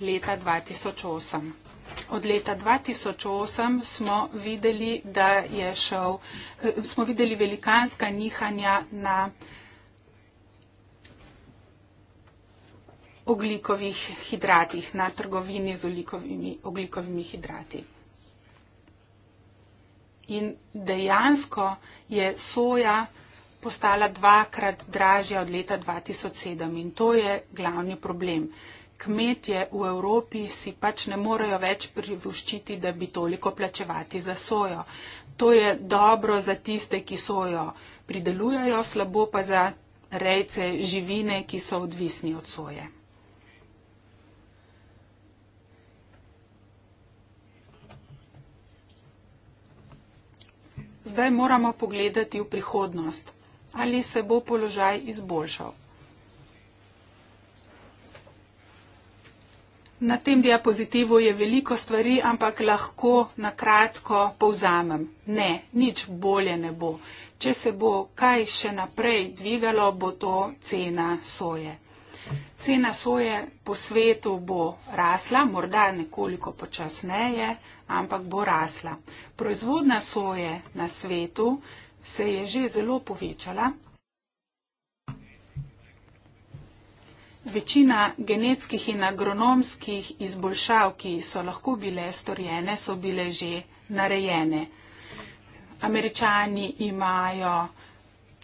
leta 2008. Od leta 2008 smo videli, da je šel, eh, smo videli velikanska nihanja na oglikovih hidratih, na trgovini z oglikovimi hidrati. In dejansko je soja postala dvakrat dražja od leta 2007 in to je glavni problem kmetje v Evropi si pač ne morejo več privoščiti, da bi toliko plačevati za sojo. To je dobro za tiste, ki sojo pridelujejo, slabo pa za rejce živine, ki so odvisni od soje. Zdaj moramo pogledati v prihodnost, ali se bo položaj izboljšal. Na tem diapozitivu je veliko stvari, ampak lahko na kratko povzamem. Ne, nič bolje ne bo. Če se bo kaj še naprej dvigalo, bo to cena soje. Cena soje po svetu bo rasla, morda nekoliko počasneje, ampak bo rasla. Proizvodna soje na svetu se je že zelo povečala, Večina genetskih in agronomskih izboljšav, ki so lahko bile storjene, so bile že narejene. Američani imajo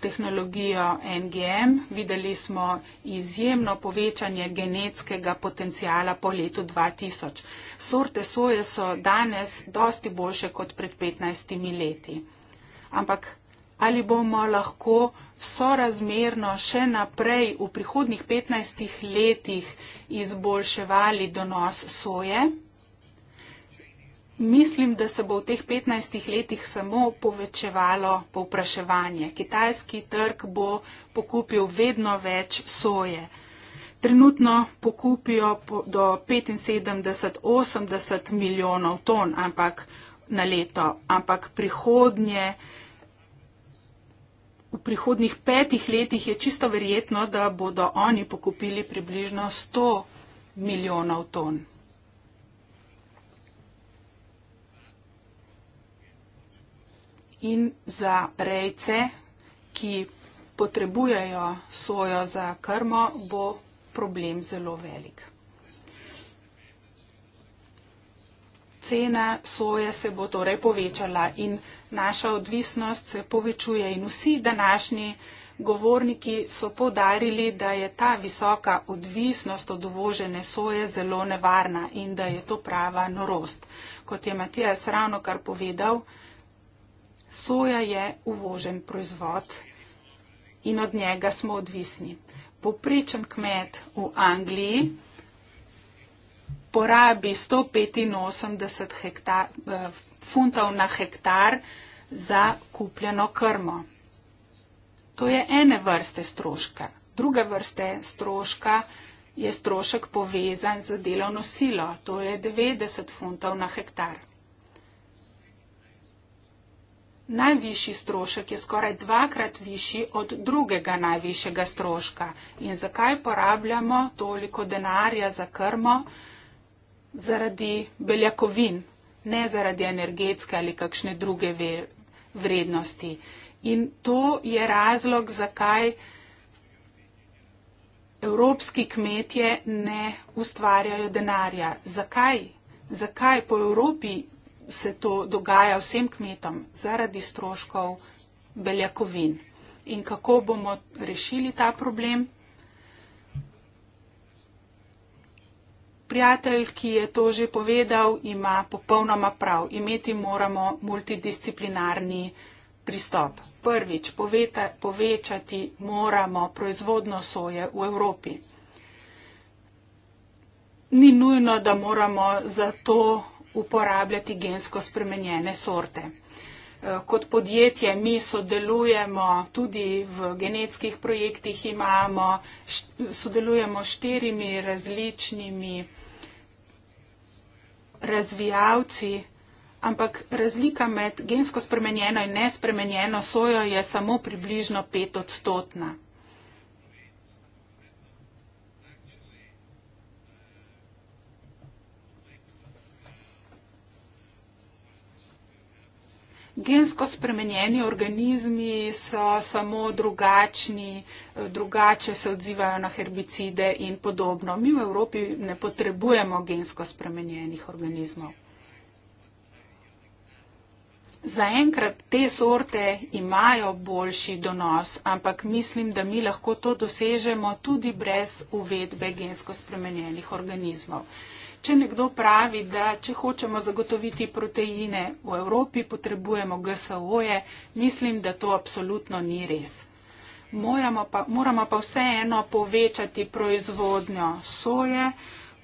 tehnologijo NGM, videli smo izjemno povečanje genetskega potencijala po letu 2000. Sorte soje so danes dosti boljše kot pred 15 leti. Ampak ali bomo lahko sorazmerno še naprej v prihodnih 15 letih izboljševali donos soje. Mislim, da se bo v teh 15 letih samo povečevalo povpraševanje. Kitajski trg bo pokupil vedno več soje. Trenutno pokupijo do 75-80 milijonov ton ampak, na leto, ampak prihodnje. V prihodnih petih letih je čisto verjetno, da bodo oni pokupili približno 100 milijonov ton. In za rejce, ki potrebujejo sojo za krmo, bo problem zelo velik. Cena soje se bo torej povečala in naša odvisnost se povečuje in vsi današnji govorniki so povdarili, da je ta visoka odvisnost od uvožene soje zelo nevarna in da je to prava norost. Kot je Matijas ravno kar povedal, soja je uvožen proizvod in od njega smo odvisni. Poprečen kmet v Angliji porabi 185 hektar, eh, funtov na hektar, za kupljeno krmo. To je ene vrste stroška. Druga vrste stroška je strošek povezan z delovno silo. To je 90 funtov na hektar. Najvišji strošek je skoraj dvakrat višji od drugega najvišjega stroška. In zakaj porabljamo toliko denarja za krmo? Zaradi beljakovin, ne zaradi energetske ali kakšne druge vrednosti. In to je razlog, zakaj evropski kmetje ne ustvarjajo denarja. Zakaj? Zakaj po Evropi se to dogaja vsem kmetom? Zaradi stroškov beljakovin. In kako bomo rešili ta problem? prijatelj, ki je to že povedal, ima popolnoma prav. Imeti moramo multidisciplinarni pristop. Prvič, poveta, povečati moramo proizvodno soje v Evropi. Ni nujno, da moramo zato uporabljati gensko spremenjene sorte. Eh, kot podjetje mi sodelujemo tudi v genetskih projektih, imamo, sodelujemo s štirimi različnimi razvijalci, ampak razlika med gensko spremenjeno in nespremenjeno sojo je samo približno petodstotna. gensko spremenjeni organizmi so samo drugačni, drugače se odzivajo na herbicide in podobno. Mi v Evropi ne potrebujemo gensko spremenjenih organizmov. Zaenkrat te sorte imajo boljši donos, ampak mislim, da mi lahko to dosežemo tudi brez uvedbe gensko spremenjenih organizmov. Če nekdo pravi, da če hočemo zagotoviti proteine v Evropi, potrebujemo GSO-je, mislim, da to absolutno ni res. Pa, moramo pa vseeno povečati proizvodnjo soje,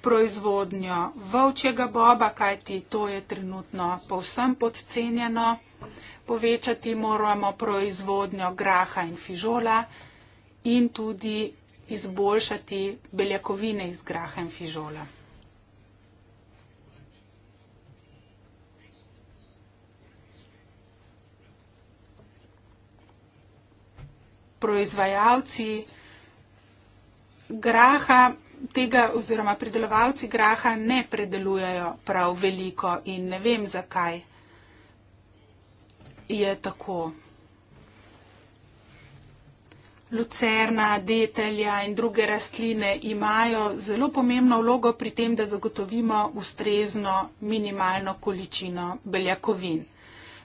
proizvodnjo volčjega boba, kajti to je trenutno povsem podcenjeno. Povečati moramo proizvodnjo graha in fižola in tudi izboljšati beljakovine iz graha in fižola. proizvajalci graha tega oziroma pridelovalci graha ne predelujejo prav veliko in ne vem, zakaj je tako. Lucerna, detelja in druge rastline imajo zelo pomembno vlogo pri tem, da zagotovimo ustrezno minimalno količino beljakovin.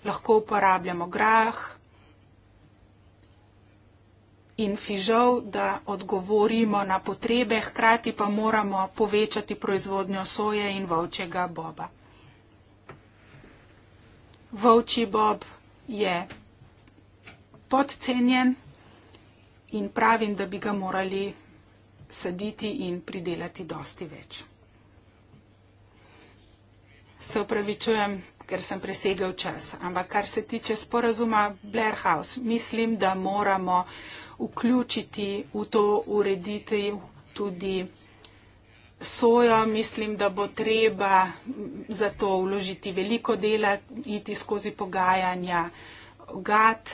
Lahko uporabljamo grah, in fižol, da odgovorimo na potrebe, hkrati pa moramo povečati proizvodnjo soje in volčjega boba. Volčji bob je podcenjen in pravim, da bi ga morali saditi in pridelati dosti več. Se upravičujem, ker sem presegel čas, ampak kar se tiče sporazuma Blair House, mislim, da moramo vključiti v to ureditev tudi sojo. Mislim, da bo treba za to vložiti veliko dela, iti skozi pogajanja GAT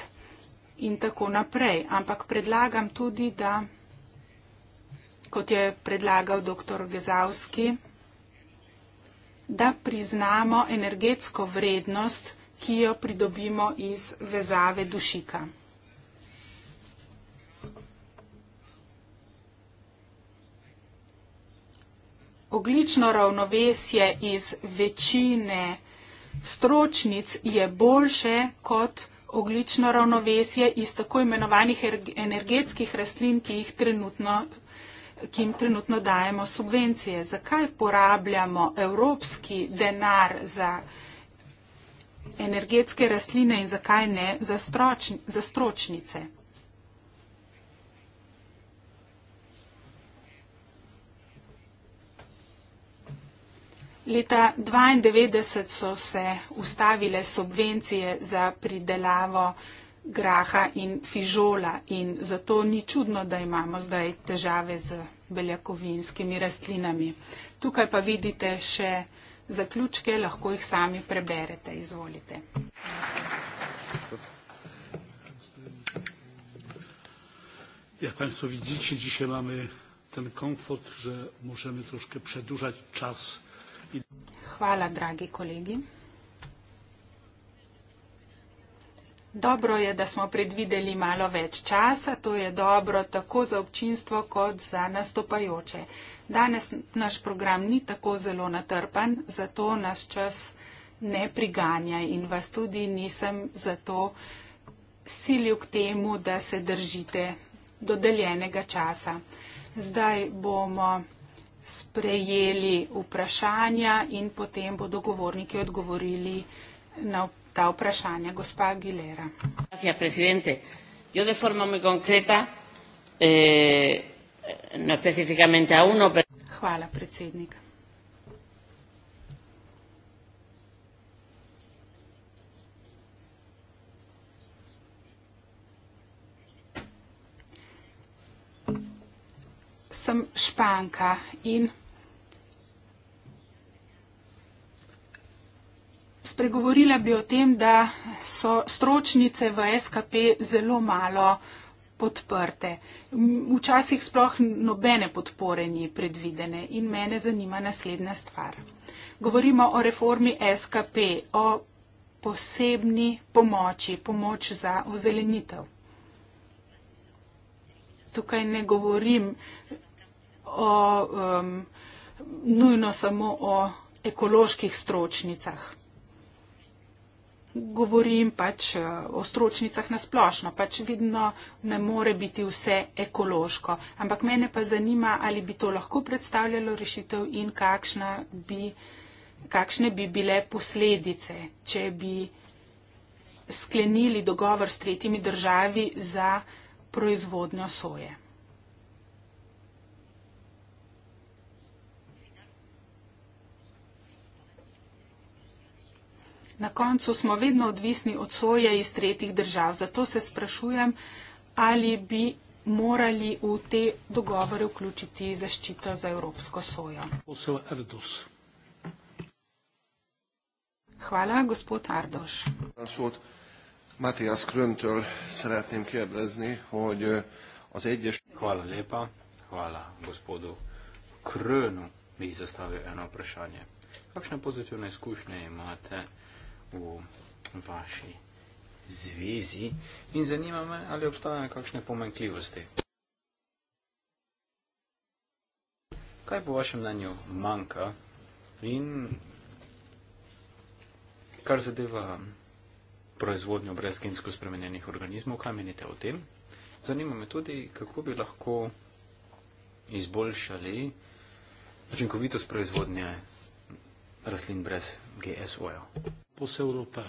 in tako naprej. Ampak predlagam tudi, da, kot je predlagal dr. Gezavski, da priznamo energetsko vrednost, ki jo pridobimo iz vezave dušika. oglično ravnovesje iz večine stročnic je boljše kot oglično ravnovesje iz tako imenovanih energetskih rastlin, ki jih trenutno, ki jim trenutno dajemo subvencije. Zakaj porabljamo evropski denar za energetske rastline in zakaj ne za, stročni, za stročnice? Leta 1992 so se ustavile subvencije za pridelavo graha in fižola in zato ni čudno, da imamo zdaj težave z beljakovinskimi rastlinami. Tukaj pa vidite še zaključke, lahko jih sami preberete, izvolite. Jak Państwo widzicie, dzisiaj mamy ten komfort, że możemy troszkę przedłużać czas. Hvala, dragi kolegi. Dobro je, da smo predvideli malo več časa. To je dobro tako za občinstvo kot za nastopajoče. Danes naš program ni tako zelo natrpan, zato naš čas ne priganja in vas tudi nisem zato silil k temu, da se držite dodeljenega časa. Zdaj bomo sprejeli vprašanja in potem bodo govorniki odgovorili na ta vprašanja. Gospa Aguilera. Hvala, predsednik. Jaz de forma muy concreta, eh, no específicamente a uno, pero... Hvala, predsednik. sem španka in spregovorila bi o tem, da so stročnice v SKP zelo malo podprte. Včasih sploh nobene podpore ni predvidene in mene zanima naslednja stvar. Govorimo o reformi SKP, o posebni pomoči, pomoč za ozelenitev tukaj ne govorim o, um, nujno samo o ekoloških stročnicah. Govorim pač uh, o stročnicah nasplošno, pač vidno ne more biti vse ekološko. Ampak mene pa zanima, ali bi to lahko predstavljalo rešitev in kakšna bi, kakšne bi bile posledice, če bi sklenili dogovor s tretjimi državi za proizvodnjo soje. Na koncu smo vedno odvisni od soje iz tretjih držav, zato se sprašujem, ali bi morali v te dogovore vključiti zaščito za evropsko sojo. Hvala, gospod Ardoš. Matthias Kröntől szeretném kérdezni, hogy az egyes... Hvala lepa, hvala gospodu Krönu, mi zastavio eno vprašanje. Kakšne pozitivne izkušnje imate v vaši zvezi in zanima me, ali obstajajo kakšne pomankljivosti? Kaj po vašem mnenju manjka in kar zadeva proizvodnjo brez gensko spremenjenih organizmov. Kaj menite o tem? Zanima me tudi, kako bi lahko izboljšali učinkovitost proizvodnje rastlin brez GSO-ja. Pos Evropa.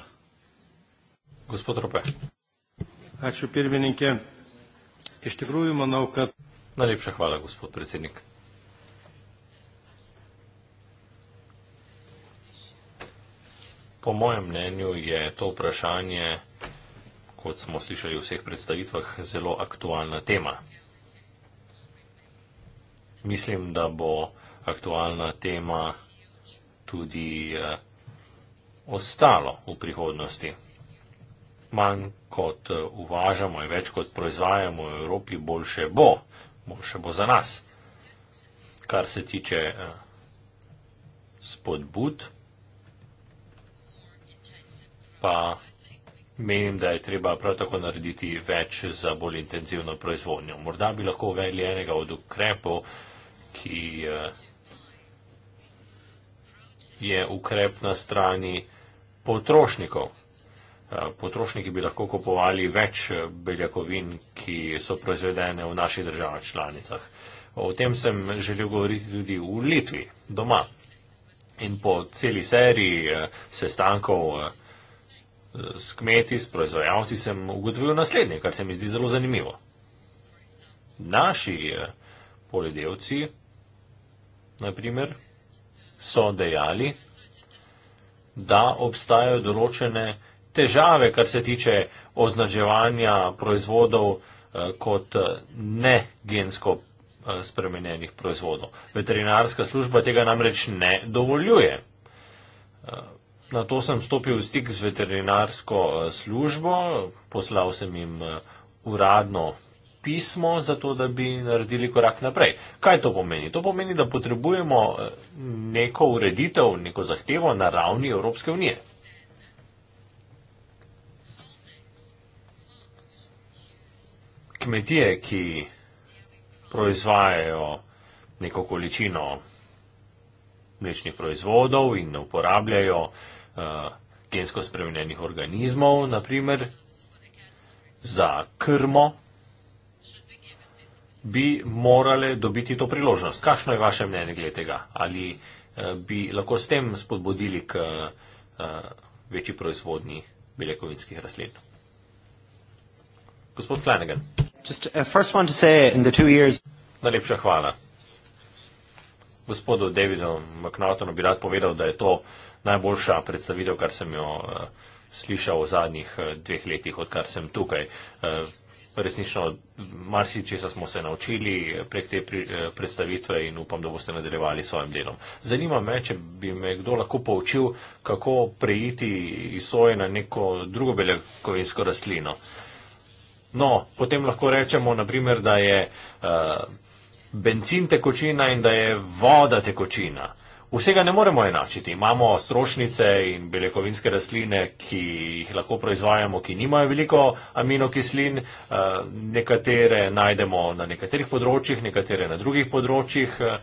Gospod Rope. Ačiū pirmininkė. Iš tikrųjų, manau, kad. Najlepša hvala, gospod predsednik. Po mojem mnenju je to vprašanje, kot smo slišali v vseh predstavitvah, zelo aktualna tema. Mislim, da bo aktualna tema tudi eh, ostalo v prihodnosti. Manj kot eh, uvažamo in več kot proizvajamo v Evropi, boljše bo, boljše bo za nas. Kar se tiče eh, spodbud, pa menim, da je treba prav tako narediti več za bolj intenzivno proizvodnjo. Morda bi lahko uvedli enega od ukrepov, ki eh, je ukrep na strani potrošnikov. Eh, potrošniki bi lahko kupovali več eh, beljakovin, ki so proizvedene v naših državah članicah. O tem sem želel govoriti tudi v Litvi, doma. In po celi seriji sestankov s kmeti, s proizvajalci, sem ugotovil naslednje, kar se mi zdi zelo zanimivo. Naši eh, poljedelci, naprimer, so dejali, da obstajajo določene težave, kar se tiče označevanja proizvodov eh, kot eh, ne gensko spremenjenih proizvodov. Veterinarska služba tega namreč ne dovoljuje. Na to sem stopil v stik z veterinarsko eh, službo, poslal sem jim eh, uradno pismo, zato da bi naredili korak naprej. Kaj to pomeni? To pomeni, da potrebujemo eh, neko ureditev, neko zahtevo na ravni Evropske unije. Kmetije, ki proizvajajo neko količino mlečnih proizvodov in uporabljajo uh, uh, gensko spremenjenih organizmov, naprimer za krmo, bi morale dobiti to priložnost. Kakšno je vaše mnenje glede tega? Ali uh, bi lahko s tem spodbudili k uh, večji proizvodnji beljakovinskih rastlin? Gospod Flanagan. Uh, Najlepša hvala. Gospodu Davidu McNaughtonu bi rad povedal, da je to uh, najboljša predstavitev, kar sem jo eh, slišal v zadnjih eh, dveh letih, odkar sem tukaj. Eh, resnično, marsičesa smo se naučili prek te predstavitve in upam, da boste nadaljevali s svojim delom. Zanima me, če bi me kdo lahko poučil, kako prejiti iz soje na neko drugo beljakovinsko rastlino. No, potem lahko rečemo, naprimer, da je uh, benzin tekočina in da je voda tekočina. Vsega ne moremo enačiti. Imamo strošnice in beljakovinske rastline, ki jih lahko proizvajamo, ki nimajo veliko aminokislin. Eh, nekatere najdemo na nekaterih področjih, nekatere na drugih področjih eh,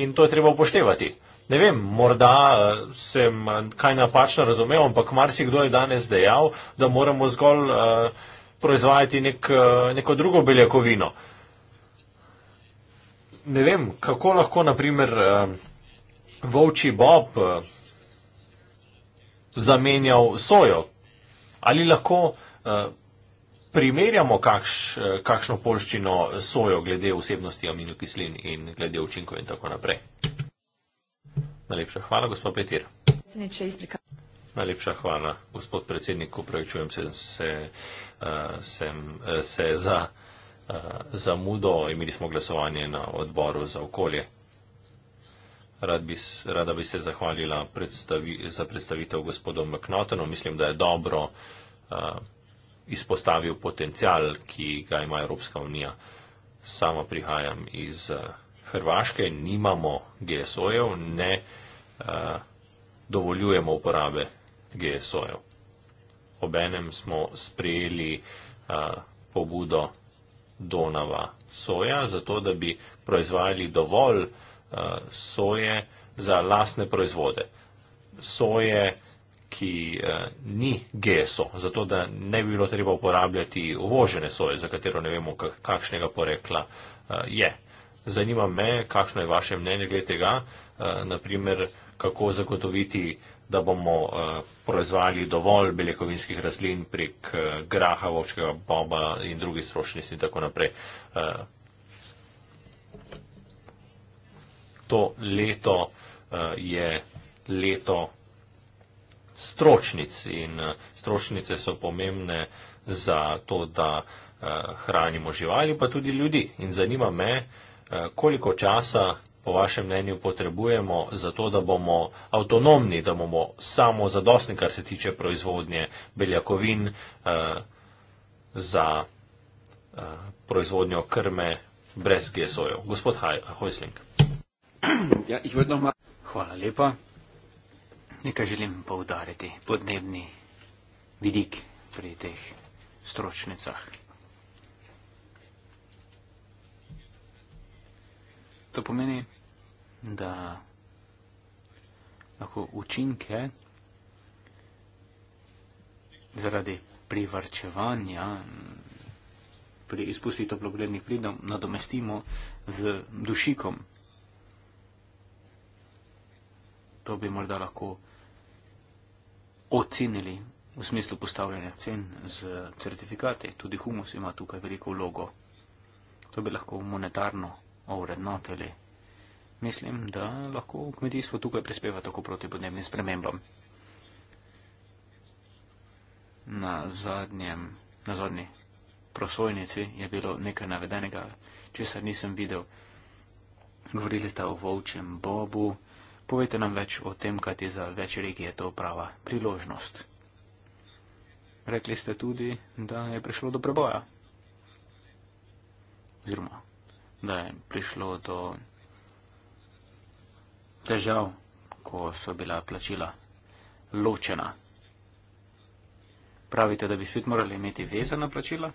in to je treba upoštevati. Ne vem, morda eh, sem kaj napačno razumel, ampak marsikdo je danes dejal, da moramo zgolj proizvajati nek, neko drugo beljakovino. Ne vem, kako lahko, naprimer, volči Bob eh, zamenjal sojo? Ali lahko eh, primerjamo kakš, eh, kakšno polščino sojo glede vsebnosti aminokislin in glede učinkov in tako naprej? Najlepša hvala, gospod Petir. Najlepša hvala, gospod predsednik, upravičujem se, se, sem, se za zamudo. Imeli smo glasovanje na odboru za okolje. Rad bi, rada bi se zahvalila predstavi, za predstavitev gospodu McNotonu. Mislim, da je dobro uh, izpostavil potencial, ki ga ima Evropska unija. Sama prihajam iz uh, Hrvaške, nimamo GSO-jev, ne uh, dovoljujemo uporabe GSO-jev. Obenem smo sprejeli uh, pobudo Donava soja, zato da bi proizvajali dovolj, Eh, soje za lasne proizvode. Soje, ki eh, ni geso, zato da ne bi bilo treba uporabljati uvožene soje, za katero ne vemo, kakšnega porekla eh, je. Zanima me, kakšno je vaše mnenje glede tega, naprimer, kako zagotoviti, da bomo proizvali dovolj beljakovinskih razlin prek graha, vočkega boba in drugih strošnic in tako naprej. to leto uh, je leto stročnic in uh, stročnice so pomembne za to, da uh, hranimo živali, pa tudi ljudi. In zanima me, uh, koliko časa po vašem mnenju potrebujemo za to, da bomo avtonomni, da bomo samo zadostni, kar se tiče proizvodnje beljakovin uh, za uh, proizvodnjo krme brez GSO-jev. Gospod Hojsling. Ha Ja, jih vedno ima. Hvala lepa. Nekaj želim povdariti podnebni vidik pri teh stročnicah. To pomeni, da lahko učinke zaradi privrčevanja pri izpustitvi toplogrednih plinov nadomestimo z dušikom. to bi morda lahko ocenili v smislu postavljanja cen z certifikati. Tudi humus ima tukaj veliko vlogo. To bi lahko monetarno ovrednotili. Mislim, da lahko kmetijstvo tukaj prispeva tako proti podnebnim spremembam. Na, zadnjem, na zadnji prosojnici je bilo nekaj navedenega, česar nisem videl. Govorili ste o volčem bobu. Povejte nam več o tem, kaj ti za več regij je to prava priložnost. Rekli ste tudi, da je prišlo do preboja. Oziroma, da je prišlo do težav, ko so bila plačila ločena. Pravite, da bi svet morali imeti vezana plačila?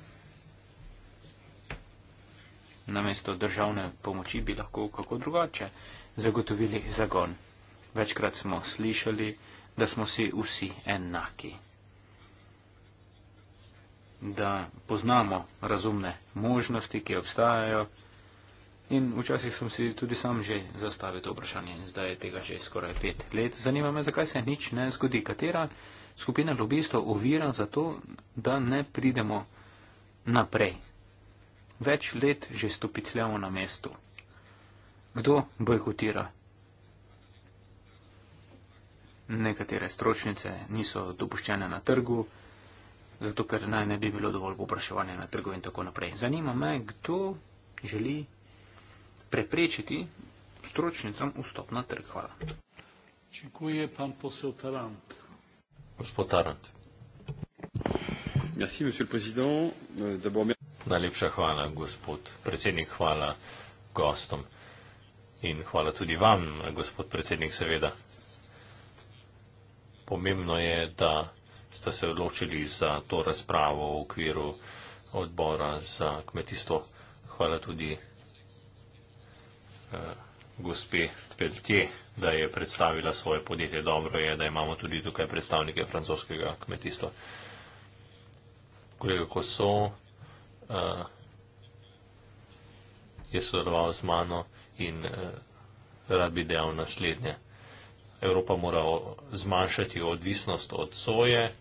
Namesto državne pomoči bi lahko kako drugače zagotovili zagon večkrat smo slišali, da smo si vsi enaki. Da poznamo razumne možnosti, ki obstajajo. In včasih sem si tudi sam že zastavil to vprašanje in zdaj je tega že skoraj pet let. Zanima me, zakaj se nič ne zgodi. Katera skupina lobistov ovira za to, da ne pridemo naprej? Več let že stopicljamo na mestu. Kdo bojkotira nekatere stročnice niso dopuščene na trgu, zato ker naj ne bi bilo dovolj popraševanja na trgu in tako naprej. Zanima me, kdo želi preprečiti stročnicam vstop na trg. Hvala. Čekuje pan posel Tarant. Gospod Tarant. Merci, monsieur le président. Euh, Najlepša hvala, gospod predsednik, hvala gostom. In hvala tudi vam, gospod predsednik, seveda pomembno je, da ste se odločili za to razpravo v okviru odbora za kmetijstvo. Hvala tudi uh, gospe Tveltje, da je predstavila svoje podjetje. Dobro je, da imamo tudi tukaj predstavnike francoskega kmetijstva. Kolega Koso uh, je sodeloval z mano in uh, rad bi dejal naslednje. Evropa mora zmanjšati odvisnost od soje,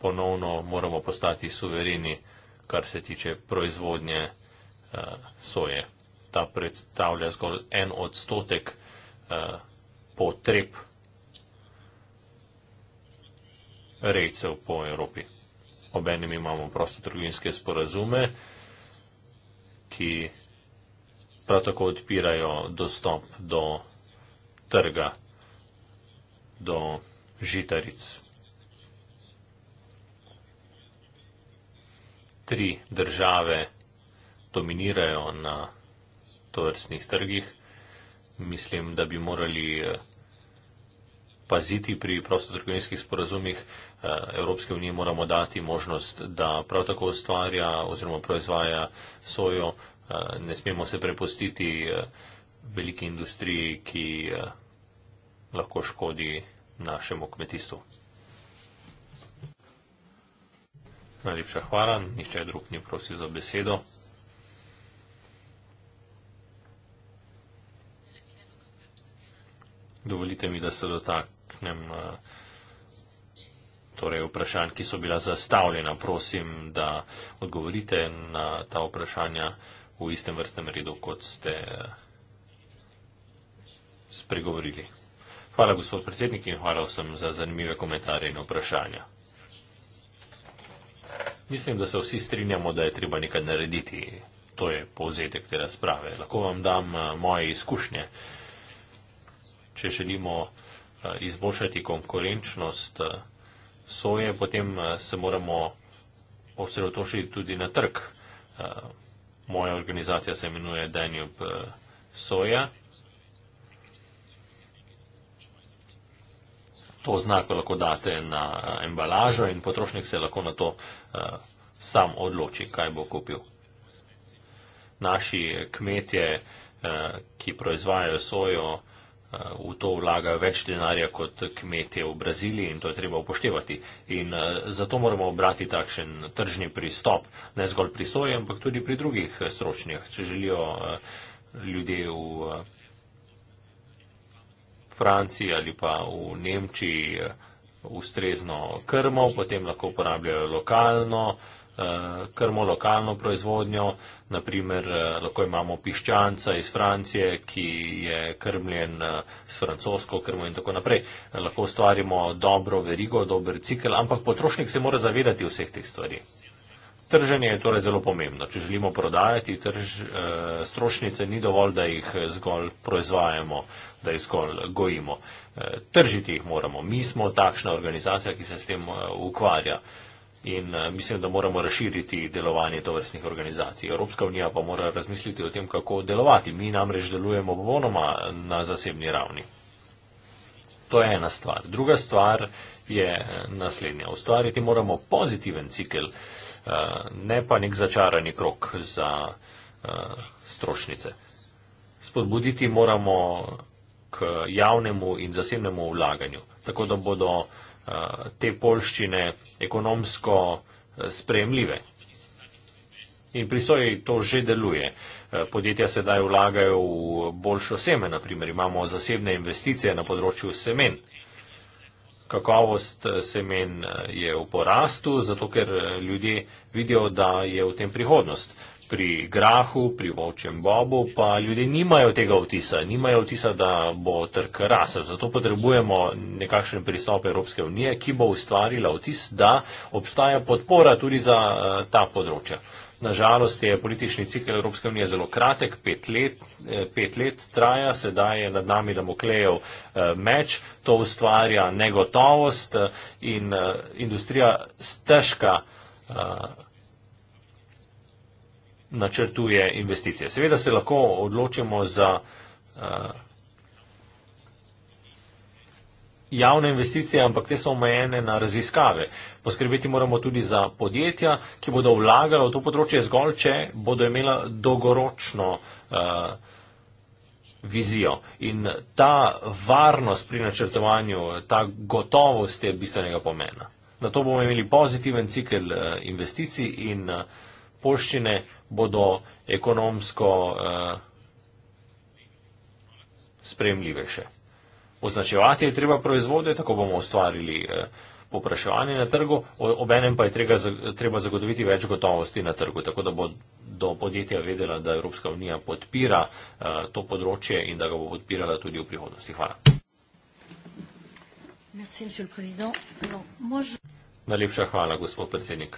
ponovno moramo postati suvereni, kar se tiče proizvodnje uh, soje. Ta predstavlja zgolj en odstotek uh, potreb rejcev po Evropi. Obenem imamo prosto trgovinske sporazume, ki prav tako odpirajo dostop do trga, do žitaric. Tri države dominirajo na tovrstnih trgih. Mislim, da bi morali eh, paziti pri prostotrgovinskih sporazumih. Eh, Evropske unije moramo dati možnost, da prav tako ustvarja oziroma proizvaja sojo ne smemo se prepustiti veliki industriji, ki lahko škodi našemu kmetijstvu. Najlepša hvala, nihče drug ni prosil za besedo. Dovolite mi, da se dotaknem torej vprašanj, ki so bila zastavljena. Prosim, da odgovorite na ta vprašanja v istem vrstnem redu, kot ste eh, spregovorili. Hvala, gospod predsednik, in hvala vsem za zanimive komentarje in vprašanja. Mislim, da se vsi strinjamo, da je treba nekaj narediti. To je povzetek te razprave. Lahko vam dam eh, moje izkušnje. Če želimo eh, izboljšati konkurenčnost soje, potem se moramo osredotočiti tudi na trg moja organizacija se imenuje Danube eh, Soja. To znako lahko date na eh, embalažo in potrošnik se lahko na to eh, sam odloči, kaj bo kupil. Naši kmetje, ki proizvajajo sojo, v to vlagajo več denarja kot kmetje v Braziliji in to je treba upoštevati. In eh, zato moramo obrati takšen tržni pristop, ne zgolj pri soji, ampak tudi pri drugih eh, stročnjah. Če želijo eh, ljudje v Franciji ali pa v Nemčiji ustrezno krmo, potem lahko uporabljajo lokalno krmo, Eh, krmo lokalno proizvodnjo, naprimer eh, lahko imamo piščanca iz Francije, ki je krmljen eh, s francosko krmo in tako naprej. Lahko ustvarimo dobro verigo, dober cikl, ampak potrošnik se mora zavedati vseh teh stvari. Trženje je torej zelo pomembno. Če želimo prodajati trž, strošnice, ni dovolj, da jih zgolj proizvajamo, da jih zgolj gojimo. Tržiti jih moramo. Mi smo takšna organizacija, ki se s tem ukvarja. In uh, mislim, da moramo razširiti delovanje tovrstnih organizacij. Evropska unija pa mora razmisliti o tem, kako delovati. Mi namreč delujemo popolnoma na zasebni ravni. To je ena stvar. Druga stvar je eh, naslednja. Ustvariti moramo pozitiven cikel, uh, ne pa nek začarani krok za uh, strošnice. Spodbuditi moramo k javnemu in zasebnemu vlaganju, tako da bodo uh, Eh, te polščine ekonomsko eh, sprejemljive. In pri soji to že deluje. Eh, podjetja sedaj vlagajo v boljšo seme, naprimer imamo zasebne investicije na področju semen. Kakovost semen je v porastu, zato ker ljudje vidijo, da je v tem prihodnost pri grahu, pri volčjem bobu, pa ljudje nimajo tega vtisa, nimajo vtisa, da bo trg rasel. Zato potrebujemo nekakšen pristop Evropske unije, ki bo ustvarila vtis, da obstaja podpora tudi za eh, ta področja. Nažalost je politični cikl Evropske unije zelo kratek, pet let, eh, pet let traja, sedaj je nad nami Damoklejev eh, meč, to ustvarja negotovost in industrija stežka načrtuje investicije. Seveda se lahko odločimo za uh, javne investicije, ampak te so omejene na raziskave. Poskrbeti moramo tudi za podjetja, ki bodo vlagala v to področje zgolj, če bodo imela dolgoročno uh, vizijo. In ta varnost pri načrtovanju, ta gotovost je bistvenega pomena. Na to bomo imeli pozitiven cikl uh, eh, investicij in uh, poščine bodo ekonomsko eh, spremljivejše. Označevati je treba proizvode, tako bomo ustvarili eh, popraševanje na trgu, ob enem pa je treba, treba zagotoviti več gotovosti na trgu, tako da bo do podjetja vedela, da Evropska unija podpira eh, to področje in da ga bo podpirala tudi v prihodnosti. Hvala. Merci, Najlepša hvala, gospod predsednik.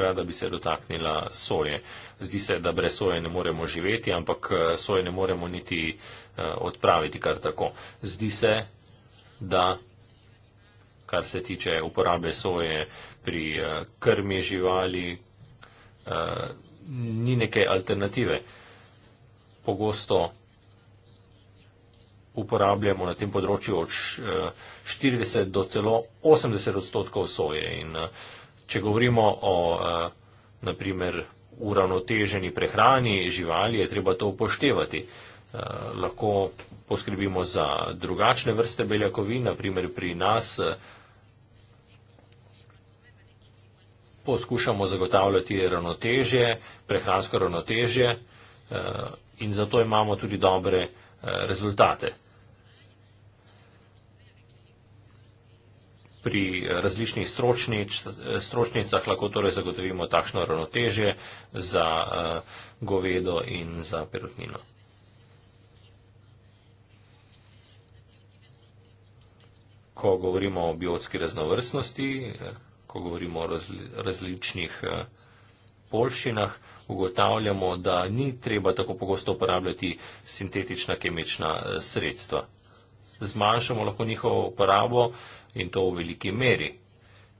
rada bi se dotaknila soje. Zdi se, da brez soje ne moremo živeti, ampak eh, soje ne moremo niti eh, odpraviti kar tako. Zdi se, da kar se tiče uporabe soje pri eh, krmi živali, ni neke alternative. Pogosto uporabljamo na tem področju od 40 do celo 80 odstotkov soje in uh, Če govorimo o eh, naprimer uravnoteženi prehrani živali, je treba to upoštevati. Eh, lahko poskrbimo za drugačne vrste beljakovin, naprimer pri nas eh, poskušamo zagotavljati ravnotežje, prehransko ravnotežje in zato imamo tudi dobre rezultate. pri različnih stročnic, stročnicah lahko torej zagotovimo takšno ravnotežje za eh, govedo in za perutnino. Ko govorimo o biotski raznovrstnosti, eh, ko govorimo o različnih eh, polšinah, ugotavljamo, da ni treba tako pogosto uporabljati sintetična kemična sredstva. Zmanjšamo lahko njihovo uporabo, in to v veliki meri,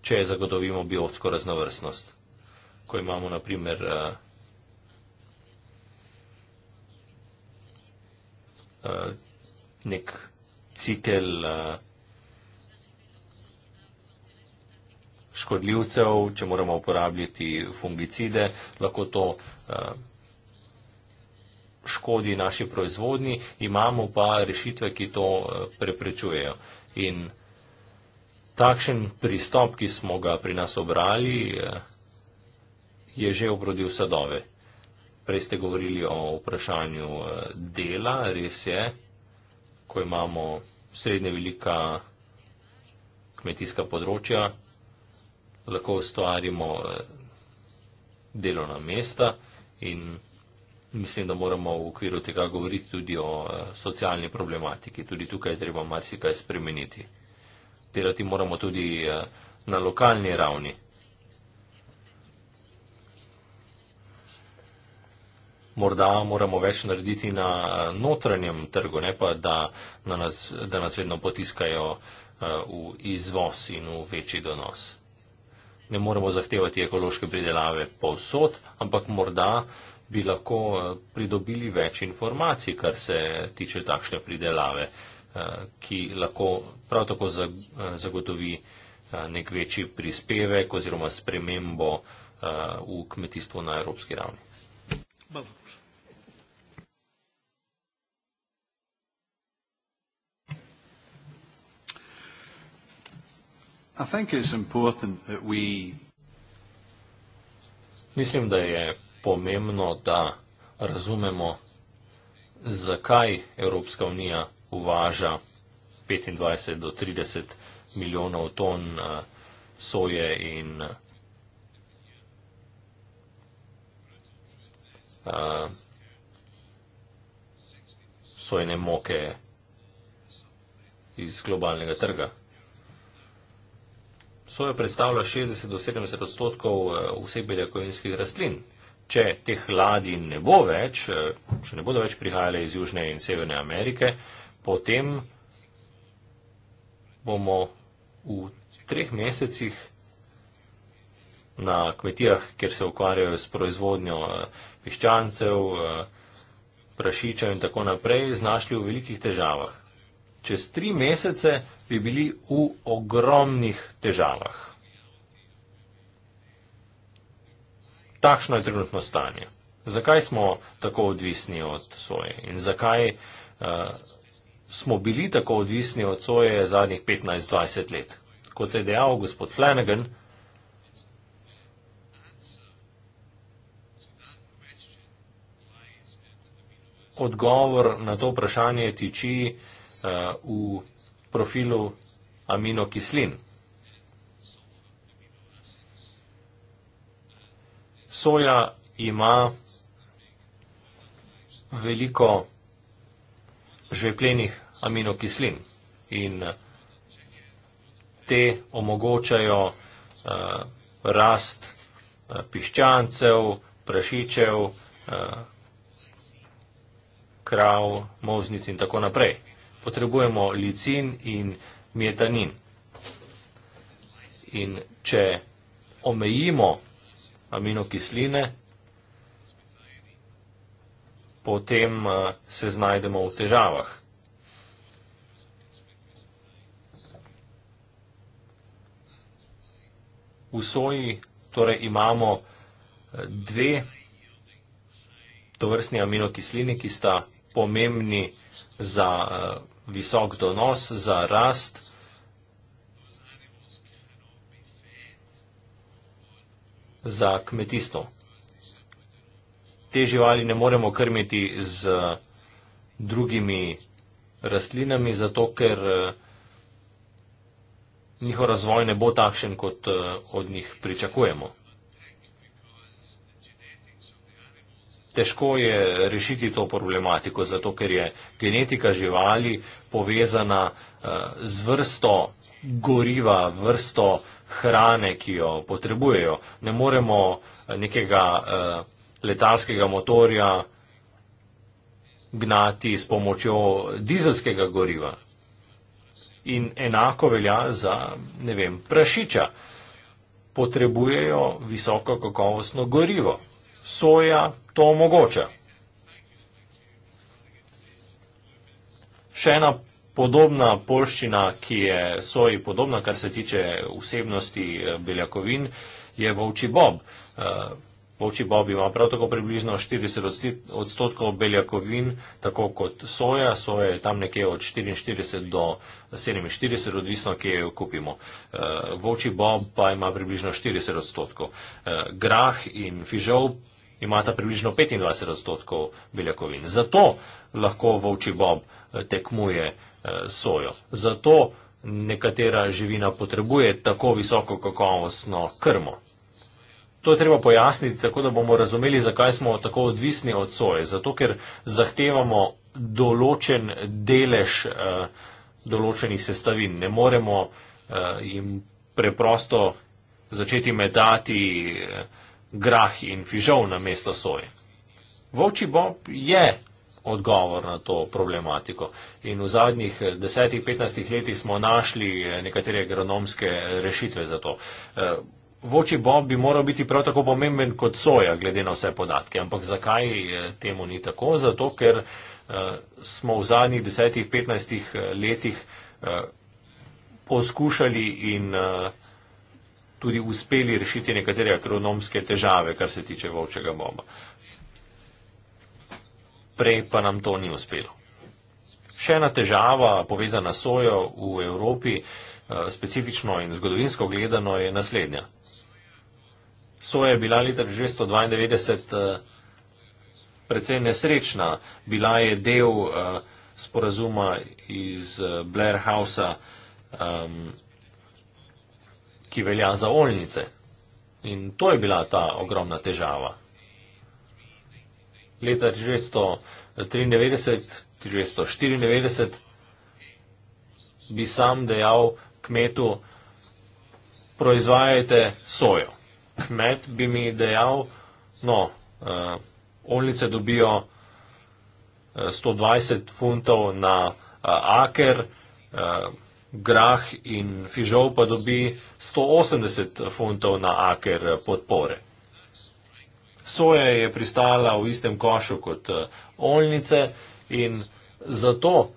če zagotovimo biotsko raznovrstnost. Ko imamo naprimer eh, eh, nek cikel eh, škodljivcev, če moramo uporabljati fungicide, lahko to škodi naši proizvodni, imamo pa rešitve, ki to preprečujejo. In takšen pristop, ki smo ga pri nas obrali, je že obrodil sadove. Prej ste govorili o vprašanju eh, dela, res je, ko imamo srednje velika kmetijska področja, lahko ustvarimo eh, delovna mesta in mislim, da moramo v okviru tega govoriti tudi o eh, socialni problematiki. Tudi tukaj je treba marsikaj spremeniti delati moramo tudi eh, na lokalni ravni. Morda moramo več narediti na eh, notranjem trgu, ne pa da, na nas, da nas vedno potiskajo eh, v izvoz in v večji donos. Ne moramo zahtevati ekološke pridelave povsod, ampak morda bi lahko pridobili več informacij, kar se tiče takšne pridelave. Eh, ki lahko prav tako eh, zagotovi eh, nek večji prispevek oziroma spremembo v kmetijstvu na evropski ravni. Mislim, da je pomembno, da razumemo, zakaj Evropska unija uvaža 25 do 30 milijonov ton eh, soje in eh, sojene moke iz globalnega trga. Sojo predstavlja 60 do 70 odstotkov eh, vseh beljakovinskih rastlin. Če teh ladij ne bo več, če ne bodo več prihajale iz Južne in Severne Amerike, potem bomo v treh mesecih na kmetijah, kjer se ukvarjajo s proizvodnjo eh, piščancev, eh, prašičev in tako naprej, znašli v velikih težavah. Čez tri mesece bi bili v ogromnih težavah. Takšno je trenutno stanje. Zakaj smo tako odvisni od soje in zakaj uh, smo bili tako odvisni od soje zadnjih 15-20 let. Kot je dejal gospod Flanagan, odgovor na to vprašanje tiči eh, v profilu aminokislin. Soja ima veliko žveplenih aminokislin in eh, te omogočajo uh, rast uh, piščancev, prašičev, uh, krav, moznic in tako naprej. Potrebujemo licin in metanin. In če omejimo aminokisline, potem eh, se znajdemo v težavah. V soji torej imamo eh, dve tovrstni aminokislini, ki sta pomembni za eh, visok donos, za rast. za kmetijstvo te živali ne moremo krmiti z eh, drugimi rastlinami, zato ker eh, njihov razvoj ne bo takšen, kot eh, od njih pričakujemo. Težko je rešiti to problematiko, zato ker je genetika živali povezana z vrsto goriva, vrsto hrane, ki jo potrebujejo. Ne moremo nekega uh, letalskega motorja gnati s pomočjo dizelskega goriva. In enako velja za, ne vem, prašiča. Potrebujejo visoko kakovostno gorivo. Soja to omogoča. Še ena podobna polščina, ki je soji podobna, kar se tiče vsebnosti eh, beljakovin, je volči bob. Uh, Volčji bob ima prav tako približno 40 odstotkov beljakovin, tako kot soja. Soja je tam nekje od 44 do 47, odvisno, kje jo kupimo. Eh, volčji bob pa ima približno 40 odstotkov. Eh, Grah in fižol imata približno 25 odstotkov beljakovin. Zato lahko volčji bob eh, tekmuje sojo. Zato nekatera živina potrebuje tako visoko kakovostno krmo. To je treba pojasniti, tako da bomo razumeli, zakaj smo tako odvisni od soje. Zato, ker zahtevamo določen delež uh, določenih sestavin. Ne moremo uh, jim preprosto začeti medati uh, eh, grah in fižol na mesto soje. Vovči Bob je odgovor na to problematiko in v zadnjih 10-15 letih smo našli nekatere agronomske rešitve za to. Uh, voči bomb bi moral biti prav tako pomemben kot soja, glede na vse podatke. Ampak zakaj eh, temu ni tako? Zato, ker uh, smo v zadnjih 10-15 eh, letih uh, poskušali in uh, tudi uspeli rešiti nekatere akronomske težave, kar se tiče volčega bomba. Prej pa nam to ni uspelo. Še ena težava povezana s sojo v Evropi, specifično in zgodovinsko gledano, je naslednja soja je bila liter že 192 precej nesrečna, bila je del eh, sporazuma iz eh, Blair Housea, ki velja za oljnice. In to je bila ta ogromna težava. Leta 1993, 1994 bi sam dejal kmetu, proizvajajte sojo kmet bi mi dejal, no, uh, eh, oljnice dobijo 120 eh, funtov na uh, aker, uh, grah in fižol pa dobi 180 funtov na aker podpore. Soja je pristala v istem košu kot uh, oljnice in zato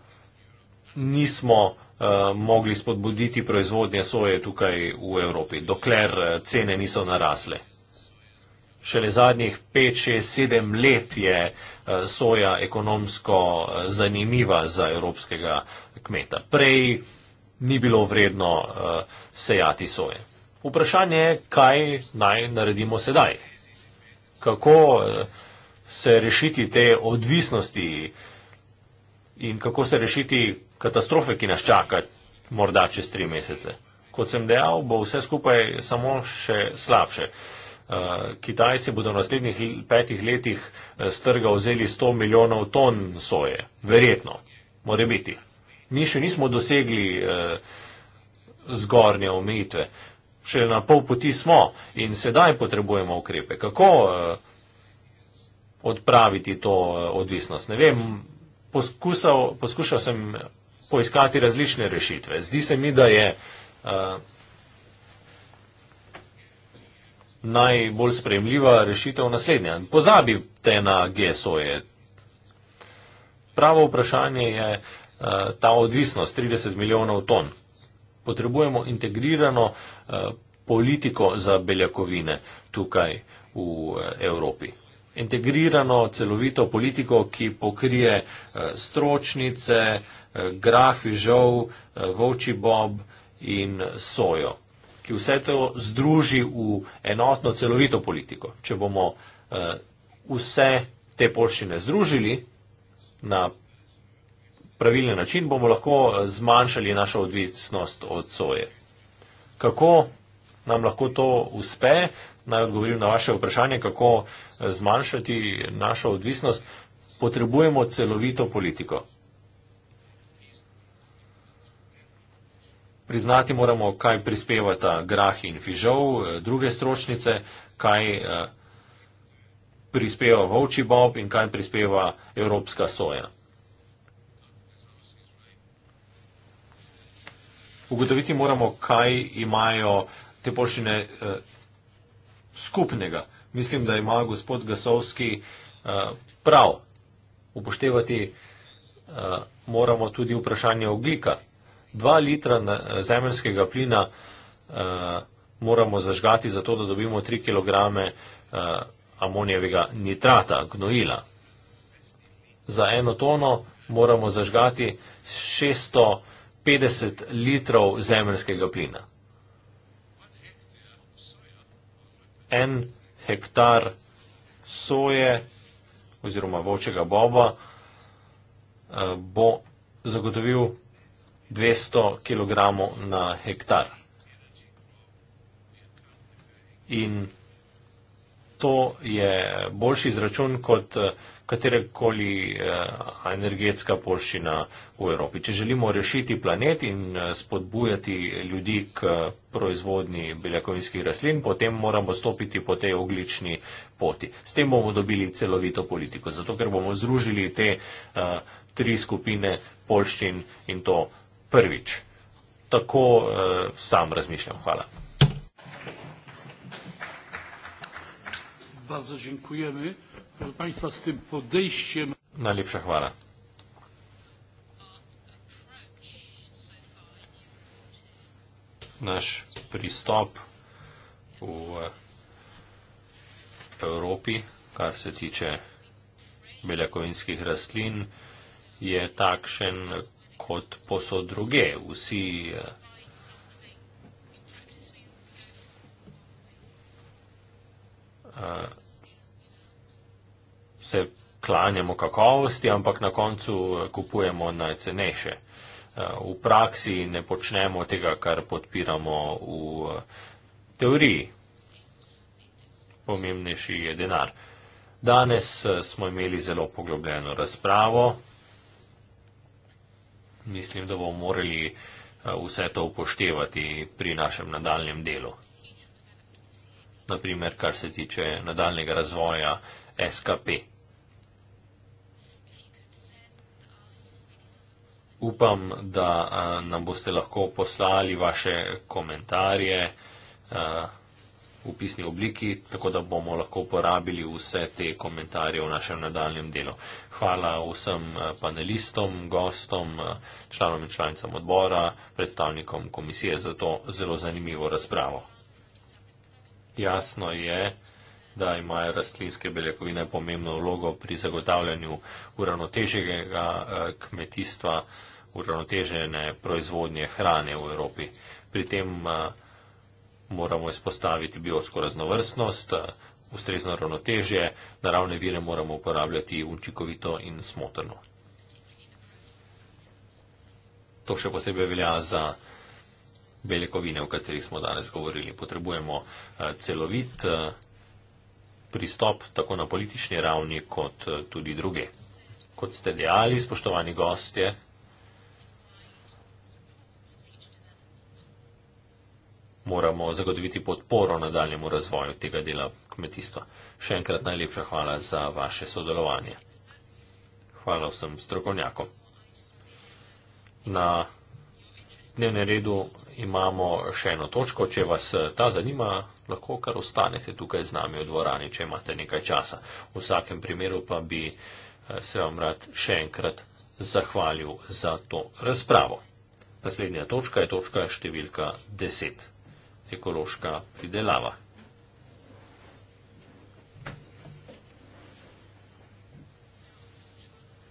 nismo uh, mogli spodbuditi proizvodnje soje tukaj v Evropi, dokler eh, cene niso narasle. Šele zadnjih 5, 6, 7 let je eh, soja ekonomsko zanimiva za evropskega kmeta. Prej ni bilo vredno sejati soje. Vprašanje je, kaj naj naredimo sedaj? Kako se rešiti te odvisnosti in kako se rešiti katastrofe, ki nas čaka, morda čez tri mesece. Kot sem dejal, bo vse skupaj samo še slabše. Uh, Kitajci bodo v naslednjih petih letih z uh, trga vzeli 100 milijonov ton soje. Verjetno, more biti. Mi še nismo dosegli uh, zgornje omejitve. Še na pol poti smo in sedaj potrebujemo ukrepe. Kako odpraviti to odvisnost? Ne vem, poskusal, poskušal sem poiskati različne rešitve. Zdi se mi, da je uh, najbolj spremljiva rešitev naslednja. Pozabi te na GSO-je. Pravo vprašanje je uh, ta odvisnost 30 milijonov ton. Potrebujemo integrirano uh, politiko za beljakovine tukaj v uh, Evropi. Integrirano, celovito politiko, ki pokrije uh, stročnice, uh, grafi žov, volči bob in sojo, ki vse to združi v enotno celovito politiko. Če bomo eh, vse te polščine združili na pravilni način, bomo lahko eh, zmanjšali našo odvisnost od soje. Kako nam lahko to uspe? Naj odgovorim na vaše vprašanje, kako eh, zmanjšati našo odvisnost. Potrebujemo celovito politiko. priznati moramo, kaj prispevata grah in fižol, eh, druge stročnice, kaj eh, prispeva volči bob in kaj prispeva evropska soja. Ugotoviti moramo, kaj imajo te pošine eh, skupnega. Mislim, da ima gospod Gasovski prav upoštevati moramo tudi vprašanje oglika. 2 litra eh, zemljskega plina uh, moramo zažgati, zato da dobimo 3 kg uh, amonijevega nitrata, gnojila. Za eno tono moramo zažgati 650 litrov zemljskega plina. En hektar soje oziroma vočega boba uh, bo zagotovil 200 kg na hektar. In to je boljši izračun kot eh, katerekoli eh, energetska polščina v Evropi. Če želimo rešiti planet in eh, spodbujati ljudi k proizvodni beljakovinskih rastlin, potem moramo stopiti po tej oglični poti. S tem bomo dobili celovito politiko, zato ker bomo združili te tri skupine polščin in to prvič. Tako uh, sam razmišljam. Hvala. Bardzo dziękujemy. Proszę Państwa, z tym podejściem. Najlepsza chwała. Nasz przystop w Europie, kar się tyczy białkowinskich roślin, jest tak, kot posod druge. Vsi uh, se klanjamo kakovosti, ampak na koncu eh, kupujemo najcenejše. V praksi ne počnemo tega, kar podpiramo v teoriji. Pomembnejši je denar. Danes smo imeli zelo poglobljeno razpravo mislim, da bomo morali eh, vse to upoštevati pri našem nadaljem delu. Naprimer, kar se tiče nadaljnega razvoja SKP. Upam, da eh, nam boste lahko poslali vaše komentarje, eh, v pisni obliki, tako da bomo lahko uporabili vse te komentarje v našem nadaljem delu. Hvala vsem eh, panelistom, gostom, eh, članom in članicam odbora, predstavnikom komisije za to zelo zanimivo razpravo. Jasno je, da imajo rastlinske beljakovine pomembno vlogo pri zagotavljanju uravnotežega eh, kmetijstva, uravnotežene proizvodnje hrane v Evropi. Pri tem moramo izpostaviti biosko raznovrstnost, ustrezno ravnotežje, naravne vire moramo uporabljati učinkovito in smotrno. To še posebej velja za bele kovine, o katerih smo danes govorili. Potrebujemo eh, celovit eh, pristop tako na politični ravni kot eh, tudi druge. Kot ste dejali, spoštovani gostje, moramo zagotoviti podporo nadaljemu razvoju tega dela kmetijstva. Še enkrat najlepša hvala za vaše sodelovanje. Hvala vsem strokovnjakom. Na dnevnem redu imamo še eno točko. Če vas eh, ta zanima, lahko kar ostanete tukaj z nami v dvorani, če imate nekaj časa. V vsakem primeru pa bi eh, se vam rad še enkrat zahvalil za to razpravo. Naslednja točka je točka številka 10 ekološka pridelava.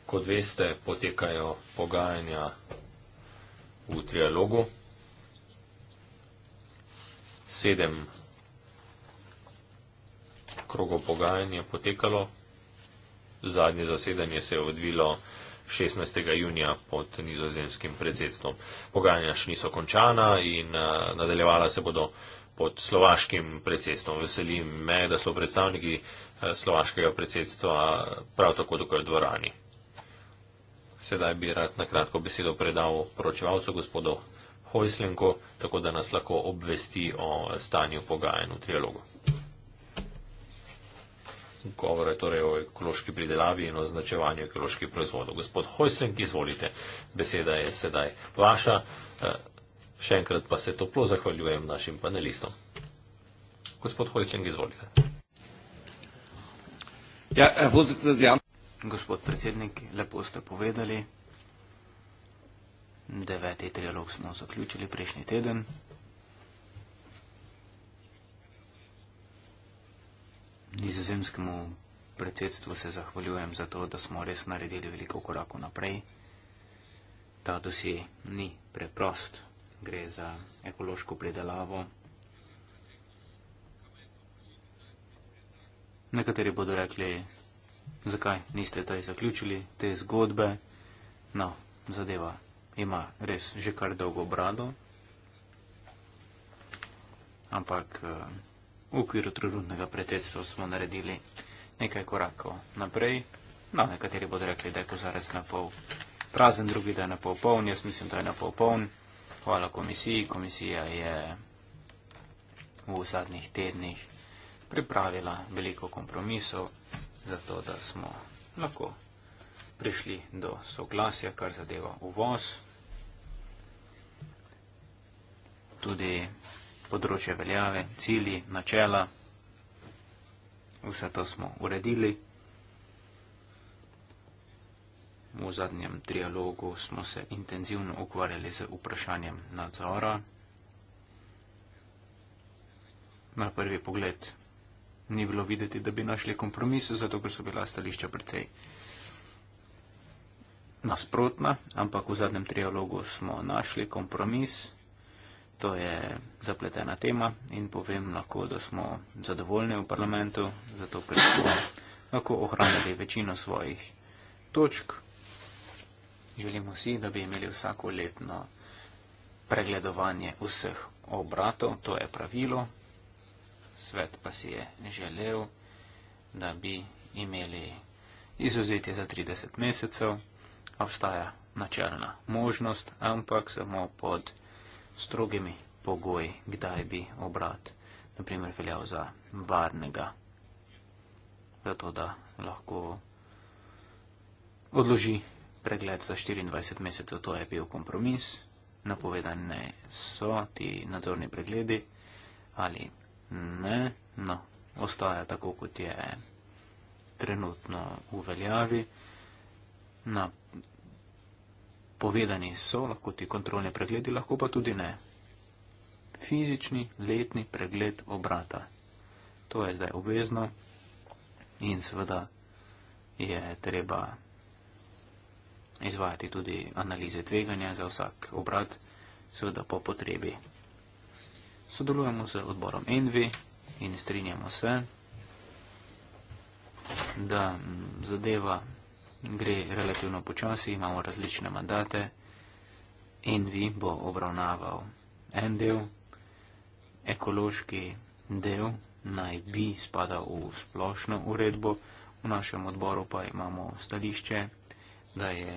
Kot veste, potekajo pogajanja v trialogu. Sedem krogov pogajanja potekalo, zadnje zasedanje se je odvilo. 16. junija pod nizozemskim predsedstvom. Pogajanja še niso končana in eh, nadaljevala se bodo pod slovaškim predsedstvom. Veselim me, da so predstavniki eh, slovaškega predsedstva prav tako dokaj v dvorani. Sedaj bi rad na kratko besedo predal poročevalcu gospodu Hojslenko, tako da nas lahko obvesti o stanju pogajanj v trialogu govore torej o ekološki pridelavi in označevanju ekoloških proizvodov. Gospod Hojsling, izvolite, beseda je sedaj vaša. Eh, še enkrat pa se toplo zahvaljujem našim panelistom. Gospod Hojsling, izvolite. Ja, eh, Gospod predsednik, lepo ste povedali. Deveti trialog smo zaključili prejšnji teden. nizozemskemu predsedstvu se zahvaljujem za to, da smo res naredili veliko korakov naprej. Ta dosje ni preprost, gre za ekološko predelavo. Nekateri bodo rekli, zakaj niste taj zaključili te zgodbe. No, zadeva ima res že kar dolgo brado, ampak. Uh, v okviru trenutnega predsedstva smo naredili nekaj korakov naprej. No, nekateri bodo rekli, da je kozarec na pol prazen, drugi, da je na pol poln. Jaz mislim, da je na pol poln. Hvala komisiji. Komisija je v zadnjih tednih pripravila veliko kompromisov za to, da smo lahko prišli do soglasja, kar zadeva uvoz. Tudi področje veljave, cilji, načela. Vse to smo uredili. V zadnjem trialogu smo se intenzivno ukvarjali z vprašanjem nadzora. Na prvi pogled ni bilo videti, da bi našli kompromis, zato ker so bila stališča precej nasprotna, ampak v zadnjem trialogu smo našli kompromis. To je zapletena tema in povem lahko, da smo zadovoljni v parlamentu, zato ker smo lahko ohranili večino svojih točk. Želimo si, da bi imeli vsako letno pregledovanje vseh obratov, to je pravilo. Svet pa si je želel, da bi imeli izuzetje za 30 mesecev. Obstaja načelna možnost, ampak samo pod strogimi pogoji, kdaj bi obrat, naprimer, veljal za varnega, zato da lahko odloži pregled za 24 mesecev. To je bil kompromis, napovedane so ti nadzorni pregledi ali ne, no, ostaja tako, kot je trenutno v veljavi. Na Povedani so lahko ti kontrolni pregledi, lahko pa tudi ne. Fizični letni pregled obrata. To je zdaj obvezno in seveda je treba izvajati tudi analize tveganja za vsak obrat, seveda po potrebi. Sodelujemo z odborom Envi in strinjamo se, da zadeva gre relativno počasi, imamo različne mandate. Envi bo obravnaval en del, ekološki del naj bi spadal v splošno uredbo, v našem odboru pa imamo stališče, da je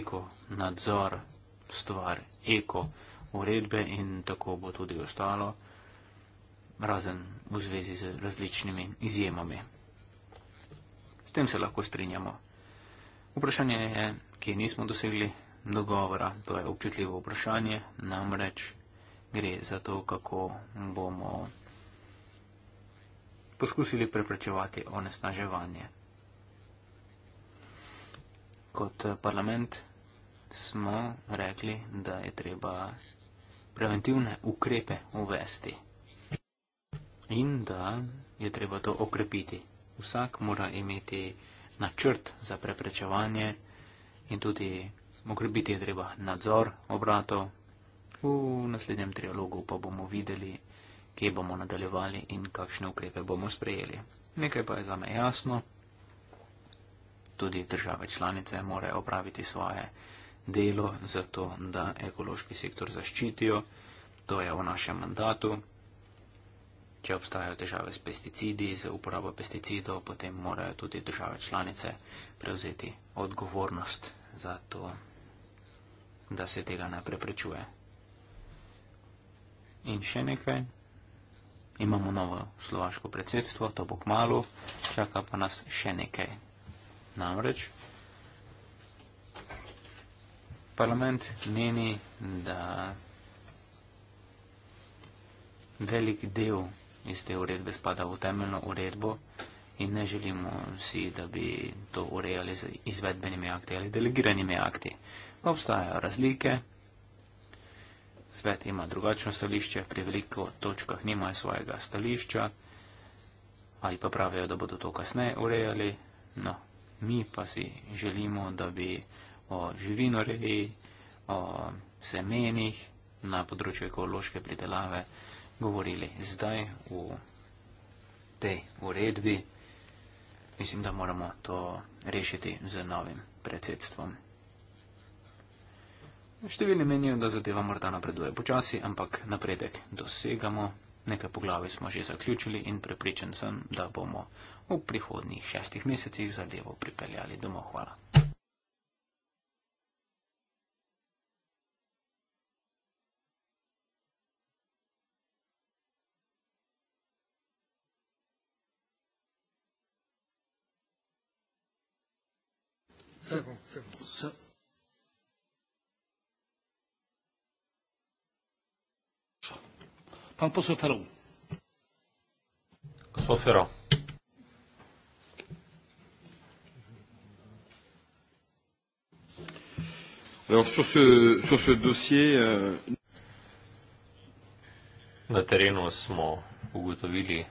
eko nadzor stvar eko uredbe in tako bo tudi ostalo, razen v zvezi z različnimi izjemami. S tem se lahko strinjamo. Vprašanje je, kje nismo dosegli dogovora. To je občutljivo vprašanje, namreč gre za to, kako bomo poskusili preprečevati onesnaževanje. Kot parlament smo rekli, da je treba preventivne ukrepe uvesti in da je treba to okrepiti. Vsak mora imeti načrt za preprečevanje in tudi ogrebiti je treba nadzor obrato. V naslednjem trialogu pa bomo videli, kje bomo nadaljevali in kakšne ukrepe bomo sprejeli. Nekaj pa je za me jasno. Tudi države članice morajo opraviti svoje delo za to, da ekološki sektor zaščitijo. To je v našem mandatu. Če obstajajo težave s pesticidi, z uporabo pesticidov, potem morajo tudi države članice prevzeti odgovornost za to, da se tega ne preprečuje. In še nekaj. Imamo novo slovaško predsedstvo, to bo k malu, čaka pa nas še nekaj. Namreč parlament meni, da velik del iz te uredbe spada v temeljno uredbo in ne želimo si, da bi to urejali z izvedbenimi akti ali delegiranimi akti. Obstajajo razlike, svet ima drugačno stališče, pri veliko točkah nimajo svojega stališča ali pa pravijo, da bodo to kasneje urejali. No, mi pa si želimo, da bi o živinoreji, o semenih na področju ekološke pridelave, govorili. Zdaj v tej uredbi mislim, da moramo to rešiti z novim predsedstvom. Številni menijo, da zadeva morda napreduje počasi, ampak napredek dosegamo. Nekaj poglavi smo že zaključili in prepričan sem, da bomo v prihodnjih šestih mesecih zadevo pripeljali domov. Hvala. Très bon, très bon. Pan poseł Ferro. Poseł Ferro. Alors sur ce sur ce dossier euh, na terenu smo ugotovili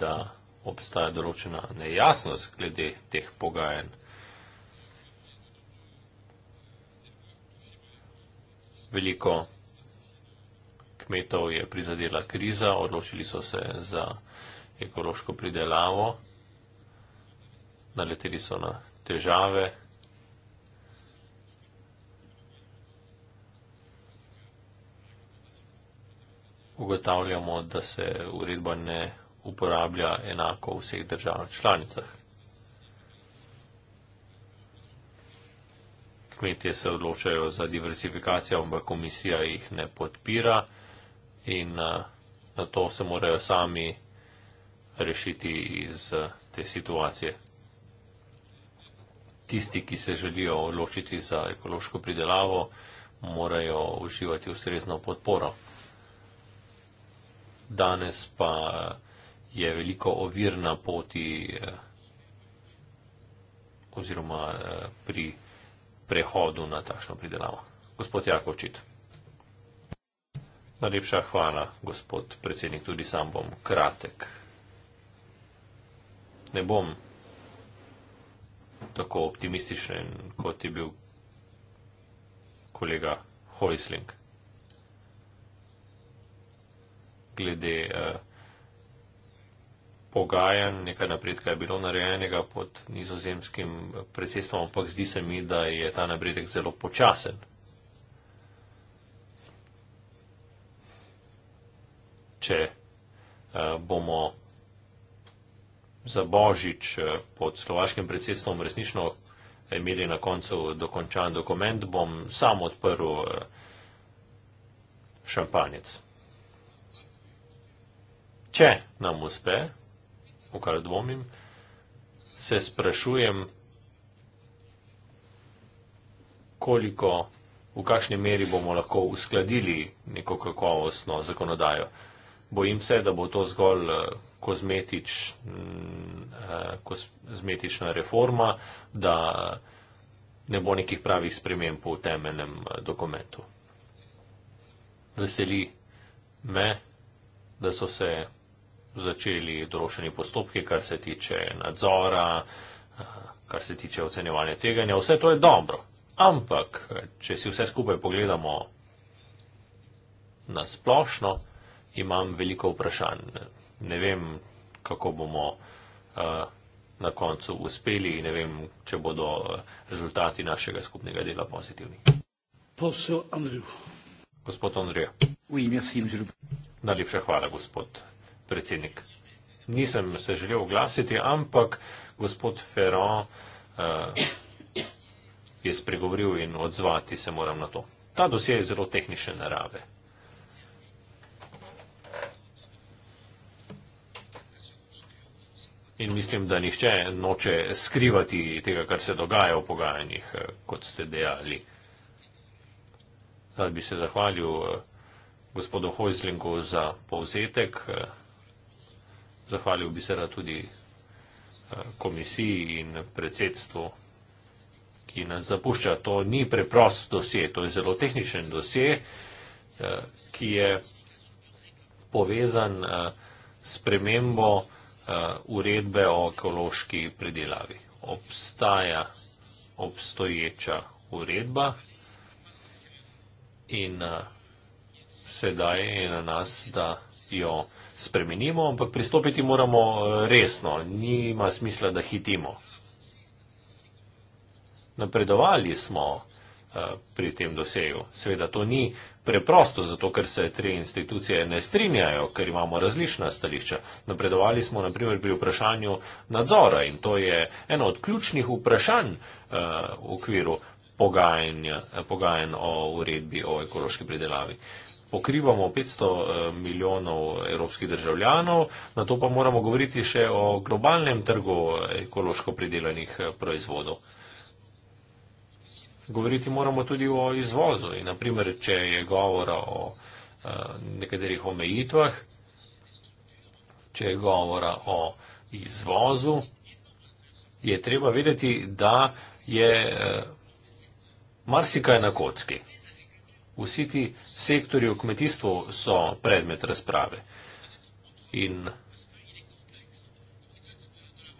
da obstaja določena nejasnost glede teh pogajanj veliko kmetov je prizadela kriza, odločili so se za ekološko pridelavo, naleteli so na težave. Ugotavljamo, da se uredba ne uporablja enako v vseh državah članicah. kmetje se odločajo za diversifikacijo, ampak komisija jih ne podpira in eh, na to se morajo sami rešiti iz eh, te situacije. Tisti, ki se želijo odločiti za ekološko pridelavo, morajo uživati ustrezno podporo. Danes pa eh, je veliko ovir na poti oziroma pri prehodu na takšno pridelavo. Gospod Jakovčit. Najlepša hvala, gospod predsednik, tudi sam bom kratek. Ne bom tako optimističen, kot je bil kolega Hoisling. Glede uh, pogajanj, nekaj napredka je bilo narejenega pod nizozemskim predsedstvom, ampak zdi se mi, da je ta napredek zelo počasen. Če eh, bomo za božič eh, pod slovaškim predsedstvom resnično imeli na koncu dokončan dokument, bom sam odprl eh, šampanjec. Če nam uspe, v kar dvomim, se sprašujem, koliko, v kakšni meri bomo lahko uskladili neko kakovostno zakonodajo. Bojim se, da bo to zgolj eh, kozmetič, mm, eh, kozmetična reforma, da ne bo nekih pravih sprememb v temeljnem eh, dokumentu. Veseli me, da so se začeli določeni postopki, kar se tiče nadzora, eh, kar se tiče ocenjevanja tega. Vse to je dobro. Ampak, če si vse skupaj pogledamo na splošno, imam veliko vprašanj. Ne vem, kako bomo eh, na koncu uspeli in ne vem, če bodo eh, rezultati našega skupnega dela pozitivni. Posel Andrija. Gospod Andrija. V imenu Simžrub. Najlepša hvala, gospod predsednik. Nisem se želel oglasiti, ampak gospod Ferrand uh, je spregovoril in odzvati se moram na to. Ta dosje je zelo tehnične narave. In mislim, da nihče noče skrivati tega, kar se dogaja v pogajanjih, eh, kot ste dejali. Rad bi se zahvalil eh, gospodu Hojzlingu za povzetek. Uh, zahvalil bi se rad tudi eh, komisiji in predsedstvu, ki nas zapušča. To ni preprost dosje, to je zelo tehničen dosje, eh, ki je povezan eh, s premembo uredbe o ekološki predelavi. Obstaja obstoječa uredba in sedaj je na nas, da jo spremenimo, ampak pristopiti moramo eh, resno, nima smisla, da hitimo. Napredovali smo eh, pri tem dosegu. Sveda to ni preprosto, zato ker se tri institucije ne strinjajo, ker imamo različna stališča. Napredovali smo naprimer pri vprašanju nadzora in to je eno od ključnih vprašanj eh, v okviru pogajanj o uredbi o ekološki pridelavi pokrivamo 500 eh, milijonov evropskih državljanov, na to pa moramo govoriti še o globalnem trgu ekološko pridelanih eh, proizvodov. Govoriti moramo tudi o izvozu in naprimer, če je govora o eh, nekaterih omejitvah, če je govora o izvozu, je treba vedeti, da je marsikaj na kocki. Vsi ti sektori v kmetijstvu so predmet razprave. In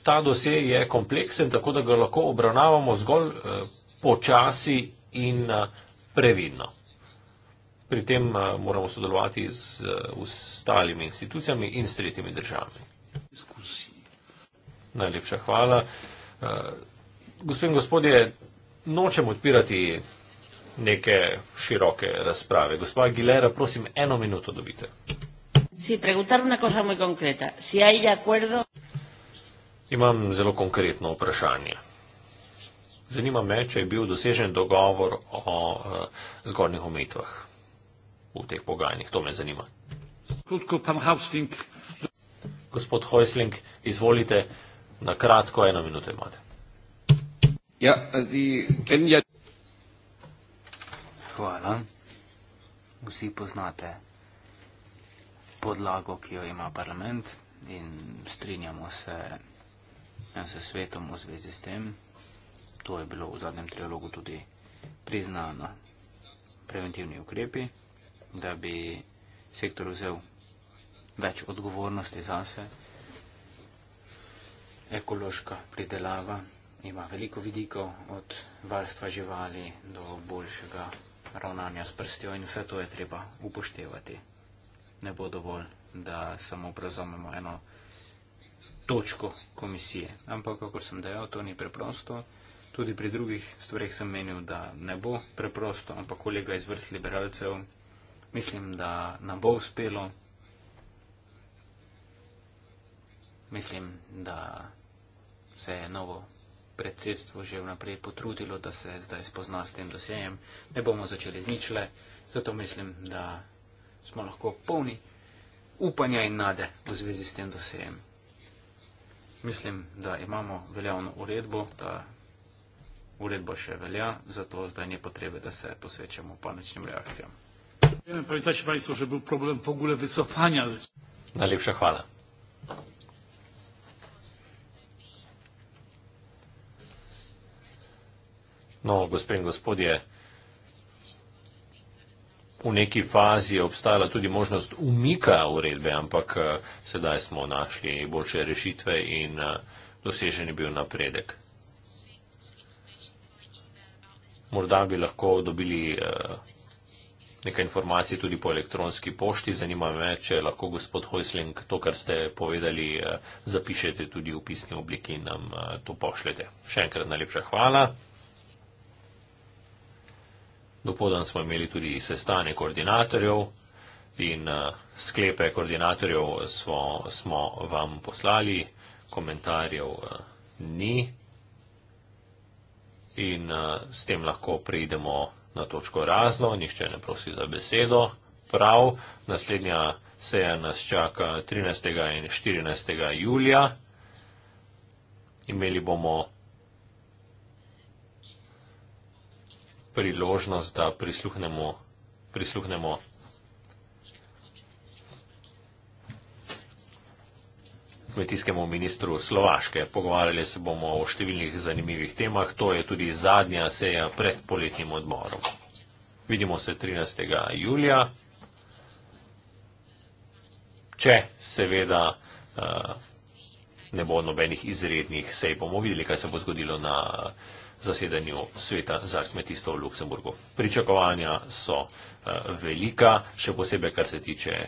ta dosej je kompleksen, tako da ga lahko obravnavamo zgolj eh, počasi in eh, previdno. Pri tem eh, moramo sodelovati z ostalimi institucijami in s tretjimi državami. Najlepša hvala. Gospod in gospodje, nočem odpirati neke široke razprave. Gospa Aguilera, prosim, eno minuto dobite. Si, cosa muy si hay de acuerdo... Imam zelo konkretno vprašanje. Zanima me, če je bil dosežen dogovor o uh, zgornjih omejitvah v teh pogajanjih. To me zanima. Gospod Hojsling, izvolite na kratko, eno minuto imate. Ja, zi, eh, en, ja hvala. Vsi poznate podlago, ki jo ima parlament in strinjamo se ja, s svetom v zvezi s tem. To je bilo v zadnjem trilogu tudi priznano. Preventivni ukrepi, da bi sektor vzel več odgovornosti zase. Ekološka pridelava ima veliko vidikov od varstva živali do boljšega ravnanja s prstjo in vse to je treba upoštevati. Ne bo dovolj, da samo prevzamemo eno točko komisije. Ampak, kako sem dejal, to ni preprosto. Tudi pri drugih stvarih sem menil, da ne bo preprosto, ampak kolega iz vrst liberalcev, mislim, da nam bo uspelo. Mislim, da se je novo predsedstvo že vnaprej potrudilo, da se zdaj spozna s tem dosejem. Ne bomo začeli z ničle, zato mislim, da smo lahko polni upanja in nade v zvezi s tem dosejem. Mislim, da imamo veljavno uredbo, da uredba še velja, zato zdaj ni potrebe, da se posvečamo paničnim reakcijam. Najlepša hvala. No, gospe in gospodje, v neki fazi je obstajala tudi možnost umika uredbe, ampak eh, sedaj smo našli boljše rešitve in eh, dosežen je bil napredek. Morda bi lahko dobili eh, nekaj informacij tudi po elektronski pošti. Zanima me, če lahko gospod Hojsling to, kar ste povedali, zapišete tudi v pisni obliki in nam to pošljete. Še enkrat najlepša hvala. Dopodan smo imeli tudi sestanje koordinatorjev in eh, sklepe koordinatorjev smo, smo vam poslali, komentarjev eh, ni. In eh, s tem lahko prejdemo na točko razno, nišče ne prosi za besedo. Prav, naslednja seja nas čaka 13. in 14. julija. Imeli bomo priložnost, da prisluhnemo, prisluhnemo kmetijskemu ministru Slovaške. Pogovarjali se bomo o številnih zanimivih temah. To je tudi zadnja seja pred poletnim odmorom. Vidimo se 13. julija, če seveda eh, ne bo nobenih izrednih sej. Bomo videli, kaj se bo zgodilo na zasedanju sveta za kmetijstvo v Luksemburgu. Pričakovanja so eh, velika, še posebej, kar se tiče